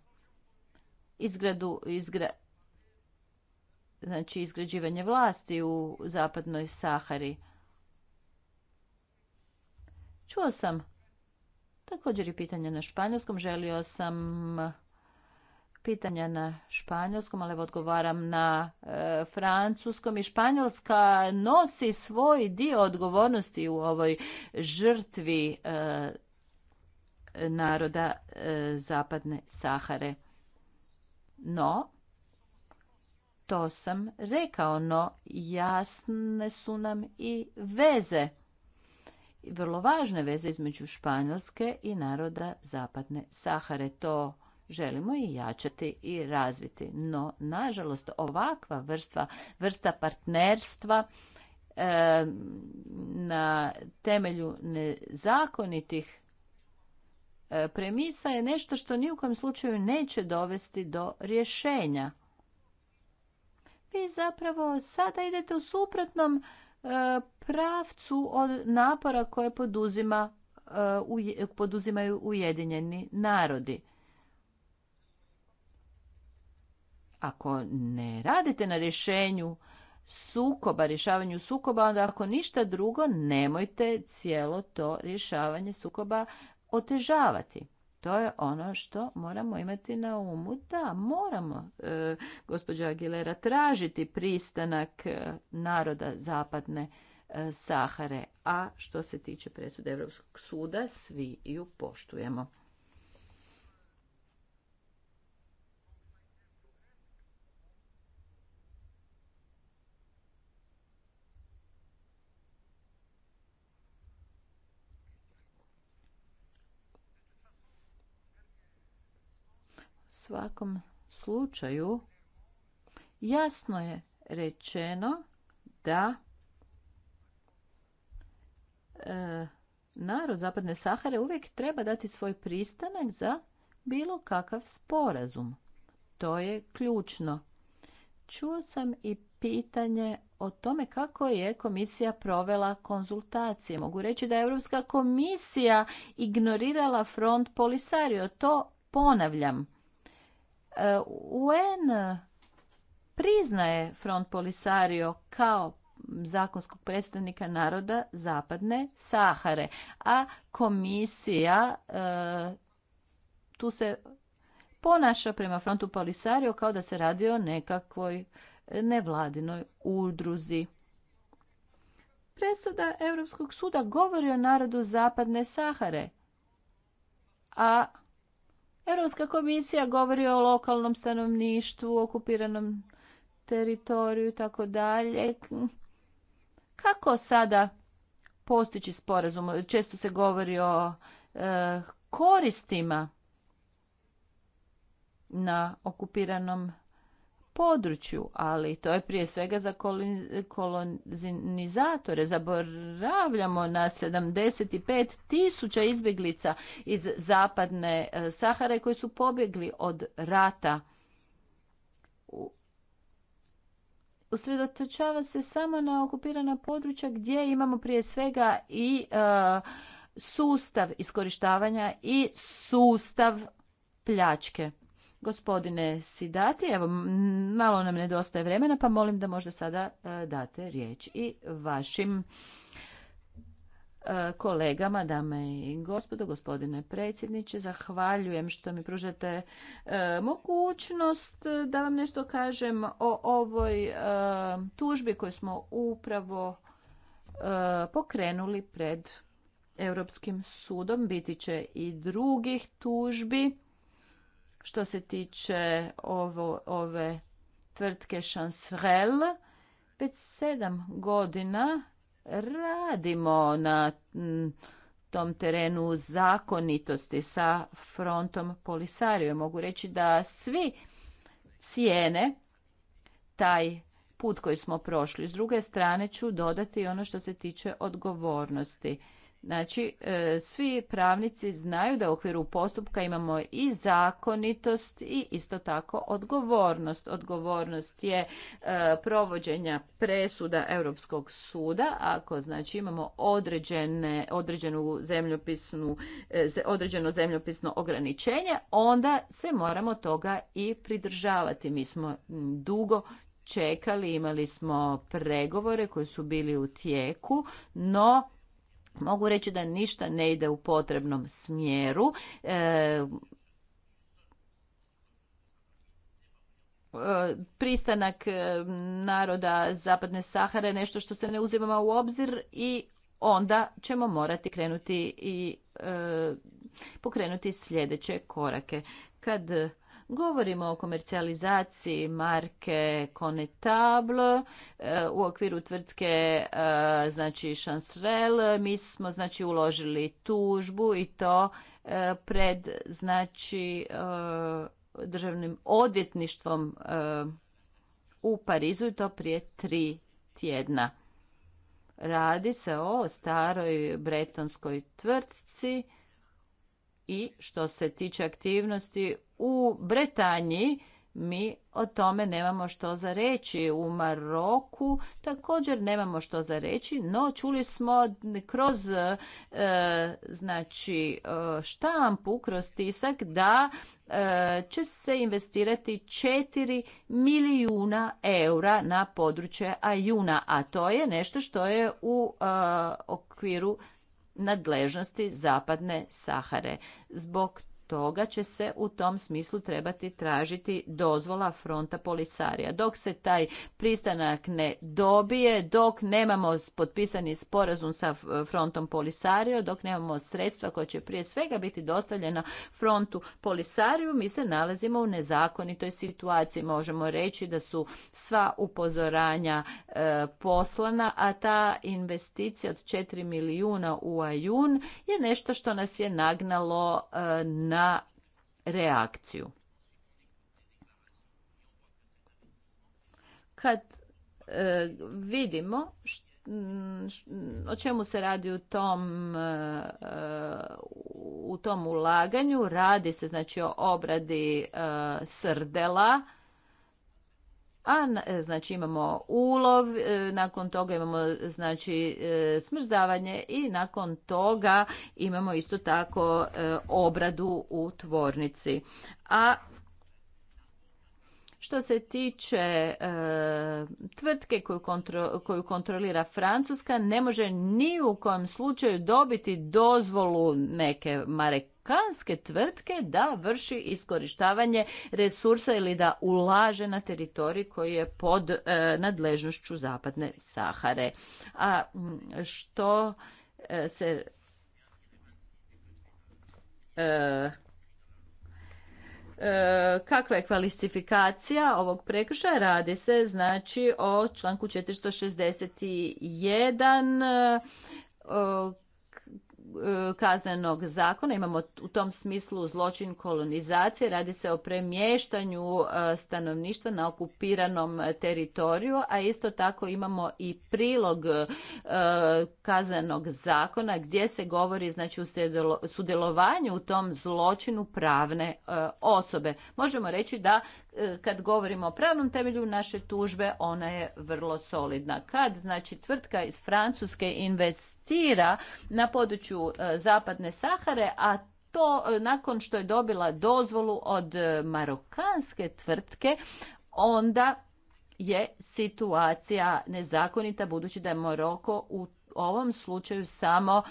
izgradu, izgra, znači izgrađivanje vlasti u zapadnoj Sahari. Čuo sam Također i pitanja na španjolskom. Želio sam pitanja na španjolskom, ali odgovaram na e, francuskom i španjolska nosi svoj dio odgovornosti u ovoj žrtvi e, naroda e, zapadne Sahare. No, to sam rekao, no jasne su nam i veze vrlo važne veze između Španjolske i naroda Zapadne Sahare. To želimo i jačati i razviti. No, nažalost, ovakva vrsta vrsta partnerstva e, na temelju nezakonitih e, premisa je nešto što ni u kojem slučaju neće dovesti do rješenja. Vi zapravo sada idete u suprotnom e, pravcu od napora koje poduzima, uh, poduzimaju Ujedinjeni narodi. Ako ne radite na rješenju sukoba, rješavanju sukoba, onda ako ništa drugo, nemojte cijelo to rješavanje sukoba otežavati. To je ono što moramo imati na umu. Da, moramo, e, gospođa Aguilera, tražiti pristanak e, naroda zapadne E, Sahare. A što se tiče presude Europskog suda, svi ju poštujemo. svakom slučaju jasno je rečeno da E, narod Zapadne Sahare uvijek treba dati svoj pristanak za bilo kakav sporazum. To je ključno. Čuo sam i pitanje o tome kako je komisija provela konzultacije. Mogu reći da je Europska komisija ignorirala front Polisario. To ponavljam. E, UN priznaje front Polisario kao zakonskog predstavnika naroda zapadne Sahare. A komisija e, tu se ponaša prema frontu Polisario kao da se radi o nekakvoj nevladinoj udruzi. Presuda Europskog suda govori o narodu zapadne Sahare, a Europska komisija govori o lokalnom stanovništvu, okupiranom teritoriju i tako dalje. Kako sada postići sporazum? Često se govori o e, koristima na okupiranom području, ali to je prije svega za kolonizatore. Zaboravljamo na 75 tisuća izbjeglica iz zapadne e, Sahare koji su pobjegli od rata usredotočava se samo na okupirana područja gdje imamo prije svega i e, sustav iskorištavanja i sustav pljačke. Gospodine Sidati, evo malo nam nedostaje vremena, pa molim da možda sada e, date riječ i vašim kolegama, dame i gospodo, gospodine predsjedniče. Zahvaljujem što mi pružate e, mogućnost da vam nešto kažem o ovoj e, tužbi koju smo upravo e, pokrenuli pred Europskim sudom. Biti će i drugih tužbi što se tiče ovo, ove tvrtke Chancerelle. Već sedam godina radimo na mm, tom terenu zakonitosti sa frontom Polisario. Mogu reći da svi cijene taj put koji smo prošli. S druge strane ću dodati ono što se tiče odgovornosti. Znači, e, svi pravnici znaju da u okviru postupka imamo i zakonitost i isto tako odgovornost. Odgovornost je e, provođenja presuda Europskog suda, ako znači imamo određene, određenu e, određeno zemljopisno ograničenje, onda se moramo toga i pridržavati. Mi smo dugo čekali, imali smo pregovore koji su bili u tijeku, no Mogu reći da ništa ne ide u potrebnom smjeru. E, e, pristanak e, naroda Zapadne Sahare nešto što se ne uzimamo u obzir i onda ćemo morati krenuti i pokrenuti sljedeće korake. Kad Govorimo o komercijalizaciji marke Conetable e, u okviru tvrtke e, znači Chancerelle. Mi smo znači uložili tužbu i to e, pred znači državnim odvjetništvom u Parizu i to prije tri tjedna. Radi se o staroj bretonskoj tvrtci i što se tiče aktivnosti u Bretanji mi o tome nemamo što za reći. U Maroku također nemamo što za reći, no čuli smo kroz e, znači e, štampu, kroz tisak da e, će se investirati 4 milijuna eura na područje Ajuna, a to je nešto što je u okviru nadležnosti zapadne Sahare. Zbog toga će se u tom smislu trebati tražiti dozvola fronta polisarija. Dok se taj pristanak ne dobije, dok nemamo potpisani sporazum sa frontom Polisarija, dok nemamo sredstva koja će prije svega biti dostavljena frontu polisariju, mi se nalazimo u nezakonitoj situaciji. Možemo reći da su sva upozoranja e, poslana, a ta investicija od 4 milijuna u Ajun je nešto što nas je nagnalo e, na na reakciju. Kad e, vidimo o čemu se radi u tom, e, u tom ulaganju. Radi se znači o obradi e, srdela a e, znači imamo ulov, e, nakon toga imamo znači e, smrzavanje i nakon toga imamo isto tako obradu u tvornici. A što se tiče tvrtke koju, koju kontrolira Francuska, ne može ni u kojem slučaju dobiti dozvolu neke mare kanske tvrtke da vrši iskorištavanje resursa ili da ulaže na teritorij koji je pod e, nadležnošću zapadne Sahare. A što e, se e, kakva je kvalifikacija ovog prekršaja? Radi se znači o članku 461 E, kaznenog zakona. Imamo u tom smislu zločin kolonizacije. Radi se o premještanju e, stanovništva na okupiranom teritoriju, a isto tako imamo i prilog e, kaznenog zakona gdje se govori znači, o sudjelovanju u tom zločinu pravne osobe. Možemo reći da kad govorimo o pravnom temelju naše tužbe, ona je vrlo solidna. Kad znači tvrtka iz Francuske investira na području e, zapadne Sahare, a to e, nakon što je dobila dozvolu od e, marokanske tvrtke, onda je situacija nezakonita budući da je Moroko u ovom slučaju samo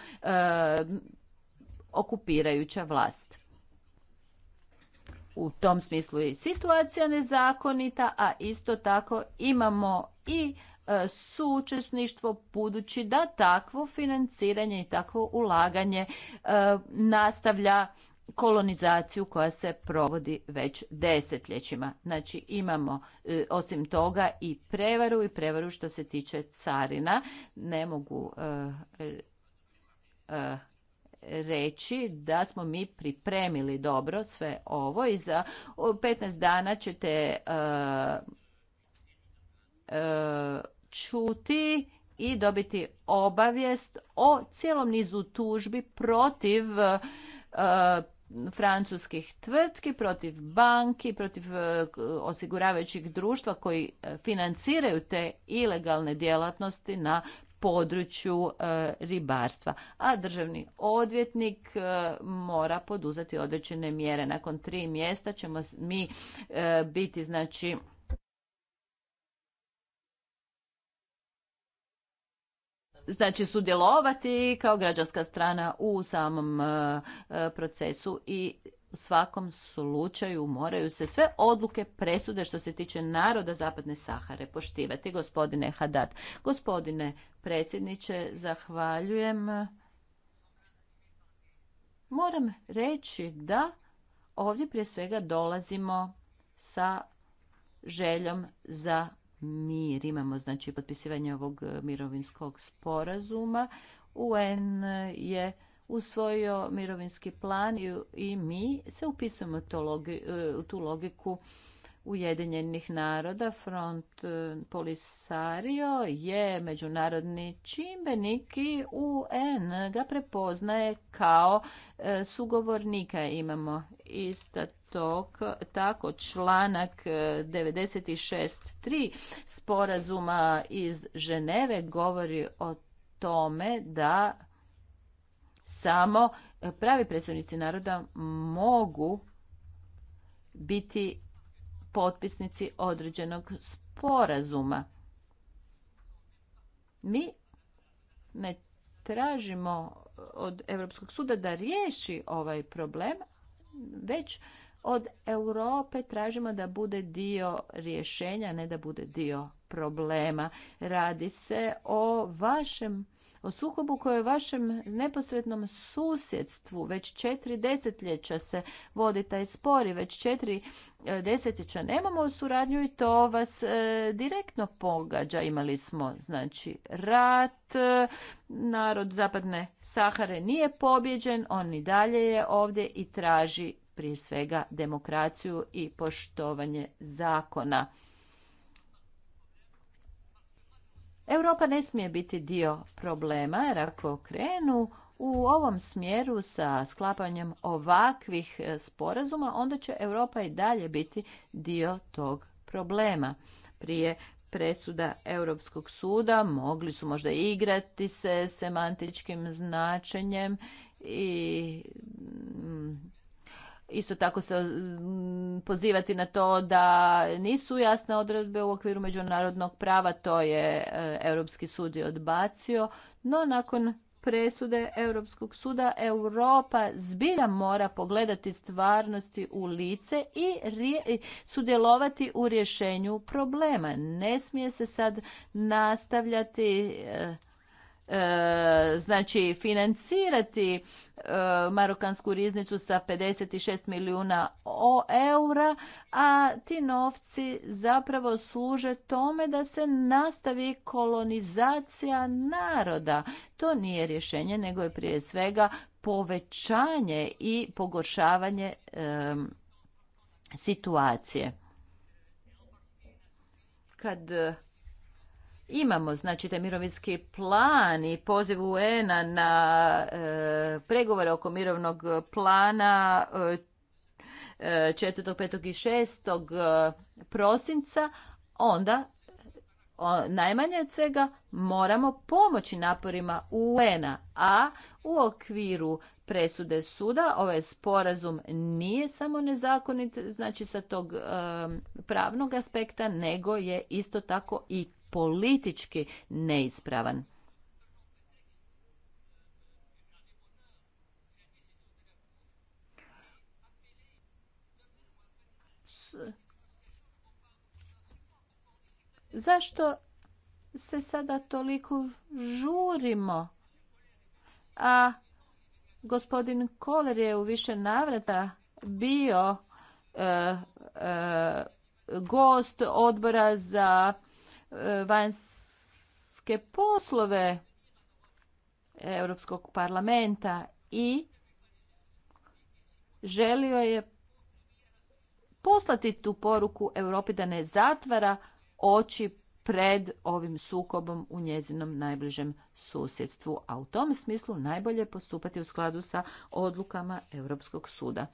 okupirajuća vlast u tom smislu je i situacija nezakonita, a isto tako imamo i e, suučesništvo budući da takvo financiranje i takvo ulaganje e, nastavlja kolonizaciju koja se provodi već desetljećima. Znači imamo e, osim toga i prevaru i prevaru što se tiče carina. Ne mogu reći da smo mi pripremili dobro sve ovo i za 15 dana ćete e, e, čuti i dobiti obavijest o cijelom nizu tužbi protiv e, francuskih tvrtki, protiv banki, protiv osiguravajućih društva koji financiraju te ilegalne djelatnosti na području e, ribarstva. A državni odvjetnik e, mora poduzeti određene mjere. Nakon tri mjesta ćemo mi e, biti znači znači sudjelovati kao građanska strana u samom procesu i u svakom slučaju moraju se sve odluke presude što se tiče naroda Zapadne Sahare poštivati. Gospodine Hadad. gospodine predsjedniče, zahvaljujem. Moram reći da ovdje prije svega dolazimo sa željom za mir. Imamo znači potpisivanje ovog mirovinskog sporazuma. UN je usvojio mirovinski plan i mi se upisujemo e, u tu logiku Ujedinjenih naroda. Front e, Polisario je međunarodni čimbenik i UN ga prepoznaje kao e, sugovornika. Imamo ista tok, tako članak 96.3 sporazuma iz Ženeve govori o tome da samo e, pravi predstavnici naroda mogu biti potpisnici određenog sporazuma. Mi ne tražimo od Europskog suda da riješi ovaj problem, već od Europe tražimo da bude dio rješenja, ne da bude dio problema. Radi se o vašem o sukobu koji je u vašem neposrednom susjedstvu. Već četiri desetljeća se vodi taj spor i već četiri e, desetljeća nemamo suradnju i to vas e, direktno pogađa. Imali smo znači rat, e, narod zapadne Sahare nije pobjeđen, on i dalje je ovdje i traži prije svega demokraciju i poštovanje zakona. Europa ne smije biti dio problema jer ako krenu u ovom smjeru sa sklapanjem ovakvih e, sporazuma, onda će Europa i dalje biti dio tog problema. Prije presuda Europskog suda mogli su možda igrati se semantičkim značenjem i mm, Isto tako se mm, pozivati na to da nisu jasne odredbe u okviru međunarodnog prava, to je e, Europski sud je odbacio, no nakon presude Europskog suda Europa zbilja mora pogledati stvarnosti u lice i sudjelovati u rješenju problema. Ne smije se sad nastavljati e, E, znači financirati e, marokansku riznicu sa 56 milijuna o eura, a ti novci zapravo služe tome da se nastavi kolonizacija naroda. To nije rješenje, nego je prije svega povećanje i pogoršavanje e, situacije. Kad imamo znači taj mirovinski plan i poziv UN-a na e, pregovore oko mirovnog plana 4. E, 5. E, i 6. prosinca onda najmanje od svega moramo pomoći naporima UN-a, a u okviru presude suda ovaj sporazum nije samo nezakonit, znači sa tog pravnog aspekta, nego je isto tako i politički neispravan. Zašto se sada toliko žurimo? A gospodin Koler je u više navrata bio e, e, gost odbora za vanjske poslove Europskog parlamenta i želio je poslati tu poruku Europi da ne zatvara oči pred ovim sukobom u njezinom najbližem susjedstvu, a u tom smislu najbolje postupati u skladu sa odlukama Europskog suda.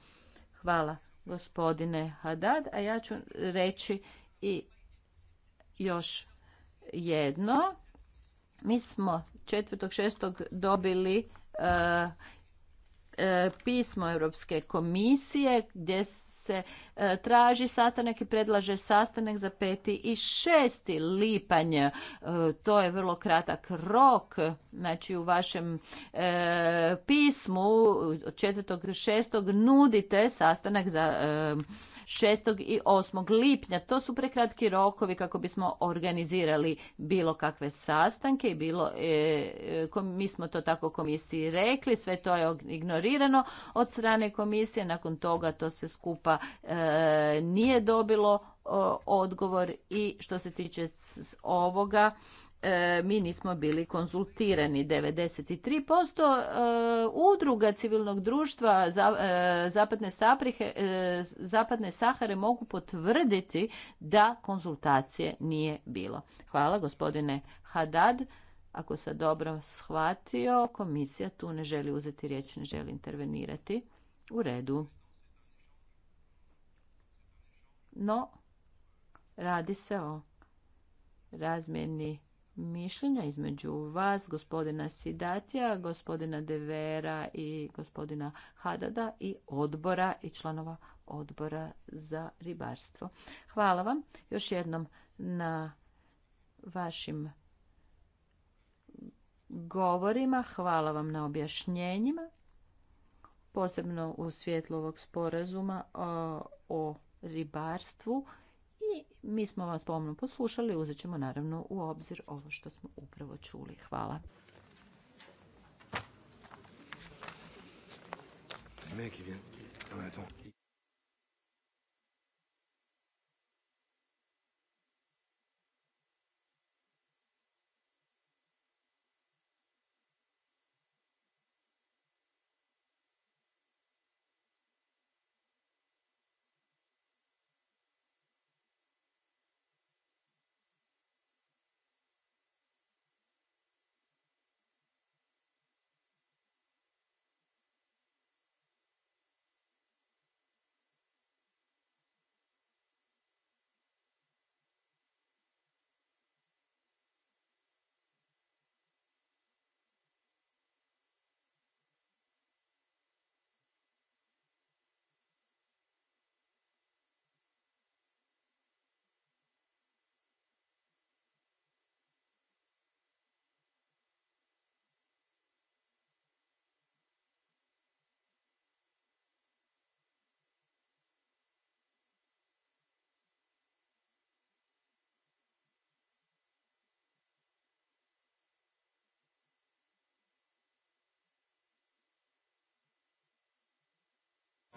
Hvala gospodine Haddad, a ja ću reći i još jedno. Mi smo 4.6. dobili e, e, pismo Europske komisije gdje se e, traži sastanak i predlaže sastanak za 5. i 6. lipanj. to je vrlo kratak rok. Znači u vašem pismu od 4. nudite sastanak za 6. i 8. lipnja. To su prekratki rokovi kako bismo organizirali bilo kakve sastanke i bilo e, e, mi smo to tako komisiji rekli, sve to je ignorirano od strane komisije. Nakon toga to sve skupa e, nije dobilo odgovor i što se tiče ovoga E, mi nismo bili konzultirani 93% e, udruga civilnog društva e, zapadne Saprihe, zapadne Sahare mogu potvrditi da konzultacije nije bilo. Hvala gospodine Hadad. Ako sam dobro shvatio, komisija tu ne želi uzeti riječ, ne želi intervenirati. U redu. No, radi se o razmjeni mišljenja između vas, gospodina Sidatija, gospodina Devera i gospodina Hadada i odbora i članova odbora za ribarstvo. Hvala vam još jednom na vašim govorima, hvala vam na objašnjenjima, posebno u svjetlu ovog sporazuma o ribarstvu mi smo vas pomno poslušali, uzet ćemo naravno u obzir ovo što smo upravo čuli. Hvala.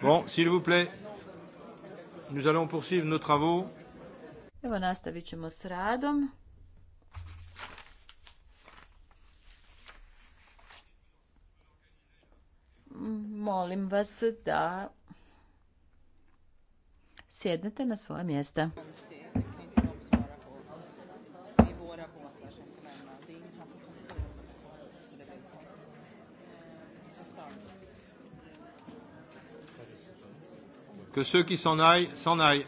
Bon, s'il vous plaît. Nous allons poursuivre nos travaux. Evo nastavit ćemo s radom. Molim vas da sjednete na svoje mjesta. Que ceux qui s'en aillent, s'en aillent.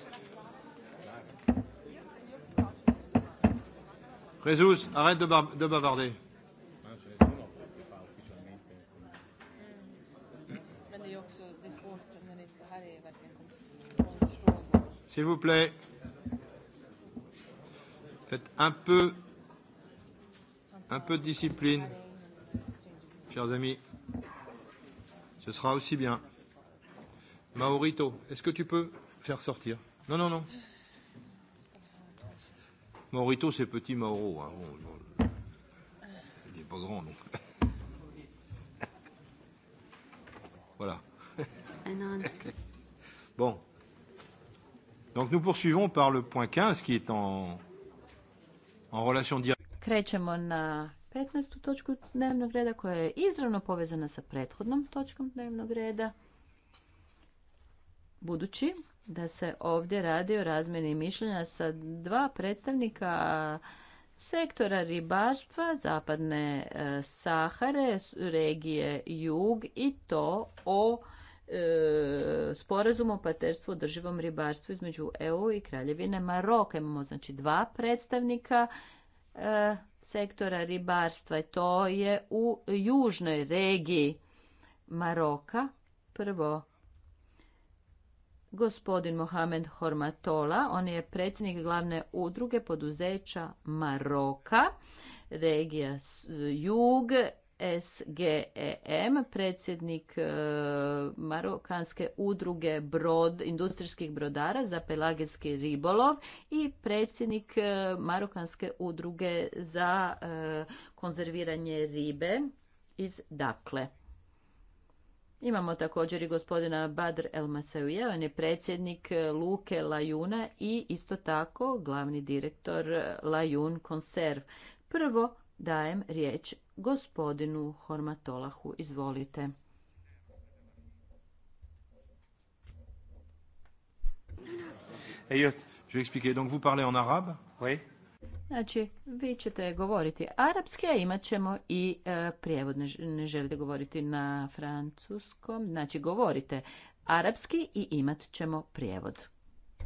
Résus, arrête de, de bavarder. S'il vous plaît, faites un peu, un peu de discipline, chers amis. Ce sera aussi bien. Maurito, est-ce que tu peux faire sortir Non, non, non. Maurito, c'est petit Mauro. Hein. Bon, bon, il n'est pas grand, donc. [LAUGHS] voilà. [LAUGHS] bon. Donc nous poursuivons par le point 15 qui est en, en relation directe. Krećemo na 15. točku dnevnog reda koja je izravno povezana sa prethodnom točkom dnevnog reda budući da se ovdje radi o razmjeni mišljenja sa dva predstavnika sektora ribarstva zapadne e, Sahare, regije Jug i to o e, sporazumu o paterstvu održivom ribarstvu između EU i Kraljevine Maroka. Imamo znači dva predstavnika e, sektora ribarstva i to je u južnoj regiji Maroka. Prvo gospodin Mohamed Hormatola. On je predsjednik glavne udruge poduzeća Maroka, regija Jug, SGEM, predsjednik e, Marokanske udruge brod, industrijskih brodara za pelagijski ribolov i predsjednik e, Marokanske udruge za e, konzerviranje ribe iz Dakle. Imamo također i gospodina Badr Elmaseuje, on je predsjednik e, Luke Lajuna i isto tako glavni direktor e, Lajun Konserv. Prvo dajem riječ gospodinu Hormatolahu. Izvolite. je vais expliquer. Donc vous parlez en arabe Oui. Znači, vi ćete govoriti arapski, a imat ćemo i e, prijevod. Ne želite govoriti na francuskom. Znači, govorite arapski i imat ćemo prijevod.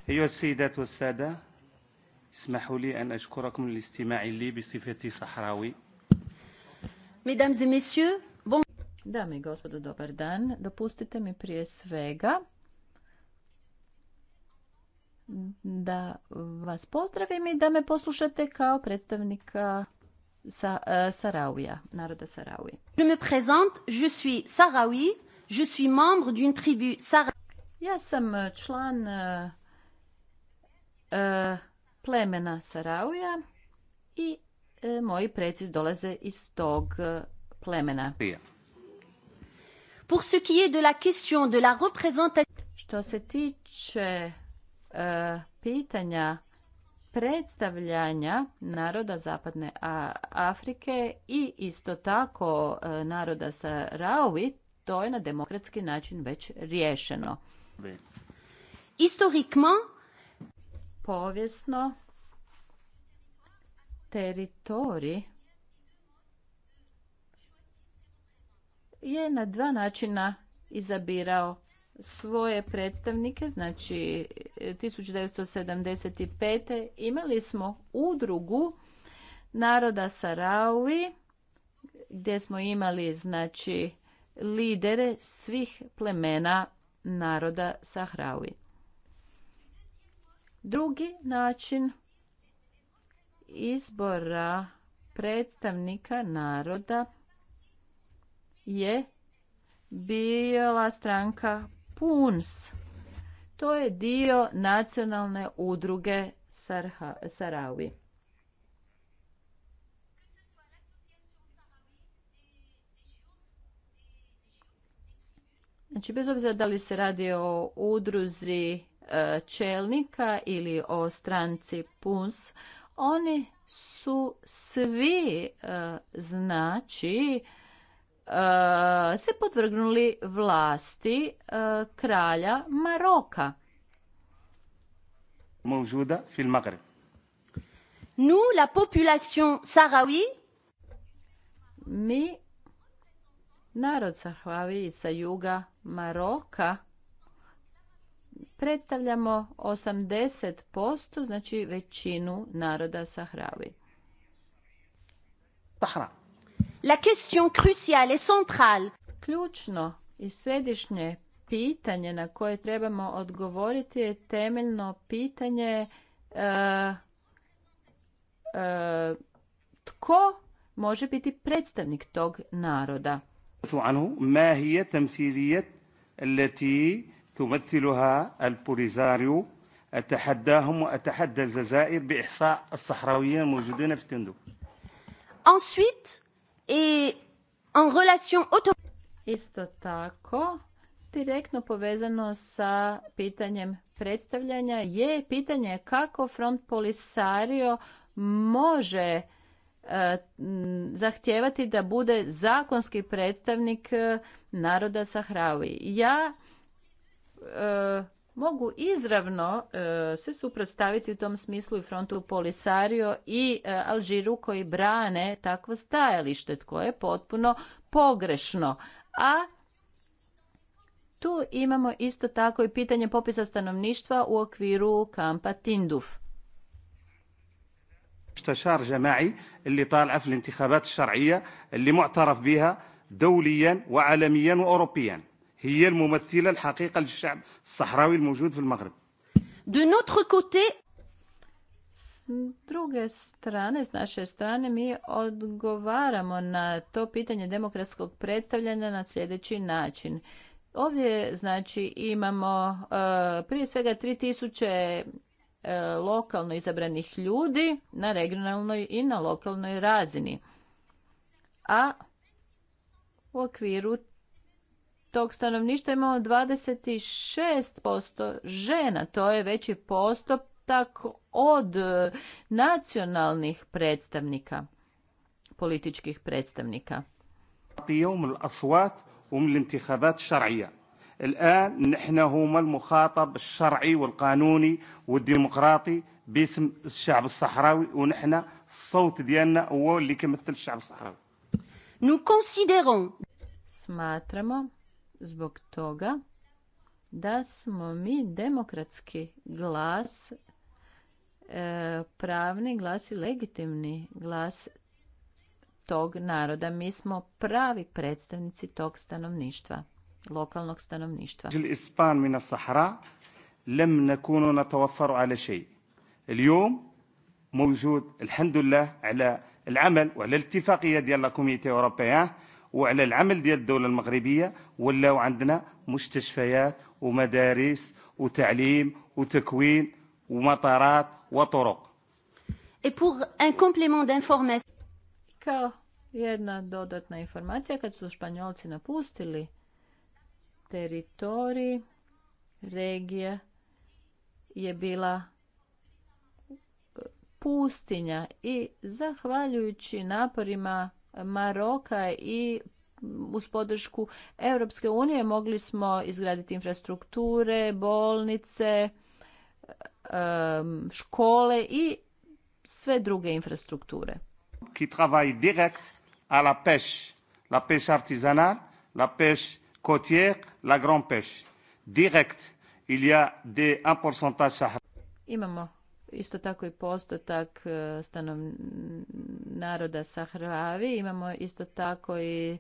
أيها لي أن أشكركم للاستماع لي بصفتي Sahrawi? Mesdames et messieurs, bon... Dame i gospodo, dobar dan. Dopustite mi prije svega da vas pozdravim i da me poslušate kao predstavnika sa, e, Sarauja, naroda Sarawi. Je me présente, je suis Sarawi, je suis membre d'une tribu Sarawi. Ja sam član e, e plemena Sarauja i e, moji preci dolaze iz tog plemena. Pour ce qui est de la question de la représentation... Što se tiče E, pitanja predstavljanja naroda Zapadne Afrike i isto tako e, naroda sa Raovi, to je na demokratski način već riješeno. povijesno, teritorij je na dva načina izabirao svoje predstavnike, znači 1975. E, imali smo udrugu naroda Sarawi gdje smo imali znači lidere svih plemena naroda Sahrawi. Drugi način izbora predstavnika naroda je bila stranka PUNS. To je dio nacionalne udruge Saravi. Sarawi. Znači, bez obzira da li se radi o udruzi e, čelnika ili o stranci PUNS, oni su svi, e, znači, se podvrgnuli vlasti e, kralja Maroka. Mojuda في المغرب. Nous, la population sahraoui, mi, narod sahraoui sa juga Maroka, predstavljamo 80%, znači većinu naroda sahraoui. Sahra. La question cruciale et centrale. Ključno i središnje pitanje na koje trebamo odgovoriti je temeljno pitanje e, e, tko može biti predstavnik tog naroda. Ensuite, i en relation Isto tako, direktno povezano sa pitanjem predstavljanja je pitanje kako front polisario može e, zahtijevati da bude zakonski predstavnik e, naroda Sahravi. Ja e, mogu izravno e, se suprotstaviti u tom smislu i frontu Polisario i e, Alžiru koji brane takvo stajalište koje je potpuno pogrešno. A tu imamo isto tako i pitanje popisa stanovništva u okviru kampa Tinduf. جماعي اللي في الانتخابات li اللي معترف بها دوليا وعالميا هي الممثلة الحقيقة للشعب الصحراوي الموجود في المغرب. S druge strane, s naše strane, mi odgovaramo na to pitanje demokratskog predstavljanja na sljedeći način. Ovdje znači imamo e, prije svega 3000 uh, e, lokalno izabranih ljudi na regionalnoj i na lokalnoj razini. A u okviru tog stanovništva imamo 26% žena. To je veći postotak od nacionalnih predstavnika, političkih predstavnika. ومن الانتخابات الآن نحن هما المخاطب الشرعي والقانوني والديمقراطي باسم الشعب الصحراوي ونحن الصوت ديالنا هو اللي كيمثل الشعب الصحراوي. Nous considérons. Smatramo zbog toga da smo mi demokratski glas, e, pravni glas i legitimni glas tog naroda. Mi smo pravi predstavnici tog stanovništva, lokalnog stanovništva. الإسبان من الصحراء لم na نتوفر على šeji. اليوم موجود الحمد لله على العمل وعلى ديال وعلى العمل ديال الدولة المغربية ولاو عندنا مستشفيات ومدارس وتعليم وتكوين ومطارات وطرق Et pour un complément d'information. Kao jedna dodatna informacija, kad su Španjolci napustili teritorij, regija je bila e, pustinja i zahvaljujući naporima Maroka i uz podršku Europske unije mogli smo izgraditi infrastrukture, bolnice, škole i sve druge infrastrukture. ki travaille direct à la pêche, la pêche artisanale, la pêche côtière, la grande pêche. Direct, il y a des un pourcentage Imamo isto tako i postotak e, stanov naroda sa Hrvavi. Imamo isto tako i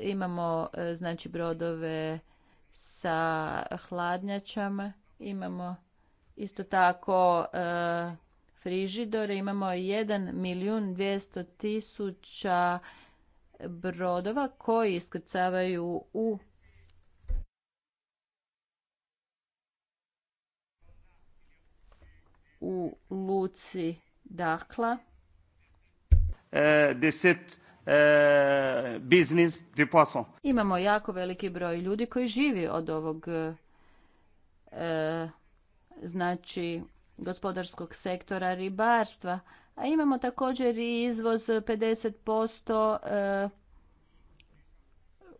imamo e, znači brodove sa hladnjačama. Imamo isto tako e, frižidore. Imamo 1 milijun 200 tisuća brodova koji iskrcavaju u u Luci Dakla. Eh, eh, imamo jako veliki broj ljudi koji živi od ovog eh, znači gospodarskog sektora ribarstva. A imamo također i izvoz 50%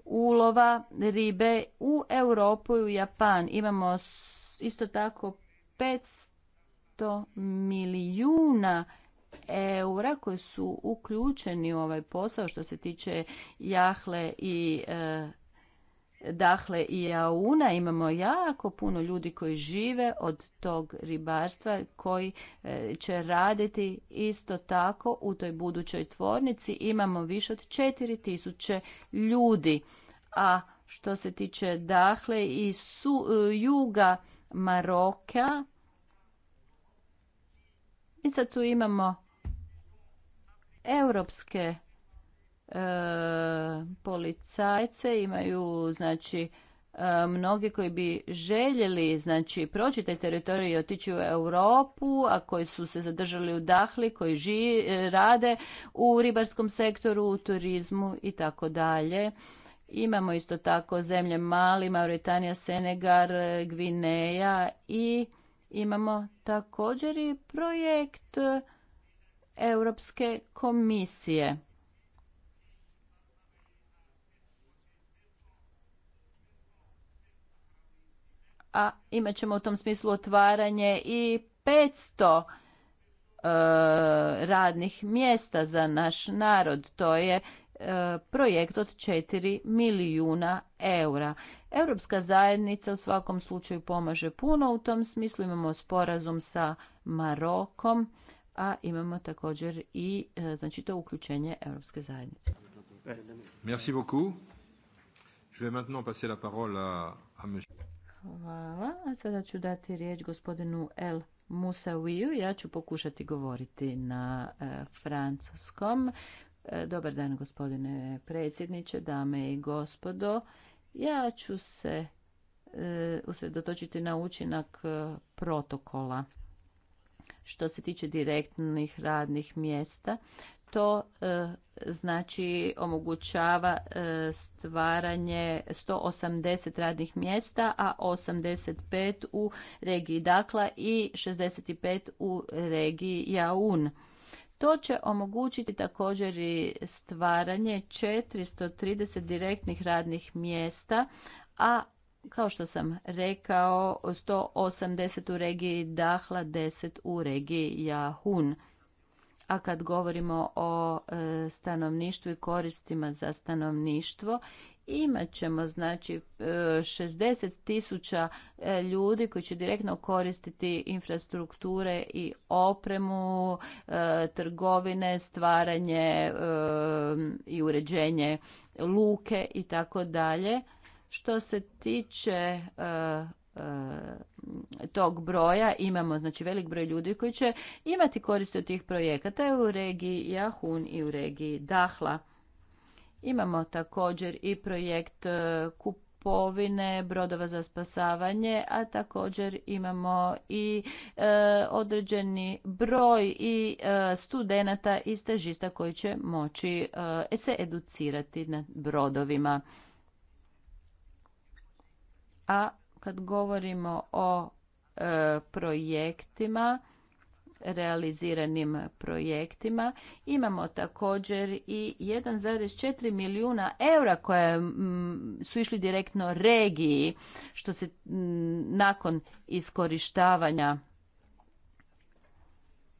ulova ribe u Europu i u Japan. Imamo isto tako 500 500 milijuna eura koji su uključeni u ovaj posao što se tiče jahle i e, i Jauna imamo jako puno ljudi koji žive od tog ribarstva, koji e, će raditi isto tako u toj budućoj tvornici. Imamo više od 4000 ljudi. A što se tiče, Dahle i su, e, juga Maroka, i sad tu imamo europske e, policajce, imaju znači e, mnogi koji bi željeli znači proći taj teritorij i otići u Europu, a koji su se zadržali u Dahli, koji e, rade u ribarskom sektoru, u turizmu i tako dalje. Imamo isto tako zemlje Mali, Mauritanija, Senegar, Gvineja i Imamo također i projekt Europske komisije. A imat ćemo u tom smislu otvaranje i 500 e, radnih mjesta za naš narod. To je e, projekt od 4 milijuna eura. Europska zajednica u svakom slučaju pomaže puno u tom smislu. Imamo sporazum sa Marokom, a imamo također i e, znači to uključenje Europske zajednice. Merci beaucoup. Je vais maintenant passer la parole à, à monsieur... Hvala. A sada ću dati riječ gospodinu El Musawiju. Ja ću pokušati govoriti na e, francuskom. E, dobar dan gospodine predsjedniče, dame i gospodo. Ja ću se e, usredotočiti na učinak e, protokola. Što se tiče direktnih radnih mjesta, to e, znači omogućava stvaranje 180 radnih mjesta, a 85 u regiji Dakla i 65 u regiji Jaun. To će omogućiti također i stvaranje 430 direktnih radnih mjesta, a kao što sam rekao, 180 u regiji Dahla, 10 u regiji Jahun. A kad govorimo o e, stanovništvu i koristima za stanovništvo, imat ćemo znači 60 e, e, ljudi koji će direktno koristiti infrastrukture i opremu, e, trgovine, stvaranje i uređenje luke i tako dalje. Što se tiče tog broja imamo znači velik broj ljudi koji će imati koristiti od tih projekata u regiji Jahun i u regiji Dahla. Imamo također i projekt e, kupovine brodova za spasavanje, a također imamo i e, određeni broj i e, studenata i stažista koji će moći e, se educirati na brodovima. A kad govorimo o projektima realiziranim projektima. Imamo također i 1,4 milijuna eura koje mm, su išli direktno regiji što se mm, nakon iskorištavanja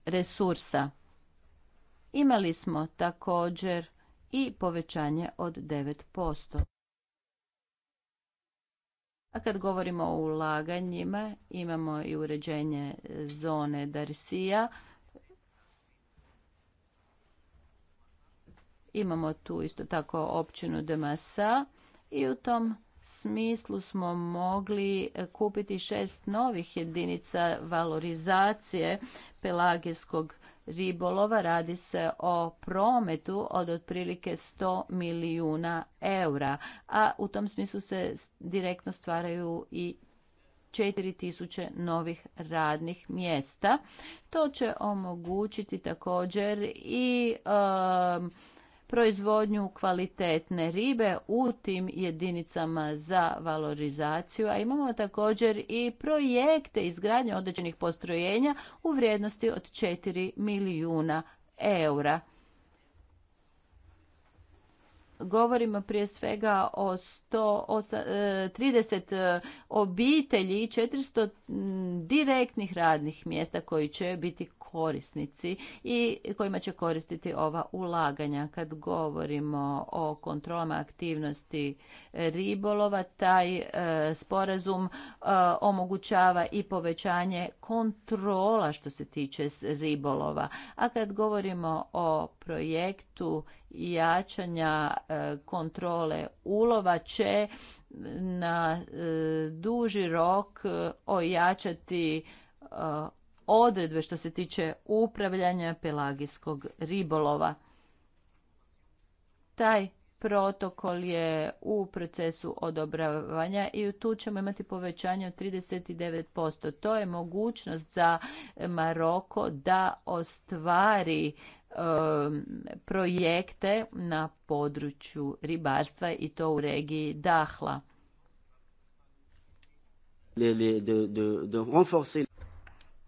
resursa. Imali smo također i povećanje od 9%. A kad govorimo o ulaganjima, imamo i uređenje zone Darsija. Imamo tu isto tako općinu Demasa i u tom smislu smo mogli kupiti šest novih jedinica valorizacije pelagijskog ribolova. Radi se o prometu od otprilike 100 milijuna eura, a u tom smislu se direktno stvaraju i 4000 novih radnih mjesta. To će omogućiti također i um, proizvodnju kvalitetne ribe u tim jedinicama za valorizaciju, a imamo također i projekte izgradnje određenih postrojenja u vrijednosti od 4 milijuna eura govorimo prije svega o 130 e, e, obitelji i 400 direktnih radnih mjesta koji će biti korisnici i kojima će koristiti ova ulaganja. Kad govorimo o kontrolama aktivnosti ribolova, taj e, sporazum omogućava i povećanje kontrola što se tiče ribolova. A kad govorimo o projektu jačanja e, kontrole ulova će na e, duži rok e, ojačati odredbe što se tiče upravljanja pelagijskog ribolova. Taj protokol je u procesu odobravanja i tu ćemo imati povećanje od 39%. To je mogućnost za Maroko da ostvari Um, projekte na području ribarstva i to u regiji Dahla.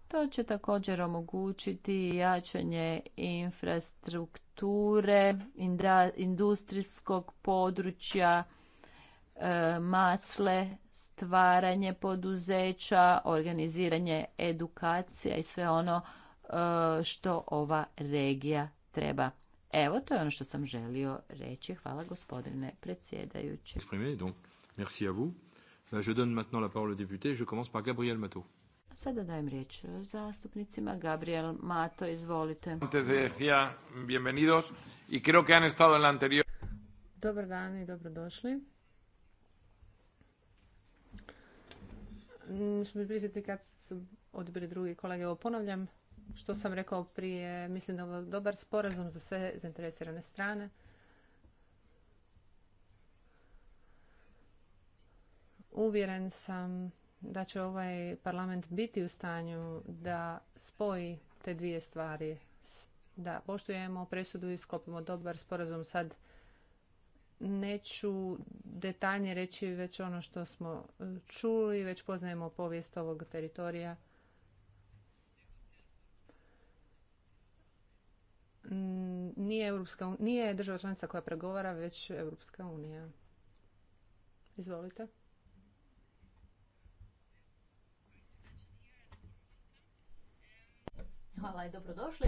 To će također omogućiti jačanje infrastrukture, industrijskog područja, um, masle, stvaranje poduzeća, organiziranje edukacija i sve ono E, što ova regija treba. Evo, to je ono što sam želio reći. Hvala gospodine predsjedajući. Merci à vous. Je donne maintenant la parole au député. Je commence par Gabriel Mato. Sada dajem riječ zastupnicima. Gabriel Mato, izvolite. Antes decía bienvenidos y creo que han estado en la anterior. Dobar dan i dobrodošli. Mislim, prisjetiti kad su odbili drugi kolege, ovo ponavljam što sam rekao prije, mislim da je dobar sporazum za sve zainteresirane strane. Uvjeren sam da će ovaj parlament biti u stanju da spoji te dvije stvari. Da poštujemo presudu i skopimo dobar sporazum. Sad neću detaljnije reći već ono što smo e, čuli, već poznajemo povijest ovog teritorija nije, Europska, nije država članica koja pregovara, već Europska unija. Izvolite. Hvala i dobrodošli.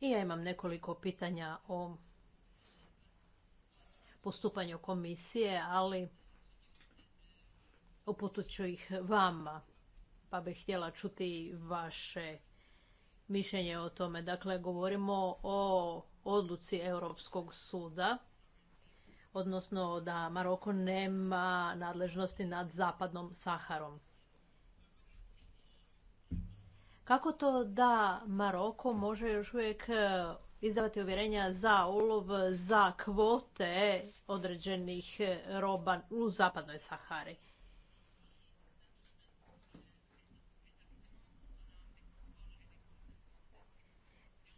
I ja imam nekoliko pitanja o postupanju komisije, ali uputit ću ih vama pa bih htjela čuti vaše mišljenje o tome. Dakle, govorimo o odluci Europskog suda, odnosno da Maroko nema nadležnosti nad zapadnom Saharom. Kako to da Maroko može još uvijek e, izdavati uvjerenja za ulov, za kvote određenih e, roba u zapadnoj Sahari?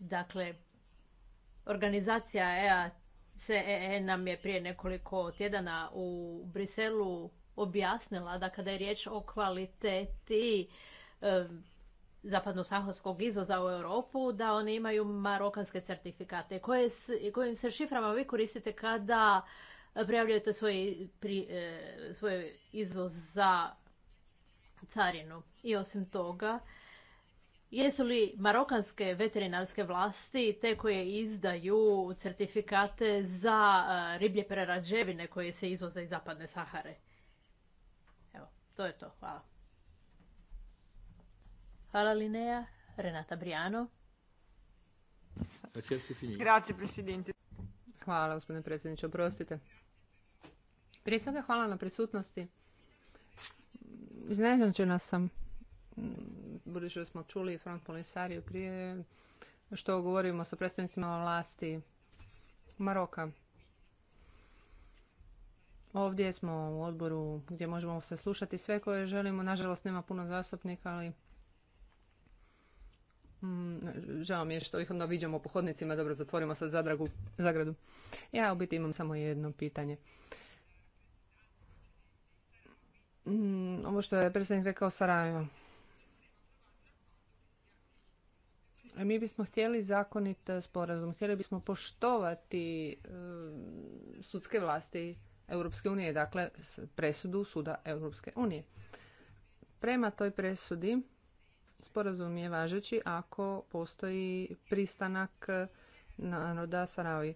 Dakle, organizacija EACEE e e nam je prije nekoliko tjedana u Briselu objasnila da kada je riječ o kvaliteti zapadno sahorskog izvoza u Europu, da oni imaju marokanske certifikate. kojim se šiframa vi koristite kada prijavljujete svoj, e, svoj izvoz za carinu? I osim toga, Jesu li marokanske veterinarske vlasti te koje izdaju certifikate za e, riblje prerađevine koje se izvoze iz zapadne Sahare? Evo, to je to. Hvala. Hvala Linea. Renata Briano. Grazie, presidente. Hvala, gospodine predsjedniče. Oprostite. Prije svega hvala na prisutnosti. Iznenađena sam budući da smo čuli Front Polisariju prije što govorimo sa predstavnicima vlasti Maroka. Ovdje smo u odboru gdje možemo se slušati sve koje želimo. Nažalost, nema puno zastupnika, ali mm, žao mi je što ih onda viđamo po hodnicima. Dobro, zatvorimo sad zadragu, zagradu. Ja u biti imam samo jedno pitanje. Mm, ovo što je predsjednik rekao Sarajevo Mi bismo htjeli zakonit e, sporazum, htjeli bismo poštovati e, sudske vlasti Europske unije, dakle presudu suda Europske unije. Prema toj presudi sporazum je važeći ako postoji pristanak naroda Saravi.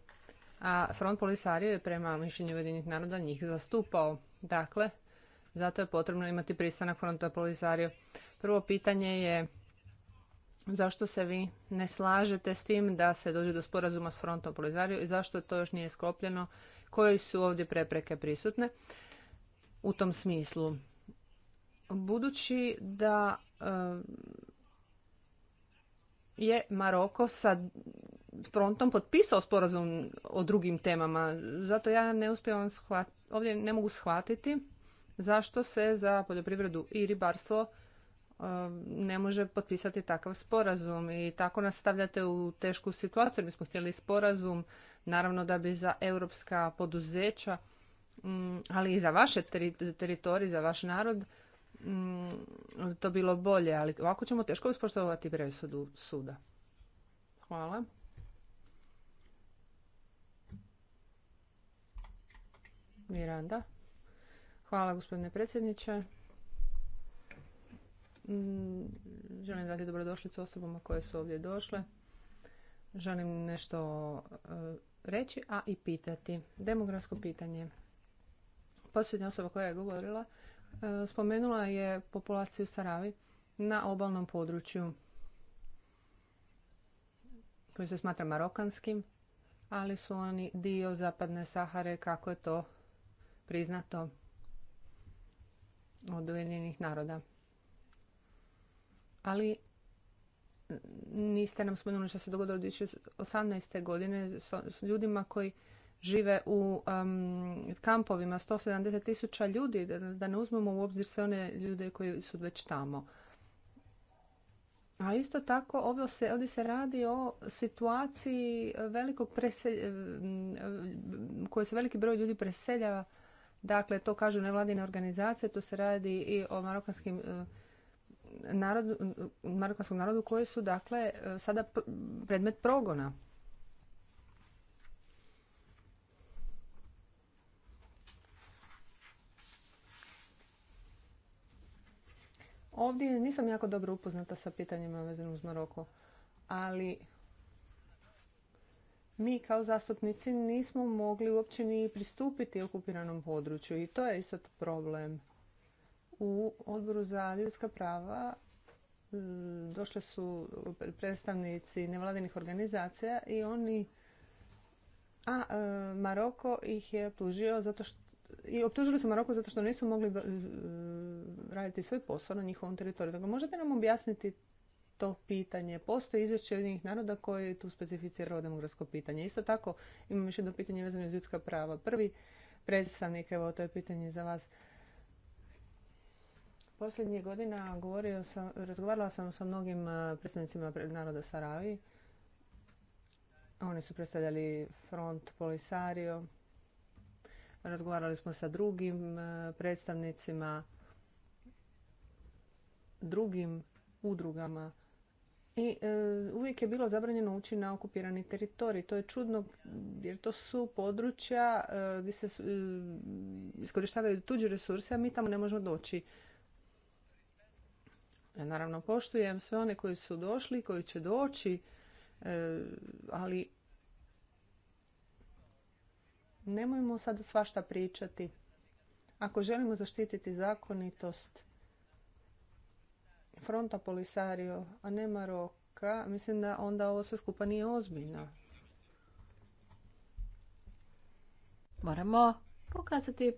A Front Polisario je prema mišljenju Ujedinjenih naroda njih zastupao. Dakle, zato je potrebno imati pristanak Fronta Polisario. Prvo pitanje je Zašto se vi ne slažete s tim da se dođe do sporazuma s frontom Polizario i zašto to još nije sklopljeno? Koje su ovdje prepreke prisutne u tom smislu? Budući da e, je Maroko sa frontom potpisao sporazum o drugim temama. Zato ja ne uspijem shvatiti, ovdje ne mogu shvatiti zašto se za poljoprivredu i ribarstvo ne može potpisati takav sporazum i tako nas stavljate u tešku situaciju. Mi smo htjeli sporazum, naravno da bi za europska poduzeća, mm, ali i za vaše teritorij, za vaš narod, mm, to bilo bolje, ali ovako ćemo teško ispoštovati presudu suda. Hvala. Miranda. Hvala gospodine predsjedniče. Mm, želim dati dobrodošlicu osobama koje su ovdje došle. Želim nešto e, reći, a i pitati. Demografsko pitanje. Posljednja osoba koja je govorila e, spomenula je populaciju Saravi na obalnom području koji se smatra marokanskim, ali su oni dio zapadne Sahare kako je to priznato od Ujedinjenih naroda ali niste nam spomenuli što se dogodilo 2018. godine s ljudima koji žive u um, kampovima, 170 tisuća ljudi, da, ne uzmemo u obzir sve one ljude koji su već tamo. A isto tako ovdje se, ovdje se radi o situaciji velikog presel, um, koje se veliki broj ljudi preseljava. Dakle, to kažu nevladine organizacije, to se radi i o marokanskim uh, narodu, narodu koji su dakle e, sada predmet progona. Ovdje nisam jako dobro upoznata sa pitanjima vezanim uz Maroko, ali mi kao zastupnici nismo mogli uopće ni pristupiti okupiranom području i to je isto problem u odboru za ljudska prava mm, došli su predstavnici nevladinih organizacija i oni a e, Maroko ih je optužio zato što i optužili su Maroko zato što nisu mogli e, raditi svoj posao na njihovom teritoriju. Dakle, možete nam objasniti to pitanje? Postoji izvješće jedinih naroda koje tu specificiralo demografsko pitanje. Isto tako imam još jedno pitanje vezano iz ljudska prava. Prvi predstavnik, evo to je pitanje za vas, Posljednjih godina govorio sam, razgovarala sam sa mnogim e, predstavnicima naroda Saravi. Oni su predstavljali front Polisario. Razgovarali smo sa drugim e, predstavnicima, drugim udrugama. I e, uvijek je bilo zabranjeno ući na okupirani teritorij. To je čudno jer to su područja gdje se iskorištavaju tuđi resurse, a mi tamo ne možemo doći. E, naravno, poštujem sve one koji su došli, koji će doći, e, ali nemojmo sada svašta pričati. Ako želimo zaštititi zakonitost fronta Polisario, a ne Maroka, mislim da onda ovo sve skupa nije ozbiljno. Moramo pokazati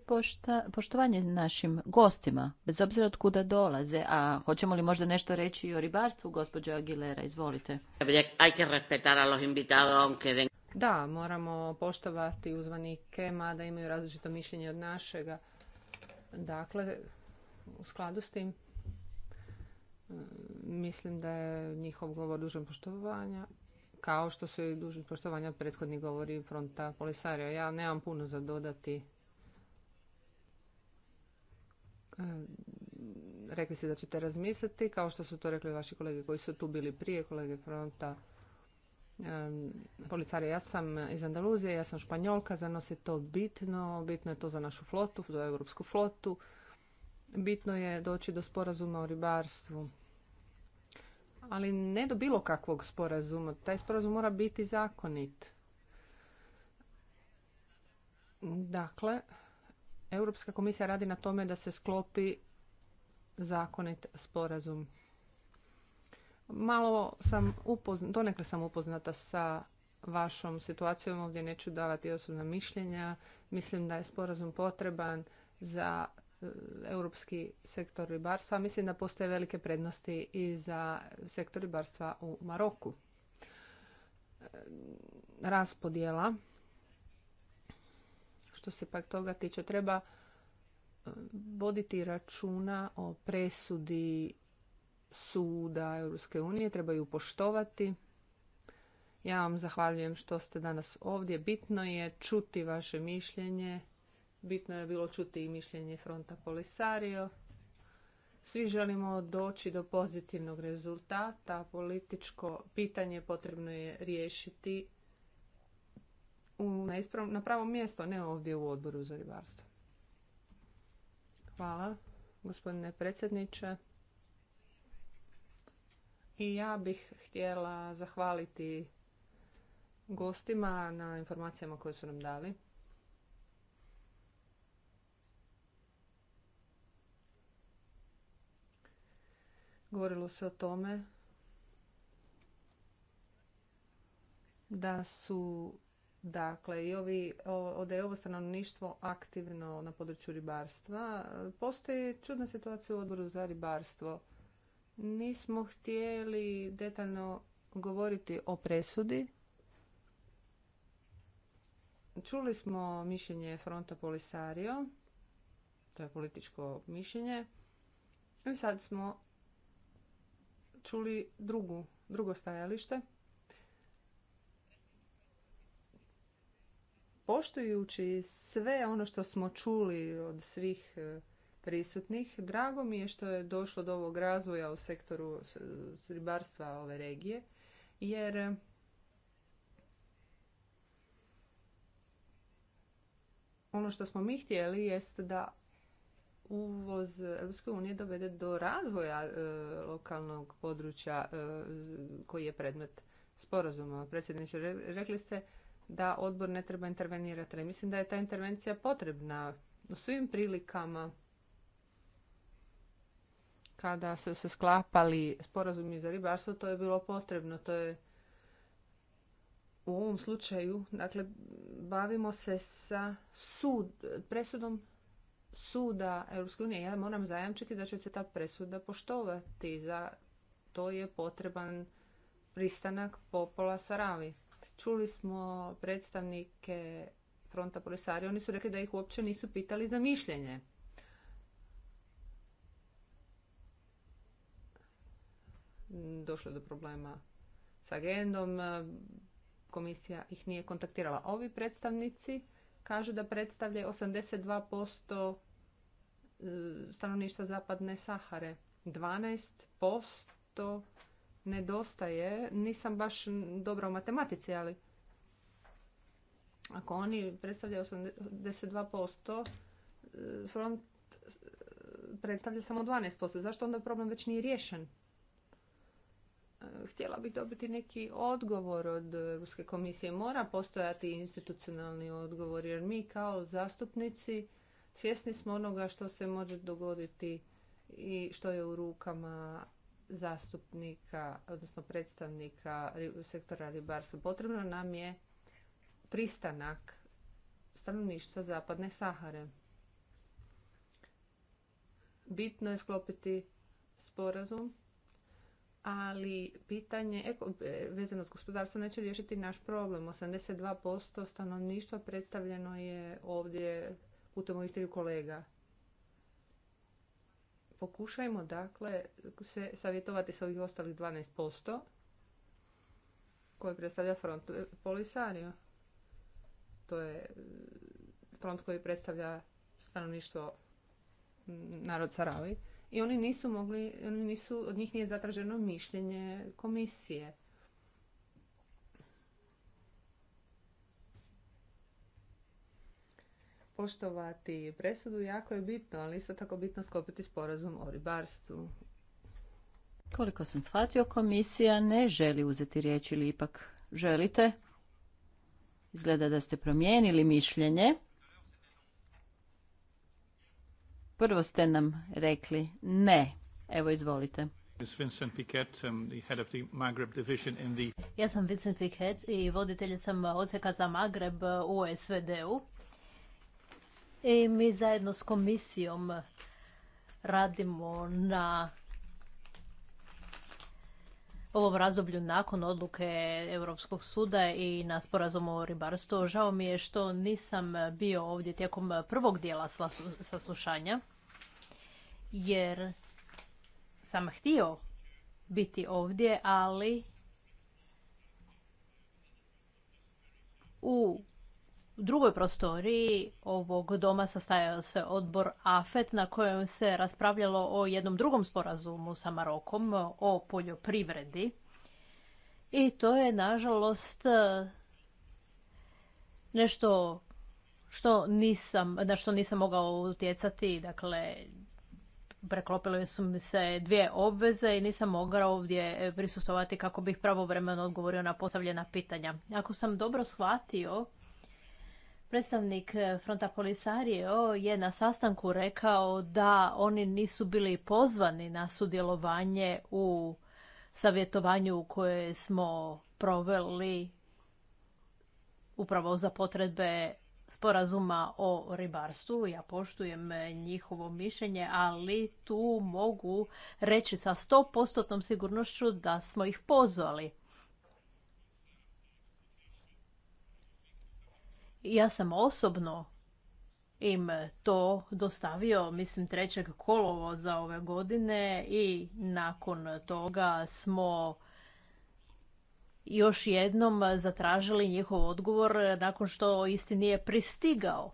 poštovanje našim gostima, bez obzira od kuda dolaze. A hoćemo li možda nešto reći i o ribarstvu, gospođo Aguilera, izvolite. Da, moramo poštovati uzvanike, mada imaju različito mišljenje od našega. Dakle, u skladu s tim, mm, mislim da je njihov govor dužan poštovanja, kao što su i dužni poštovanja prethodni govori fronta polisario. Ja nemam puno za dodati Ehm, rekli ste da ćete razmisliti, kao što su to rekli vaši kolege koji su tu bili prije, kolege fronta ehm, policari. Ja sam iz Andaluzije, ja sam Španjolka, za nas je to bitno, bitno je to za našu flotu, za europsku flotu. Bitno je doći do sporazuma o ribarstvu. Ali ne do bilo kakvog sporazuma. Taj sporazum mora biti zakonit. Dakle, Europska komisija radi na tome da se sklopi zakonit sporazum. Malo sam upoznata, donekle sam upoznata sa vašom situacijom, ovdje neću davati osobna mišljenja. Mislim da je sporazum potreban za e, europski sektor ribarstva. Mislim da postoje velike prednosti i za sektor ribarstva u Maroku. E, raspodjela što se pak toga tiče, treba e, voditi računa o presudi suda Europske unije, treba ju poštovati. Ja vam zahvaljujem što ste danas ovdje. Bitno je čuti vaše mišljenje. Bitno je bilo čuti i mišljenje Fronta Polisario. Svi želimo doći do pozitivnog rezultata. Političko pitanje potrebno je riješiti na, na pravo mjesto, ne ovdje u odboru za ribarstvo. Hvala, gospodine predsjedniče. I ja bih htjela zahvaliti gostima na informacijama koje su nam dali. Govorilo se o tome da su Dakle, i ovi, je ovo stanovništvo aktivno na području ribarstva. Postoji čudna situacija u odboru za ribarstvo. Nismo htjeli detaljno govoriti o presudi. Čuli smo mišljenje Fronta Polisario, to je političko mišljenje. I sad smo čuli drugu, drugo stajalište. poštujući sve ono što smo čuli od svih e, prisutnih, drago mi je što je došlo do ovog razvoja u sektoru ribarstva ove regije, jer e, ono što smo mi htjeli jest da uvoz Europske unije dovede do razvoja e, lokalnog područja koji je predmet sporazuma. Predsjedniče, rekli ste da odbor ne treba intervenirati. mislim da je ta intervencija potrebna u svim prilikama kada su se sklapali sporazumi za ribarstvo, to je bilo potrebno. To je u ovom slučaju, dakle, bavimo se sa sud, presudom suda EU. Ja moram zajamčiti da će se ta presuda poštovati. Za to je potreban pristanak popola Saravi. Čuli smo predstavnike fronta polisari oni su rekli da ih uopće nisu pitali za mišljenje. Došlo je do problema s agendom, komisija ih nije kontaktirala. Ovi predstavnici kažu da predstavlja 82% e, stanovništva zapadne Sahare, 12% nedostaje. Nisam baš dobra u matematici, ali ako oni predstavljaju 82%, e, front e, predstavlja samo 12%. Zašto onda problem već nije riješen? E, htjela bih dobiti neki odgovor od Ruske komisije. Mora postojati institucionalni odgovor, jer mi kao zastupnici svjesni smo onoga što se može dogoditi i što je u rukama zastupnika, odnosno predstavnika sektora ribarstva. Potrebno nam je pristanak stanovništva Zapadne Sahare. Bitno je sklopiti sporazum, ali pitanje vezano s gospodarstvo neće riješiti naš problem. 82% stanovništva predstavljeno je ovdje putem ovih triju kolega. Pokušajmo dakle se savjetovati sa ovih ostalih 12% koje predstavlja front Polisario. To je mm, front koji predstavlja stanovništvo mm, narod Saravi I oni nisu mogli, oni nisu, od njih nije zatraženo mišljenje komisije. poštovati presudu jako je bitno, ali isto tako bitno skopiti sporazum o ribarstvu. Koliko sam shvatio, komisija ne želi uzeti riječ ili ipak želite. Izgleda da ste promijenili mišljenje. Prvo ste nam rekli ne. Evo izvolite. Ja sam Vincent Piquet i voditelj sam Osijeka za Magreb u SVD-u i e, mi zajedno s komisijom radimo na ovom razdoblju nakon odluke Europskog suda i na sporazumu o ribarstvu. Žao mi je što nisam bio ovdje tijekom prvog dijela saslušanja, jer sam htio biti ovdje, ali u u drugoj prostoriji ovog doma sastajao se odbor AFET na kojem se raspravljalo o jednom drugom sporazumu sa Marokom o poljoprivredi. I to je, nažalost, nešto što nisam, na što nisam mogao utjecati. Dakle, preklopile su mi se dvije obveze i nisam mogao ovdje prisustovati kako bih pravovremeno odgovorio na postavljena pitanja. Ako sam dobro shvatio, Predstavnik eh, Fronta Polisario je na sastanku rekao da oni nisu bili pozvani na sudjelovanje u savjetovanju koje smo proveli upravo za potrebe sporazuma o ribarstvu. Ja poštujem eh, njihovo mišljenje, ali tu mogu reći sa 100% sigurnošću da smo ih pozvali. Ja sam osobno im to dostavio, mislim, trećeg kolovo za ove godine i nakon toga smo još jednom zatražili njihov odgovor nakon što isti nije pristigao.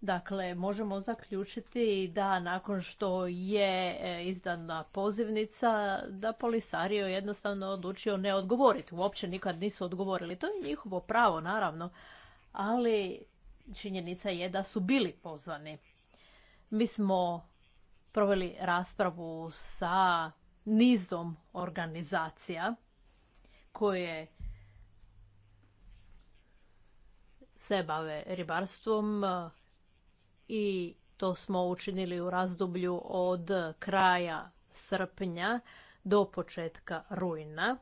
Dakle, možemo zaključiti da nakon što je e, izdana pozivnica, da Polisario jednostavno odlučio ne odgovoriti. Uopće nikad nisu odgovorili. To je njihovo pravo, naravno ali činjenica je da su bili pozvani. Mi smo proveli raspravu sa nizom organizacija koje se bave ribarstvom i to smo učinili u razdoblju od kraja srpnja do početka rujna.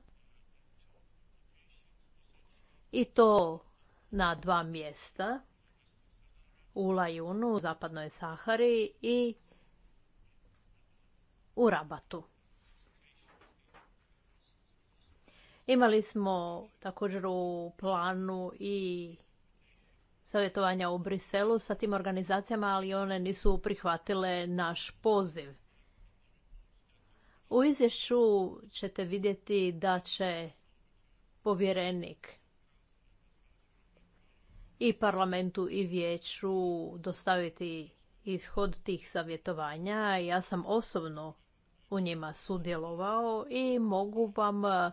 I to na dva mjesta u Lajunu, u zapadnoj Sahari i u Rabatu. Imali smo također u planu i savjetovanja u Briselu sa tim organizacijama, ali one nisu prihvatile naš poziv. U izvješću ćete vidjeti da će povjerenik i parlamentu i vijeću dostaviti ishod tih savjetovanja. Ja sam osobno u njima sudjelovao i mogu vam e,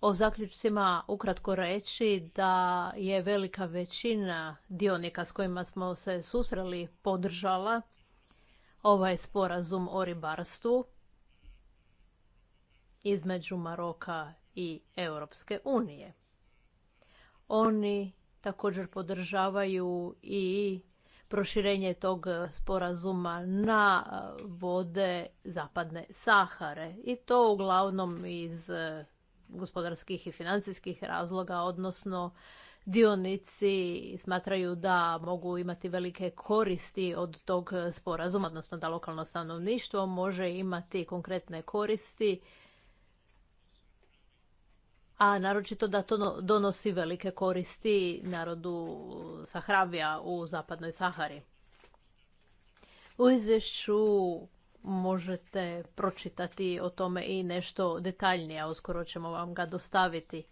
o zaključcima ukratko reći da je velika većina dionika s kojima smo se susreli podržala ovaj sporazum o ribarstvu između Maroka i Europske unije. Oni također podržavaju i proširenje tog sporazuma na vode zapadne Sahare i to uglavnom iz e, gospodarskih i financijskih razloga, odnosno dionici smatraju da mogu imati velike koristi od tog sporazuma, odnosno da lokalno stanovništvo može imati konkretne koristi a naročito da to donosi velike koristi narodu Sahravija u zapadnoj Sahari. U izvješću možete pročitati o tome i nešto detaljnije, a uskoro ćemo vam ga dostaviti.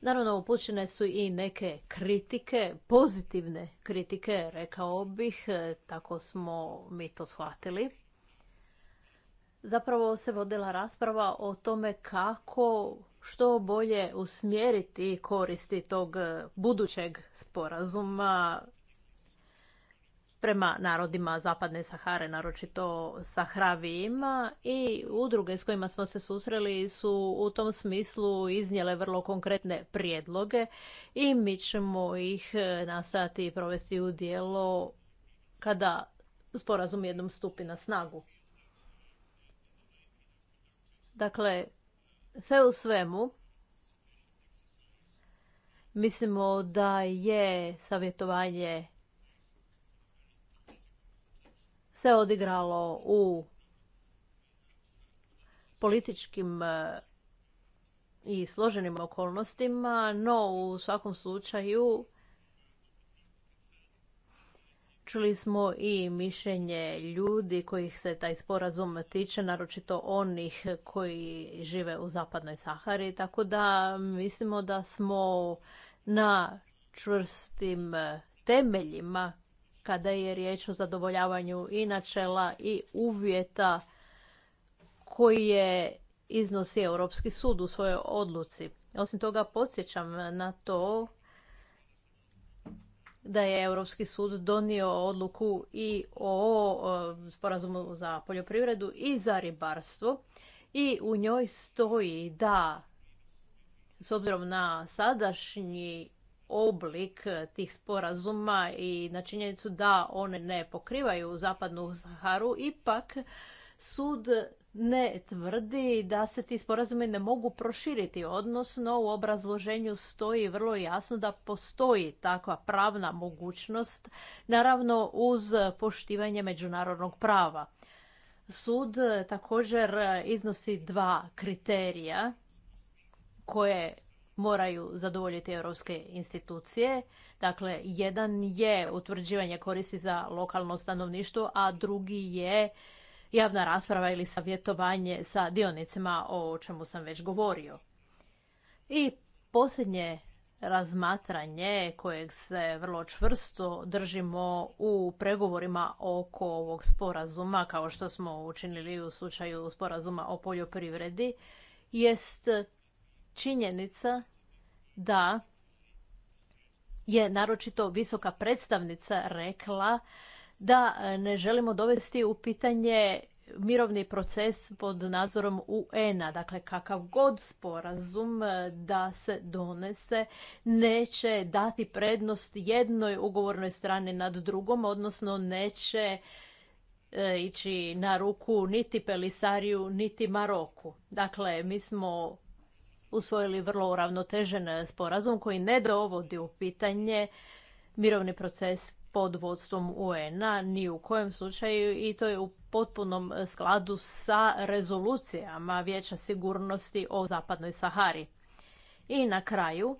Naravno, upućene su i neke kritike, pozitivne kritike, rekao bih, tako smo mi to shvatili zapravo se vodila rasprava o tome kako što bolje usmjeriti koristi tog e, budućeg sporazuma prema narodima Zapadne Sahare, naročito Sahravijima i udruge s kojima smo se susreli su u tom smislu iznijele vrlo konkretne prijedloge i mi ćemo ih e, nastojati provesti u dijelo kada sporazum jednom stupi na snagu. Dakle, sve u svemu, mislimo da je savjetovanje se odigralo u političkim e, i složenim okolnostima, no u svakom slučaju Čuli smo i mišljenje ljudi kojih se taj sporazum tiče, naročito onih koji žive u zapadnoj Sahari, tako da mislimo da smo na čvrstim temeljima kada je riječ o zadovoljavanju i načela i uvjeta koji je iznosi Europski sud u svojoj odluci. Osim toga podsjećam na to da je Europski sud donio odluku i o e, sporazumu za poljoprivredu i za ribarstvo i u njoj stoji da s obzirom na sadašnji oblik tih sporazuma i na činjenicu da one ne pokrivaju zapadnu Saharu, ipak sud ne tvrdi da se ti sporazumi ne mogu proširiti, odnosno u obrazloženju stoji vrlo jasno da postoji takva pravna mogućnost, naravno uz poštivanje međunarodnog prava. Sud također iznosi dva kriterija koje moraju zadovoljiti europske institucije. Dakle, jedan je utvrđivanje koristi za lokalno stanovništvo, a drugi je javna rasprava ili savjetovanje sa dionicima o čemu sam već govorio. I posljednje razmatranje kojeg se vrlo čvrsto držimo u pregovorima oko ovog sporazuma, kao što smo učinili u slučaju sporazuma o poljoprivredi, jest činjenica da je naročito visoka predstavnica rekla da e, ne želimo dovesti u pitanje mirovni proces pod nadzorom UN-a. Dakle, kakav god sporazum e, da se donese neće dati prednost jednoj ugovornoj strani nad drugom, odnosno neće e, ići na ruku niti Pelisariju, niti Maroku. Dakle, mi smo usvojili vrlo uravnotežen sporazum koji ne dovodi u pitanje mirovni proces pod vodstvom UN-a, ni u kojem slučaju i to je u potpunom skladu sa rezolucijama Vijeća sigurnosti o Zapadnoj Sahari. I na kraju,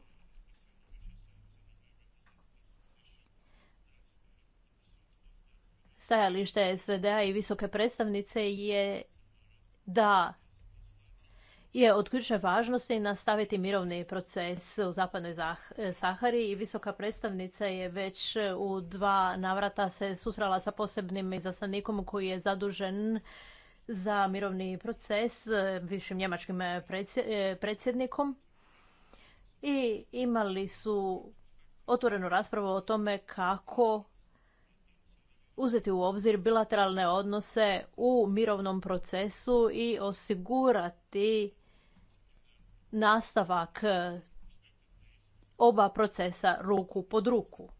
stajalište SVD-a i visoke predstavnice je da je od ključne važnosti nastaviti mirovni proces u Zapadnoj Sahari i visoka predstavnica je već u dva navrata se susrela sa posebnim izaslanikom koji je zadužen za mirovni proces bivšim njemačkim predsjednikom i imali su otvorenu raspravu o tome kako uzeti u obzir bilateralne odnose u mirovnom procesu i osigurati nastavak e, oba procesa ruku pod ruku.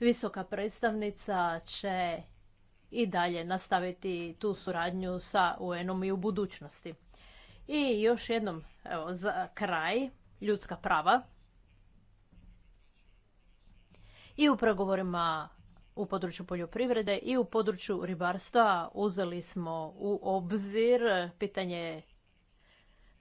Visoka predstavnica će i dalje nastaviti tu suradnju sa UN-om i u budućnosti. I još jednom, evo, za kraj, ljudska prava. I u pregovorima u području poljoprivrede i u području ribarstva uzeli smo u obzir pitanje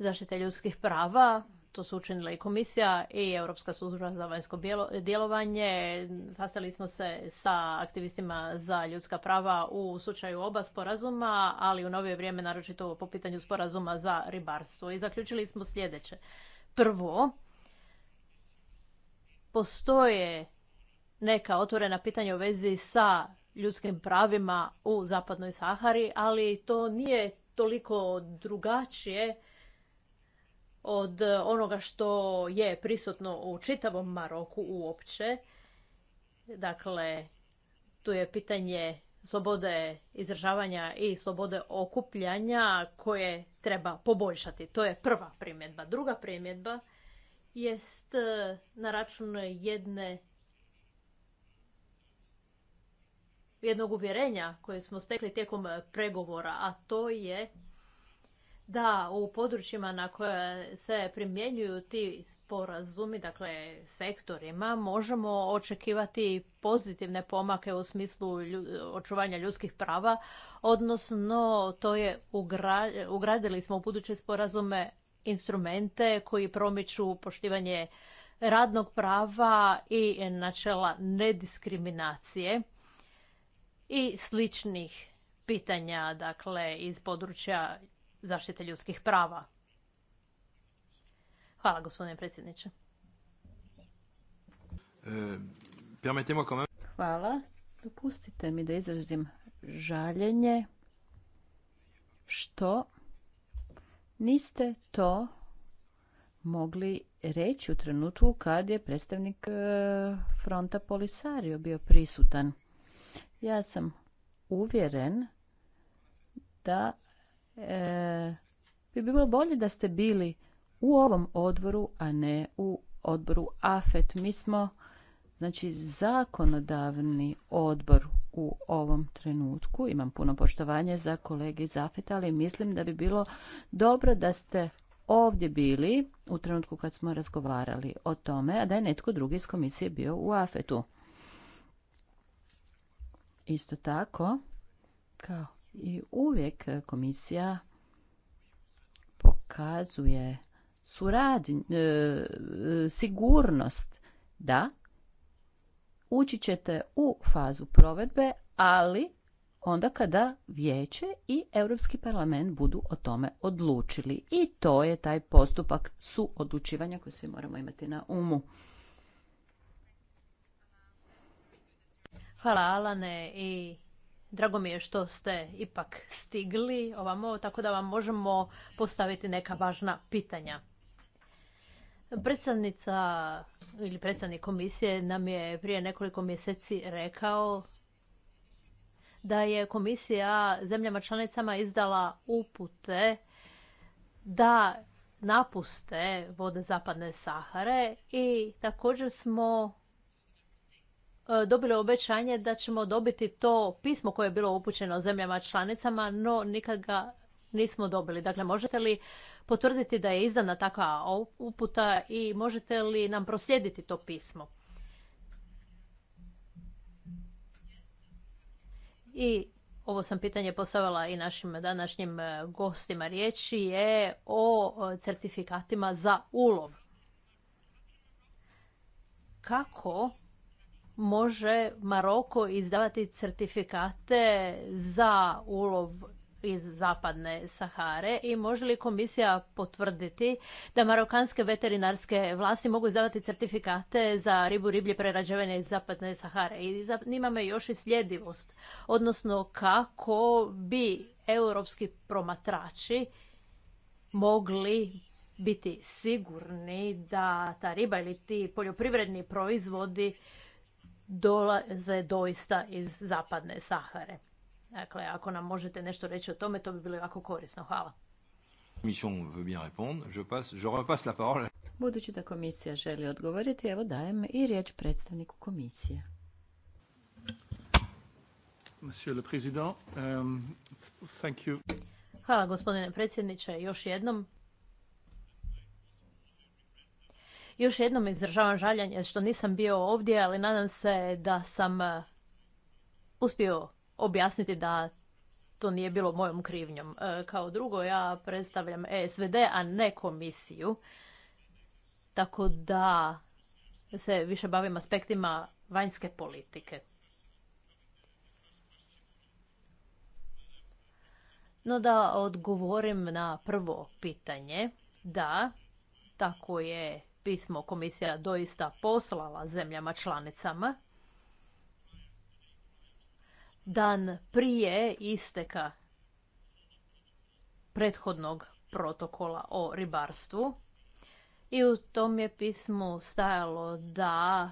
zaštite ljudskih prava, to su učinila i komisija i Europska služba za vanjsko djelovanje. Sastali smo se sa aktivistima za ljudska prava u slučaju oba sporazuma, ali u novije vrijeme naročito po pitanju sporazuma za ribarstvo. I zaključili smo sljedeće. Prvo, postoje neka otvorena pitanja u vezi sa ljudskim pravima u Zapadnoj Sahari, ali to nije toliko drugačije od e, onoga što je prisutno u čitavom Maroku uopće. Dakle, tu je pitanje slobode izražavanja i slobode okupljanja koje treba poboljšati. To je prva primjedba. Druga primjedba jest e, na račun jedne jednog uvjerenja koje smo stekli tijekom pregovora, a to je da u područjima na koje se primjenjuju ti sporazumi, dakle sektorima, možemo očekivati pozitivne pomake u smislu očuvanja ljudskih prava, odnosno to je ugradili smo u buduće sporazume instrumente koji promiču poštivanje radnog prava i načela nediskriminacije i sličnih pitanja dakle iz područja zaštite ljudskih prava. Hvala, gospodine predsjedniče. E, Hvala. Dopustite mi da izrazim žaljenje što niste to mogli reći u trenutku kad je predstavnik e, fronta Polisario bio prisutan. Ja sam uvjeren da e, bi bilo bolje da ste bili u ovom odboru, a ne u odboru AFET. Mi smo znači zakonodavni odbor u ovom trenutku. Imam puno poštovanje za kolege iz AFET, ali mislim da bi bilo dobro da ste ovdje bili u trenutku kad smo razgovarali o tome, a da je netko drugi iz komisije bio u AFET-u. Isto tako, kao i uvijek komisija pokazuje e, e, sigurnost da ući ćete u fazu provedbe, ali onda kada vijeće i Europski parlament budu o tome odlučili. I to je taj postupak suodlučivanja koji svi moramo imati na umu. Hvala Alane i Drago mi je što ste ipak stigli ovamo, tako da vam možemo postaviti neka važna pitanja. Predstavnica ili predstavnik komisije nam je prije nekoliko mjeseci rekao da je komisija zemljama članicama izdala upute da napuste vode zapadne Sahare i također smo E, dobili obećanje da ćemo dobiti to pismo koje je bilo upućeno zemljama članicama, no nikad ga nismo dobili. Dakle, možete li potvrditi da je izdana takva uputa i možete li nam proslijediti to pismo? I ovo sam pitanje postavila i našim današnjim e, gostima. riječi je o e, certifikatima za ulov. Kako može Maroko izdavati certifikate za ulov iz zapadne Sahare i može li komisija potvrditi da marokanske veterinarske vlasti mogu izdavati certifikate za ribu riblje prerađevanje iz zapadne Sahare? I zanima me još i sljedivost, odnosno kako bi europski promatrači mogli biti sigurni da ta riba ili ti poljoprivredni proizvodi dolaze doista iz zapadne Sahare. Dakle, ako nam možete nešto reći o tome, to bi bilo jako korisno. Hvala. Budući da komisija želi odgovoriti, evo dajem i riječ predstavniku komisije. Monsieur um, Hvala gospodine predsjedniče još jednom. Još jednom izražavam žaljenje što nisam bio ovdje, ali nadam se da sam e, uspio objasniti da to nije bilo mojom krivnjom. E, kao drugo, ja predstavljam e SVD, a ne komisiju. Tako da se više bavim aspektima vanjske politike. No da odgovorim na prvo pitanje. Da, tako je pismo komisija doista poslala zemljama članicama dan prije isteka prethodnog protokola o ribarstvu i u tom je pismu stajalo da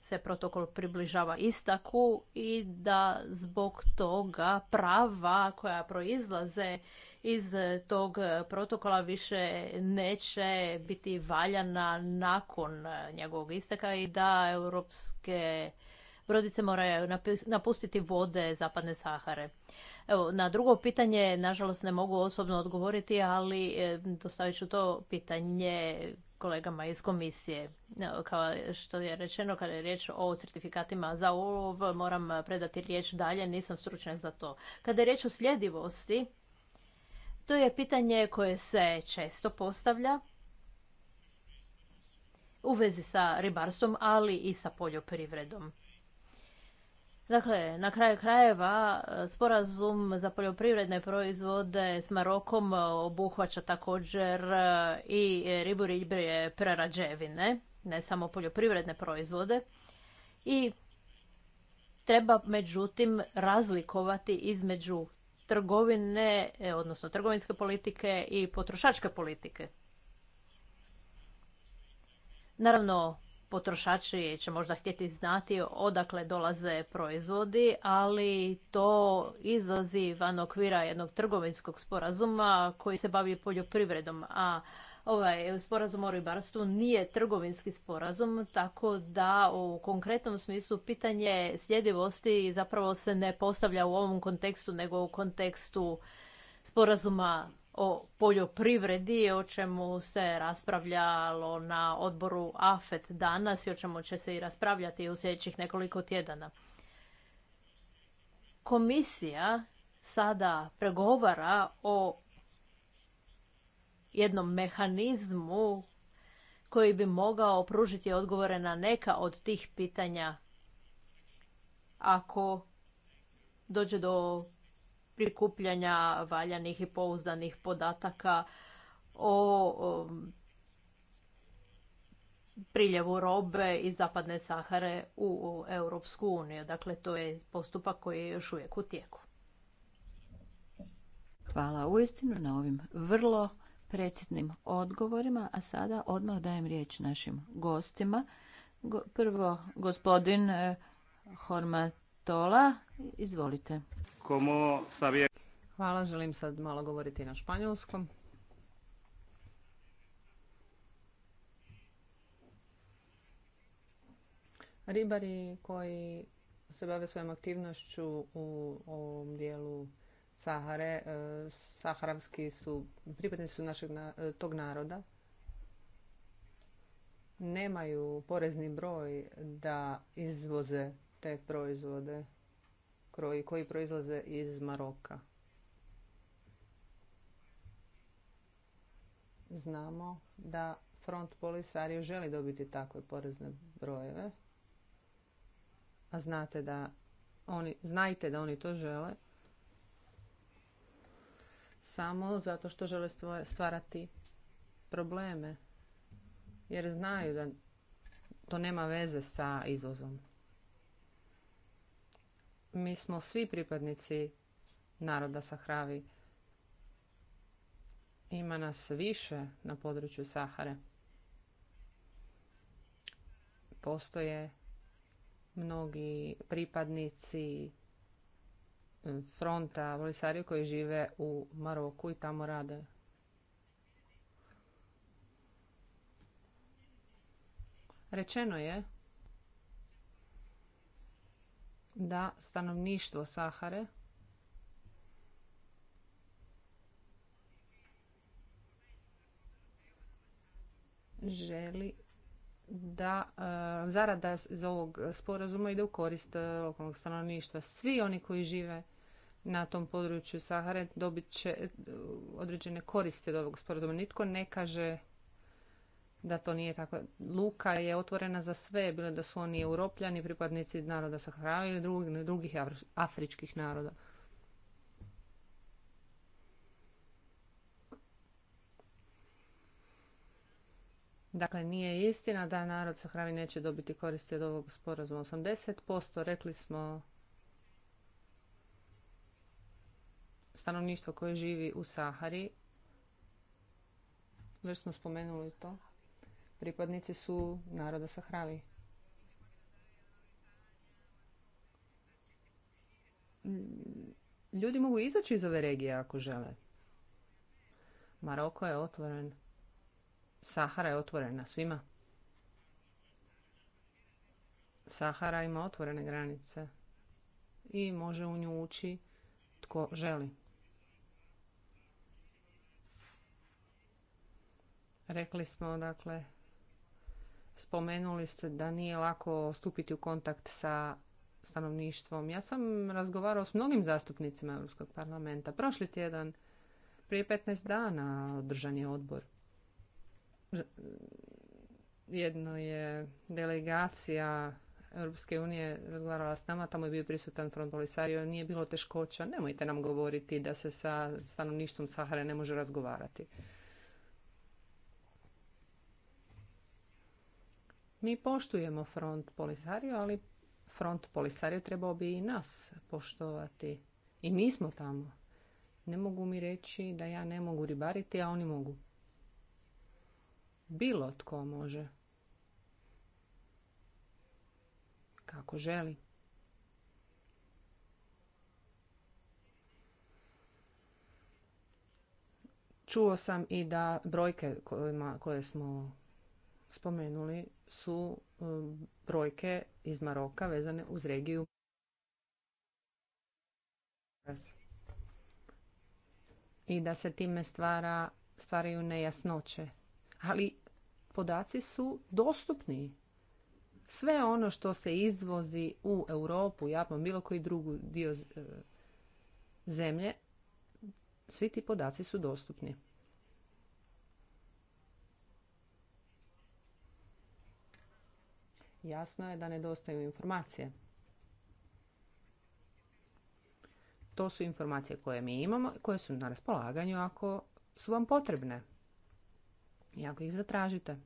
se protokol približava istaku i da zbog toga prava koja proizlaze iz e, tog e, protokola više neće biti valjana nakon e, njegovog isteka i da europske brodice moraju napustiti vode Zapadne Sahare. Evo, na drugo pitanje, nažalost, ne mogu osobno odgovoriti, ali dostavit ću to pitanje kolegama iz komisije. Kao što je rečeno, kada je riječ o certifikatima za ulov, moram predati riječ dalje, nisam stručnjak za to. Kada je riječ o sljedivosti, to je pitanje koje se često postavlja u vezi sa ribarstvom, ali i sa poljoprivredom. Dakle, na kraju krajeva sporazum za poljoprivredne proizvode s Marokom obuhvaća također e, i ribu ribrije prerađevine, ne samo poljoprivredne proizvode. I treba međutim razlikovati između trgovine, e, odnosno trgovinske politike i potrošačke politike. Naravno, potrošači će možda htjeti znati odakle dolaze proizvodi, ali to izlazi van okvira jednog trgovinskog sporazuma koji se bavi poljoprivredom, a ovaj sporazum o ribarstvu nije trgovinski sporazum, tako da u konkretnom smislu pitanje sljedivosti zapravo se ne postavlja u ovom kontekstu, nego u kontekstu sporazuma o poljoprivredi, o čemu se raspravljalo na odboru AFET danas i o čemu će se i raspravljati u sljedećih nekoliko tjedana. Komisija sada pregovara o jednom mehanizmu koji bi mogao pružiti odgovore na neka od tih pitanja ako dođe do prikupljanja valjanih i pouzdanih podataka o um, priljevu robe iz zapadne Sahare u Europsku uniju. Dakle, to je postupak koji je još uvijek u tijeku. Hvala uistinu na ovim vrlo preciznim odgovorima, a sada odmah dajem riječ našim gostima. Prvo, gospodin eh, Hormatola, izvolite. Hvala, želim sad malo govoriti na španjolskom. Ribari koji se bave svojom aktivnošću u ovom dijelu Sahare, e, saharavski su, pripadnici su našeg, e, tog naroda, nemaju porezni broj da izvoze te proizvode koji proizlaze iz Maroka. Znamo da front Polisario želi dobiti takve porezne brojeve, a znate da oni, znajte da oni to žele, samo zato što žele stvarati probleme. Jer znaju da to nema veze sa izvozom. Mi smo svi pripadnici naroda Sahravi. Ima nas više na području Sahare. Postoje mnogi pripadnici fronta Polisariju koji žive u Maroku i tamo rade. Rečeno je da stanovništvo Sahare želi da e, zarada za ovog sporazuma ide u korist e, lokalnog stanovništva. Svi oni koji žive na tom području Sahare dobit će e, određene koriste od ovog sporazuma. Nitko ne kaže da to nije tako. Luka je otvorena za sve, bilo da su oni europljani, pripadnici naroda Sahara ili drugih afričkih naroda. Dakle, nije istina da narod Sahravi neće dobiti koristi od ovog sporazuma. 80% rekli smo stanovništvo koje živi u Sahari. Već smo spomenuli to. Pripadnici su naroda Sahravi. Ljudi mogu izaći iz ove regije ako žele. Maroko je otvoren Sahara je otvorena svima. Sahara ima otvorene granice i može u nju ući tko želi. Rekli smo, dakle, spomenuli ste da nije lako stupiti u kontakt sa stanovništvom. Ja sam razgovarao s mnogim zastupnicima Europskog parlamenta. Prošli tjedan, prije 15 dana, održan je odbor jedno je delegacija Europske unije razgovarala s nama, tamo je bio prisutan front Polisario, nije bilo teškoća. Nemojte nam govoriti da se sa stanovništvom Sahare ne može razgovarati. Mi poštujemo front Polisario, ali front Polisario trebao bi i nas poštovati. I mi smo tamo. Ne mogu mi reći da ja ne mogu ribariti, a oni mogu. Bilo tko može. Kako želi. Čuo sam i da brojke koje smo spomenuli su um, brojke iz Maroka vezane uz regiju. I da se time stvara, stvaraju nejasnoće ali podaci su dostupni. Sve ono što se izvozi u Europu, Japan, bilo koji drugi dio e, zemlje, svi ti podaci su dostupni. Jasno je da nedostaju informacije. To su informacije koje mi imamo i koje su na raspolaganju ako su vam potrebne i ako ih zatražite.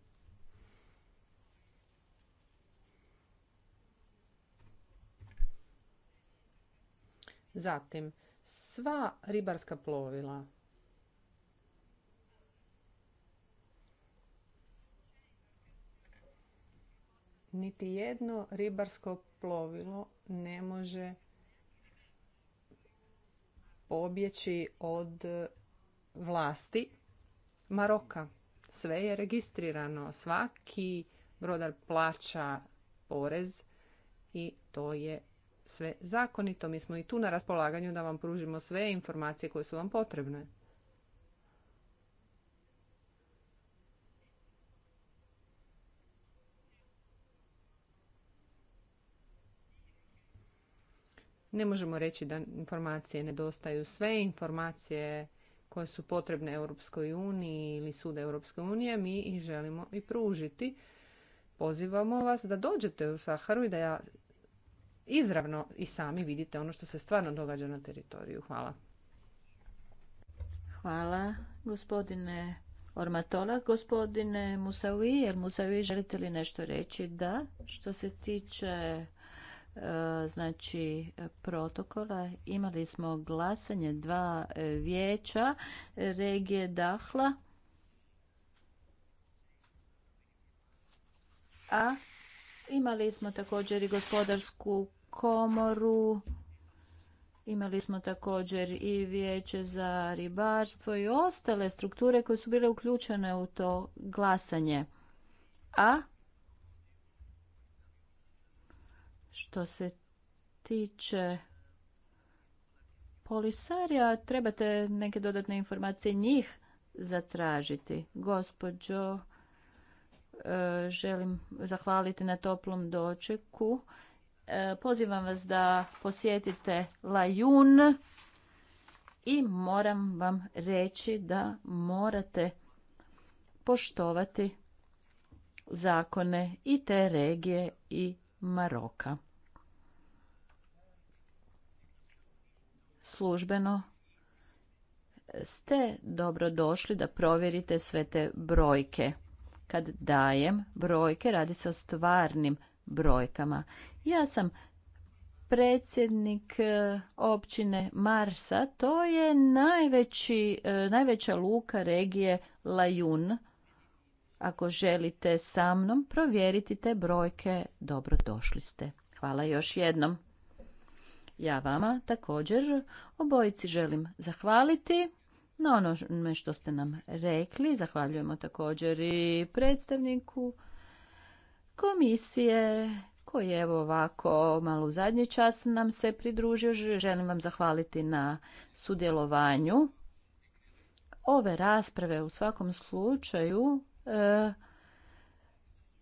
Zatim, sva ribarska plovila niti jedno ribarsko plovilo ne može pobjeći od vlasti Maroka sve je registrirano. Svaki brodar plaća porez i to je sve zakonito. Mi smo i tu na raspolaganju da vam pružimo sve informacije koje su vam potrebne. Ne možemo reći da informacije nedostaju. Sve informacije koje su potrebne Europskoj uniji ili sud Europske unije, mi ih želimo i pružiti. Pozivamo vas da dođete u Saharu i da ja izravno i sami vidite ono što se stvarno događa na teritoriju. Hvala. Hvala, gospodine Ormatola. Gospodine Musavi, jel' Musavi, želite li nešto reći? Da, što se tiče E, znači protokola. Imali smo glasanje dva e, vijeća regije Dahla. A imali smo također i gospodarsku komoru. Imali smo također i vijeće za ribarstvo i ostale strukture koje su bile uključene u to glasanje. A Što se tiče polisarija, trebate neke dodatne informacije njih zatražiti. Gospođo, e, želim zahvaliti na toplom dočeku. E, pozivam vas da posjetite Lajun i moram vam reći da morate poštovati zakone i te regije i Maroka. službeno ste dobro došli da provjerite sve te brojke. Kad dajem brojke, radi se o stvarnim brojkama. Ja sam predsjednik e, općine Marsa, to je najveći, e, najveća luka regije Lajun. Ako želite sa mnom provjeriti te brojke, dobro došli ste. Hvala još jednom. Ja vama također obojici želim zahvaliti na ono što ste nam rekli. Zahvaljujemo također i predstavniku komisije koji je evo ovako malo u zadnji čas nam se pridružio. Želim vam zahvaliti na sudjelovanju. Ove rasprave u svakom slučaju e,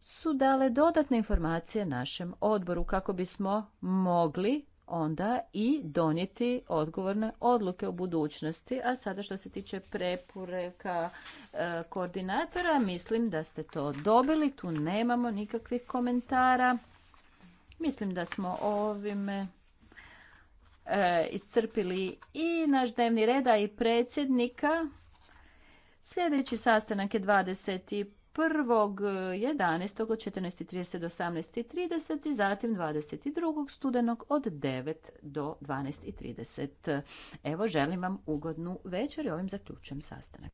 su dale dodatne informacije našem odboru kako bismo mogli onda i donijeti odgovorne odluke u budućnosti. A sada što se tiče prepureka e, koordinatora, mislim da ste to dobili. Tu nemamo nikakvih komentara. Mislim da smo ovime e, iscrpili i naš dnevni reda i predsjednika. Sljedeći sastanak je 25. 1.11. E, od 14.30 do 18.30 i zatim 22. studenog od 9 do 12.30. Evo, želim vam ugodnu večer i ovim zaključujem sastanak.